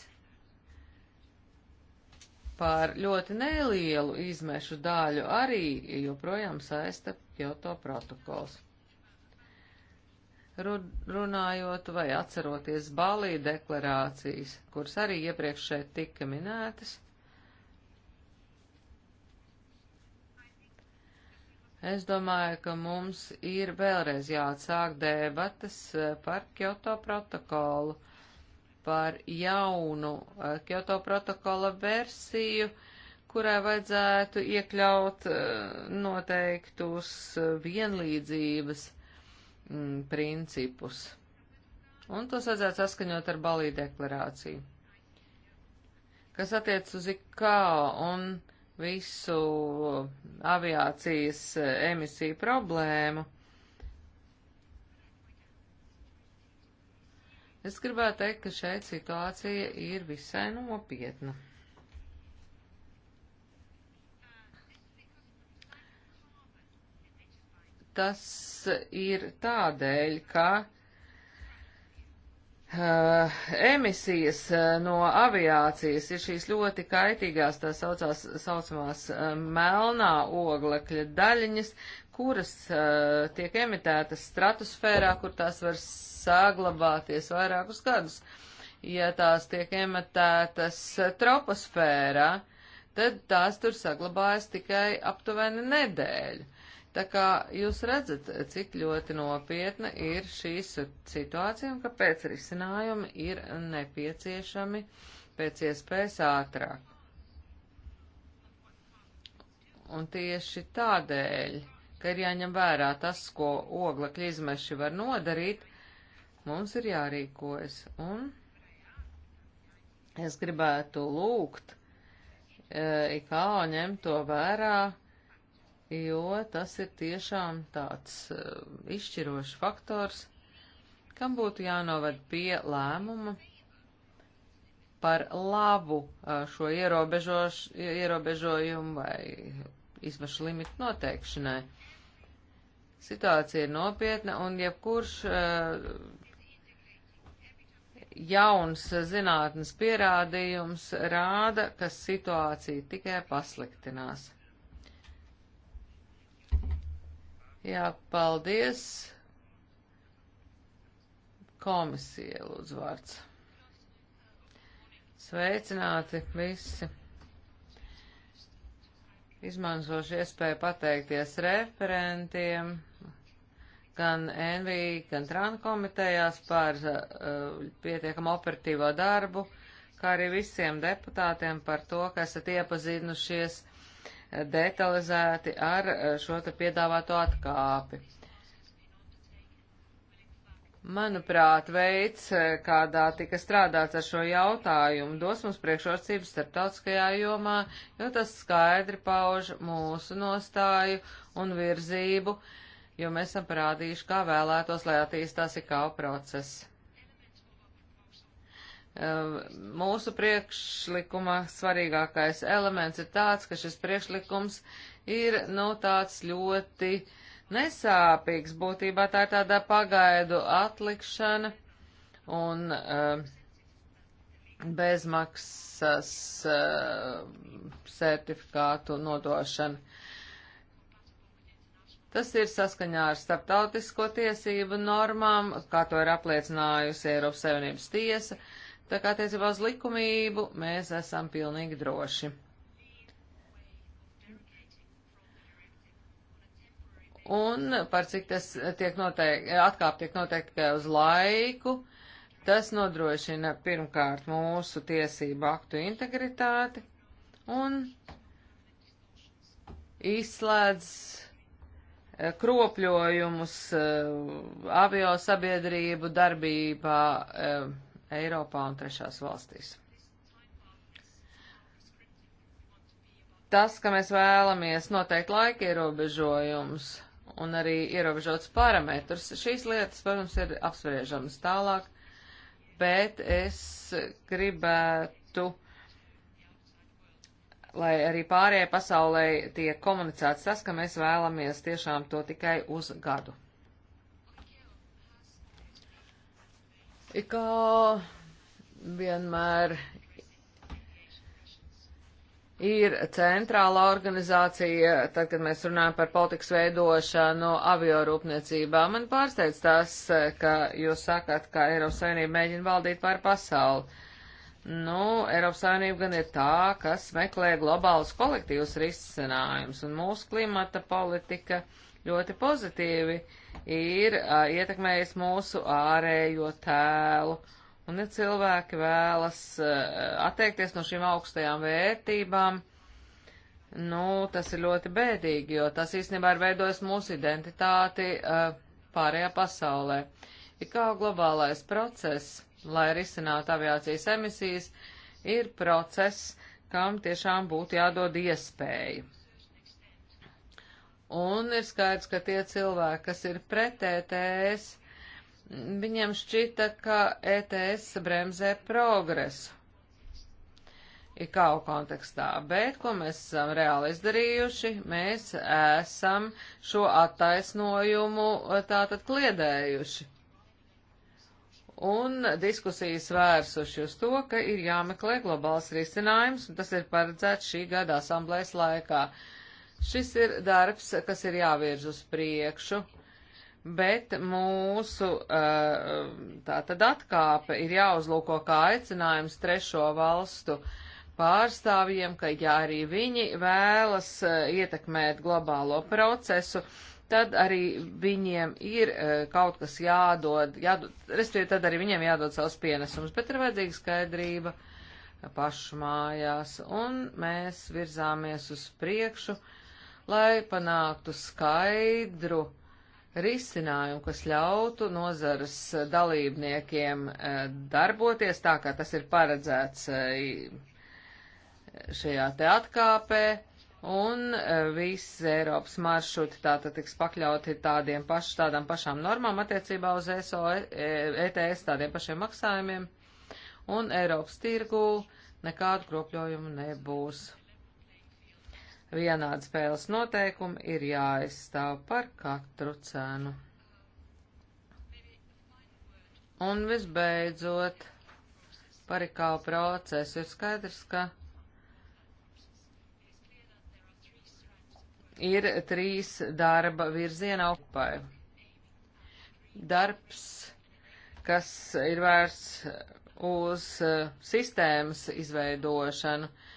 Speaker 1: par ļoti nelielu izmešu daļu, arī joprojām saista Kyoto protokols. Runājot vai atceroties Balī deklarācijas, kuras arī iepriekš šeit tika minētas, Es domāju, ka mums ir vēlreiz jāatsāk debatas eh, par Kyoto protokolu, par jaunu eh, Kyoto protokola versiju, kurai vajadzētu iekļaut eh, noteiktus vienlīdzības mm, principus. Un tos vajadzētu saskaņot ar Balī deklarāciju. Kas attiec uz IKO un visu aviācijas eh, emisiju problēmu. Es gribētu teikt, ka šeit situācija ir visai nopietna. Tas ir tādēļ, ka uh, emisijas eh, no aviācijas ir šīs ļoti kaitīgās, tā saucās, saucamās uh, melnā oglekļa daļiņas, kuras uh, tiek emitētas stratosfērā, kur tās var saglabāties vairākus gadus. Ja tās tiek emitētas troposfērā, tad tās tur saglabājas tikai aptuveni nedēļu. Tā kā jūs redzat, cik ļoti nopietna ir šī situācija un kāpēc risinājumi ir nepieciešami pēc iespējas ātrāk. Un tieši tādēļ, ka ir jāņem vērā tas, ko oglekļa izmeši var nodarīt, mums ir jārīkojas. Un es gribētu lūgt e, IKO ņemt to vērā jo tas ir tiešām tāds uh, izšķirošs faktors, kam būtu jānovad pie lēmuma par labu uh, šo ierobežojumu vai izmešu limitu noteikšanai. Situācija ir nopietna, un jebkurš uh, jauns zinātnes pierādījums rāda, ka situācija tikai pasliktinās. Jā, paldies. Komisija lūdzu vārds. Sveicināti visi. Izmantošu iespēju pateikties referentiem gan NV, gan TRAN komitejās par uh, pietiekam operatīvo darbu, kā arī visiem deputātiem par to, ka esat iepazinušies detalizēti ar eh, šo te piedāvāto atkāpi. Manuprāt, veids, eh, kādā tika strādāts ar šo jautājumu, dos mums priekšrocības starptautiskajā jomā, jo tas skaidri pauž mūsu nostāju un virzību, jo mēs esam parādījuši, kā vēlētos, lai attīstās IKO process. Ehm, mūsu priekšlikuma svarīgākais elements ir tāds, ka šis priekšlikums ir, nu, tāds ļoti nesāpīgs. Būtībā tā ir tāda pagaidu atlikšana un uh, bezmaksas uh, certifikātu nodošana. Tas ir saskaņā ar starptautisko tiesību normām, kā to ir apliecinājusi Eiropas Savienības tiesa. Uh, Tā kā attiecībā uz likumību mēs esam pilnīgi droši. Un par cik tas tiek noteikti, atkāp tiek noteikti tikai uz laiku, tas nodrošina pirmkārt mūsu tiesību aktu integritāti un izslēdz eh, kropļojumus eh, avio sabiedrību darbībā eh, Eiropā un trešās valstīs. Tas, ka mēs vēlamies noteikt laika ierobežojums un arī ierobežots parametrus, šīs lietas, protams, ir apspriežamas tālāk, bet es gribētu lai arī pārējai pasaulē tiek komunicēts tas, ka mēs vēlamies tiešām to tikai uz gadu. Kā vienmēr ir centrāla organizācija, tad, kad mēs runājam par politikas veidošanu aviorūpniecībā. Man pārsteidz tas, ka jūs sakat, ka Eiropas Savienība mēģina valdīt pār pasauli. Nu, Eiropas Savienība gan ir tā, kas meklē globālus kolektīvus risinājumus, un mūsu klimata politika ļoti pozitīvi uh, ir uh, ietekmējis mūsu ārējo tēlu. Un ja cilvēki vēlas uh, atteikties no šīm augstajām vērtībām, nu, tas ir ļoti bēdīgi, jo tas īstenībā ir veidojis mūsu identitāti uh, pārējā pasaulē. Ir kā globālais process, lai risinātu aviācijas emisijas, ir process, kam tiešām būtu jādod iespēju. Un ir skaidrs, ka tie cilvēki, kas ir pret ETS, viņiem šķita, ka ETS bremzē progresu. IKAU kontekstā, bet ko mēs esam reāli izdarījuši, mēs esam šo attaisnojumu eh, tātad kliedējuši. Un diskusijas vērsuši uz to, ka ir jāmeklē globāls risinājums, un tas ir paredzēts šī gada asamblēs laikā. Uh, Šis ir darbs, kas ir jāvirz uz priekšu, bet mūsu eh, tātad atkāpe ir jāuzlūko kā aicinājums trešo valstu pārstāvjiem, ka ja arī viņi vēlas eh, ietekmēt globālo procesu, tad arī viņiem ir eh, kaut kas jādod, jādod respektīvi, tad arī viņiem jādod savs pienesums, bet ir vajadzīga skaidrība pašu mājās, un mēs virzāmies uz priekšu. Uh, lai panāktu skaidru risinājumu, kas ļautu nozaras dalībniekiem e, darboties tā, kā tas ir paredzēts e, šajā te atkāpē, un e, visi Eiropas maršruti tātad tiks pakļauti tādiem paš, tādām pašām normām attiecībā uz ESO, ETS, tādiem pašiem maksājumiem, un Eiropas tirgū nekādu kropļojumu nebūs vienādi spēles noteikumi ir jāaizstāv par katru cenu. Un visbeidzot, par ikālu procesu ir skaidrs, ka ir trīs darba virziena upai. Darbs, kas ir vērsts uz eh, sistēmas izveidošanu, uh,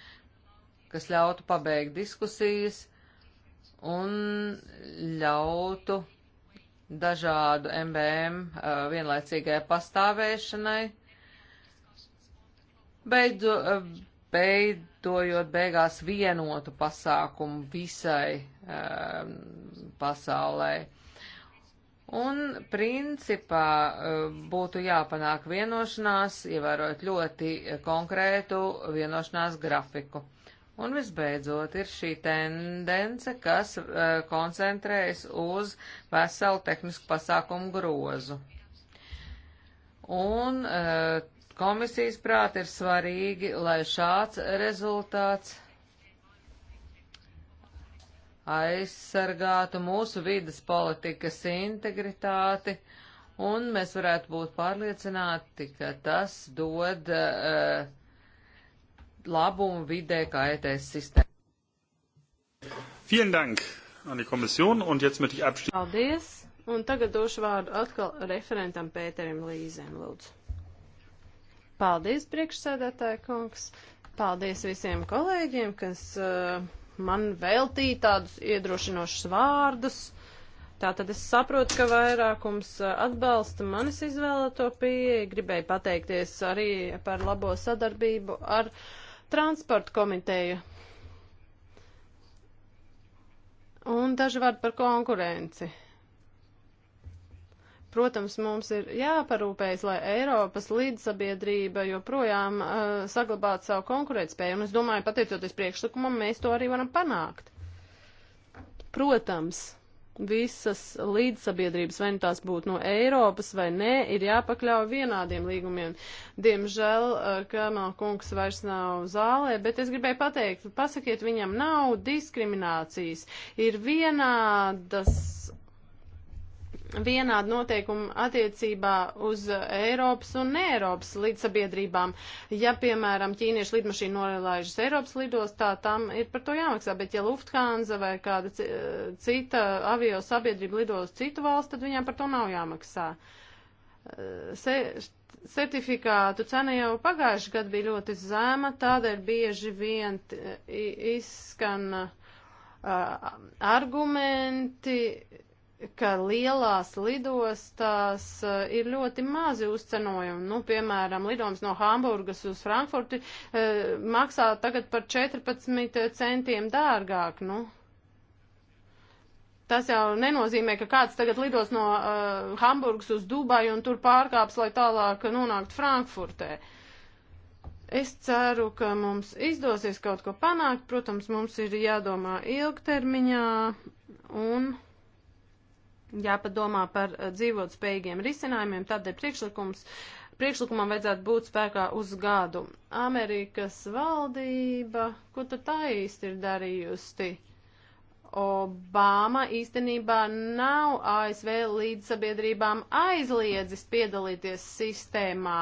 Speaker 1: kas ļautu pabeigt diskusijas un ļautu dažādu MBM uh, vienlaicīgai pastāvēšanai, beidu, uh, beidojot beigās vienotu pasākumu visai uh, pasaulē. Un principā būtu jāpanāk vienošanās, ievērot ļoti konkrētu vienošanās grafiku. Un visbeidzot ir šī tendence, kas uh, koncentrējas uz veselu tehnisku pasākumu grozu. Un uh, komisijas prāt ir svarīgi, lai šāds rezultāts aizsargātu mūsu vidas politikas integritāti, un mēs varētu būt pārliecināti, ka tas dod uh, labumu vidē kā ETS sistēma.
Speaker 3: Vielen Dank an die Kommission un jetzt möchte ich abstimmen. Paldies. Un tagad došu vārdu atkal referentam Pēterim Līzēm, lūdzu. Paldies, priekšsēdētāja kungs. Paldies visiem kolēģiem, kas uh, man veltīja tādus iedrošinošus vārdus. Tātad es saprotu, ka vairākums uh, atbalsta manis izvēlēto pieeju. Gribēju pateikties arī par labo sadarbību ar uh, transporta komiteju. Un daži vārdi par konkurenci. Protams, mums ir jāparūpējas, lai Eiropas līdzsabiedrība joprojām uh, saglabātu savu konkurētspēju, un es domāju, pateicoties priekšlikumam, mēs to arī varam panākt. Protams, visas līdzsabiedrības, vai nu tās būtu no Eiropas vai nē, ir jāpakļauj vienādiem līgumiem. Diemžēl eh, Kamal kungs vairs nav zālē, bet es gribēju pateikt, pasakiet viņam, nav diskriminācijas, ir vienādas vienādi noteikumi attiecībā uz Eiropas un ne Eiropas līdzsabiedrībām. Ja, piemēram, ķīniešu lidmašīna nolaižas Eiropas lidostā, tam ir par to jāmaksā, bet ja Lufthansa vai kāda cita avio sabiedrība lido uz citu valstu, tad viņām par to nav jāmaksā. Se, certifikātu cena jau pagājuši gadu bija ļoti zēma, tādēļ bieži vien izskan uh, argumenti, ka lielās lidostās eh, ir ļoti mazi uzcenojumi. Nu, piemēram, lidojums no Hamburgas uz Frankfurti eh, maksā tagad par 14 centiem dārgāk. Nu, Tas jau nenozīmē, ka kāds tagad lidos no uh, Hamburgas uz Dubaju un tur pārkāps, lai tālāk nonāktu Frankfurtē. Es ceru, ka mums izdosies kaut ko panākt. Protams, mums ir jādomā ilgtermiņā un jāpadomā par eh, dzīvotspējīgiem risinājumiem, tādēļ priekšlikums, priekšlikumam vajadzētu būt spēkā uz gadu. Amerikas valdība, ko tad tā īsti ir darījusi? Obama īstenībā nav ASV līdzsabiedrībām aizliedzis piedalīties sistēmā,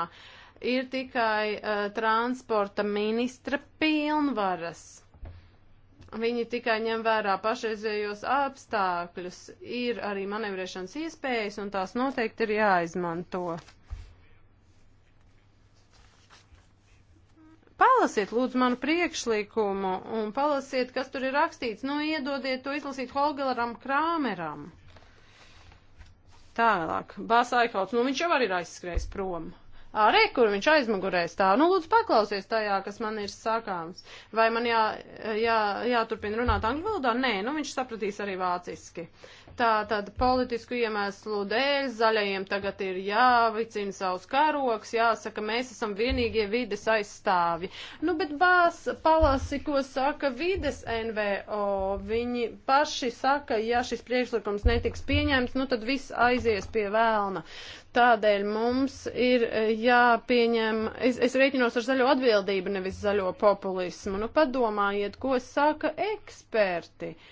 Speaker 3: ir tikai uh, transporta ministra pilnvaras. Viņi tikai ņem vērā pašreizējos apstākļus, ir arī manevrēšanas iespējas, un tās noteikti ir jāizmanto. Palasiet, lūdzu, manu priekšlikumu un palasiet, kas tur ir rakstīts. Nu, iedodiet to izlasīt Holgeram Krāmeram. Tālāk, Bāsaikalts, nu viņš jau arī ir aizskrējis prom. Arī, kur viņš aizmugurē stāv. Nu, lūdzu, paklausies tajā, kas man ir sakāms. Vai man jā, jā, jāturpina runāt angļu valodā? Nē, nu viņš sapratīs arī vāciski tā tad politisku iemeslu dēļ zaļajiem tagad ir jāvicina savus karoks, jāsaka, mēs esam vienīgie vides aizstāvi. Nu, bet bās palasi, ko saka vides NVO, viņi paši saka, ja šis priekšlikums netiks pieņemts, nu tad viss aizies pie vēlna. Tādēļ mums ir jāpieņem, es, es rēķinos ar zaļo atbildību, nevis zaļo populismu. Nu, padomājiet, ko saka eksperti. Uh,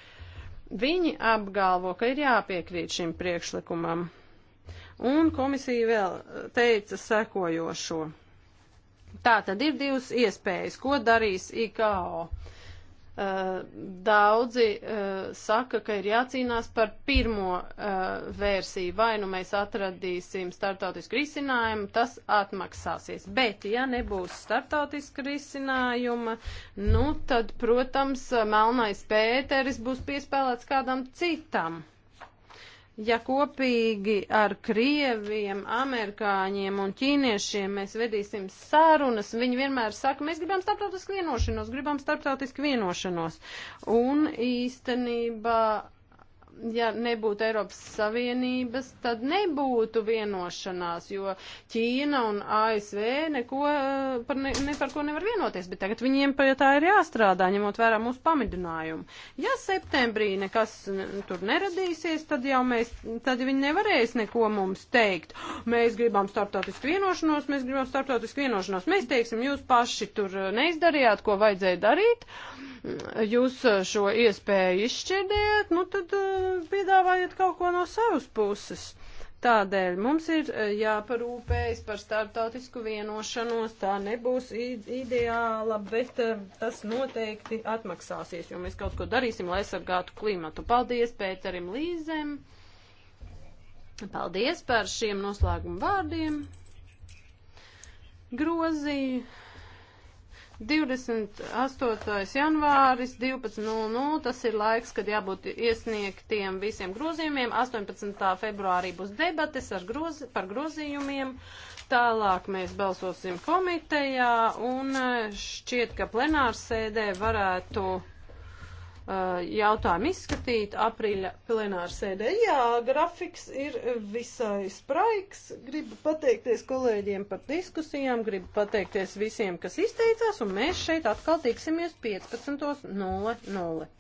Speaker 3: Viņi apgalvo, ka ir jāpiekrīt šim priekšlikumam. Un komisija vēl teica sekojošo. Tā tad ir divas iespējas, ko darīs IKO. Uh, Eh, daudzi eh, saka, ka ir jācīnās par pirmo eh, versiju. Vai nu mēs atradīsim startautisku risinājumu, tas atmaksāsies. Bet, ja nebūs startautiska risinājuma, nu tad, protams, melnais pēteris būs piespēlēts kādam citam. Ja kopīgi ar krieviem, amerikāņiem un ķīniešiem mēs vedīsim sarunas, viņi vienmēr saka, mēs gribam starptautisku vienošanos, gribam starptautisku vienošanos. Un īstenībā ja nebūtu Eiropas Savienības, tad nebūtu vienošanās, jo Ķīna un ASV neko, eh, par ne, ne par ko nevar vienoties, bet tagad viņiem pie tā ir jāstrādā, ņemot vērā mūsu pamidinājumu. Ja septembrī nekas tur neradīsies, tad jau mēs, tad viņi nevarēs neko mums teikt. Mēs gribam startautisku vienošanos, mēs gribam startautisku vienošanos. Mēs teiksim, jūs paši tur neizdarījāt, ko vajadzēja darīt. Uh, jūs eh, šo iespēju izšķirdiet, nu tad eh, piedāvājiet kaut ko no savas puses. Tādēļ mums ir eh, jāparūpējas par startautisku vienošanos. Tā nebūs ideāla, bet tas noteikti atmaksāsies, jo mēs kaut ko darīsim, lai aizsargātu klimatu. Paldies Pēterim Līzēm! Paldies par šiem noslēguma vārdiem! Grozīju 28. janvāris, 12.00, tas ir laiks, kad jābūt iesniegtiem visiem grozījumiem. 18. februārī būs debates groz, par grozījumiem. Tālāk mēs balsosim komitejā un eh, šķiet, ka plenārsēdē varētu Eh, jautājumu izskatīt aprīļa plenāra sēdē. Jā, grafiks ir visai spraiks. Gribu pateikties kolēģiem par diskusijām, gribu pateikties visiem, kas izteicās, un mēs šeit atkal tiksimies 15.00.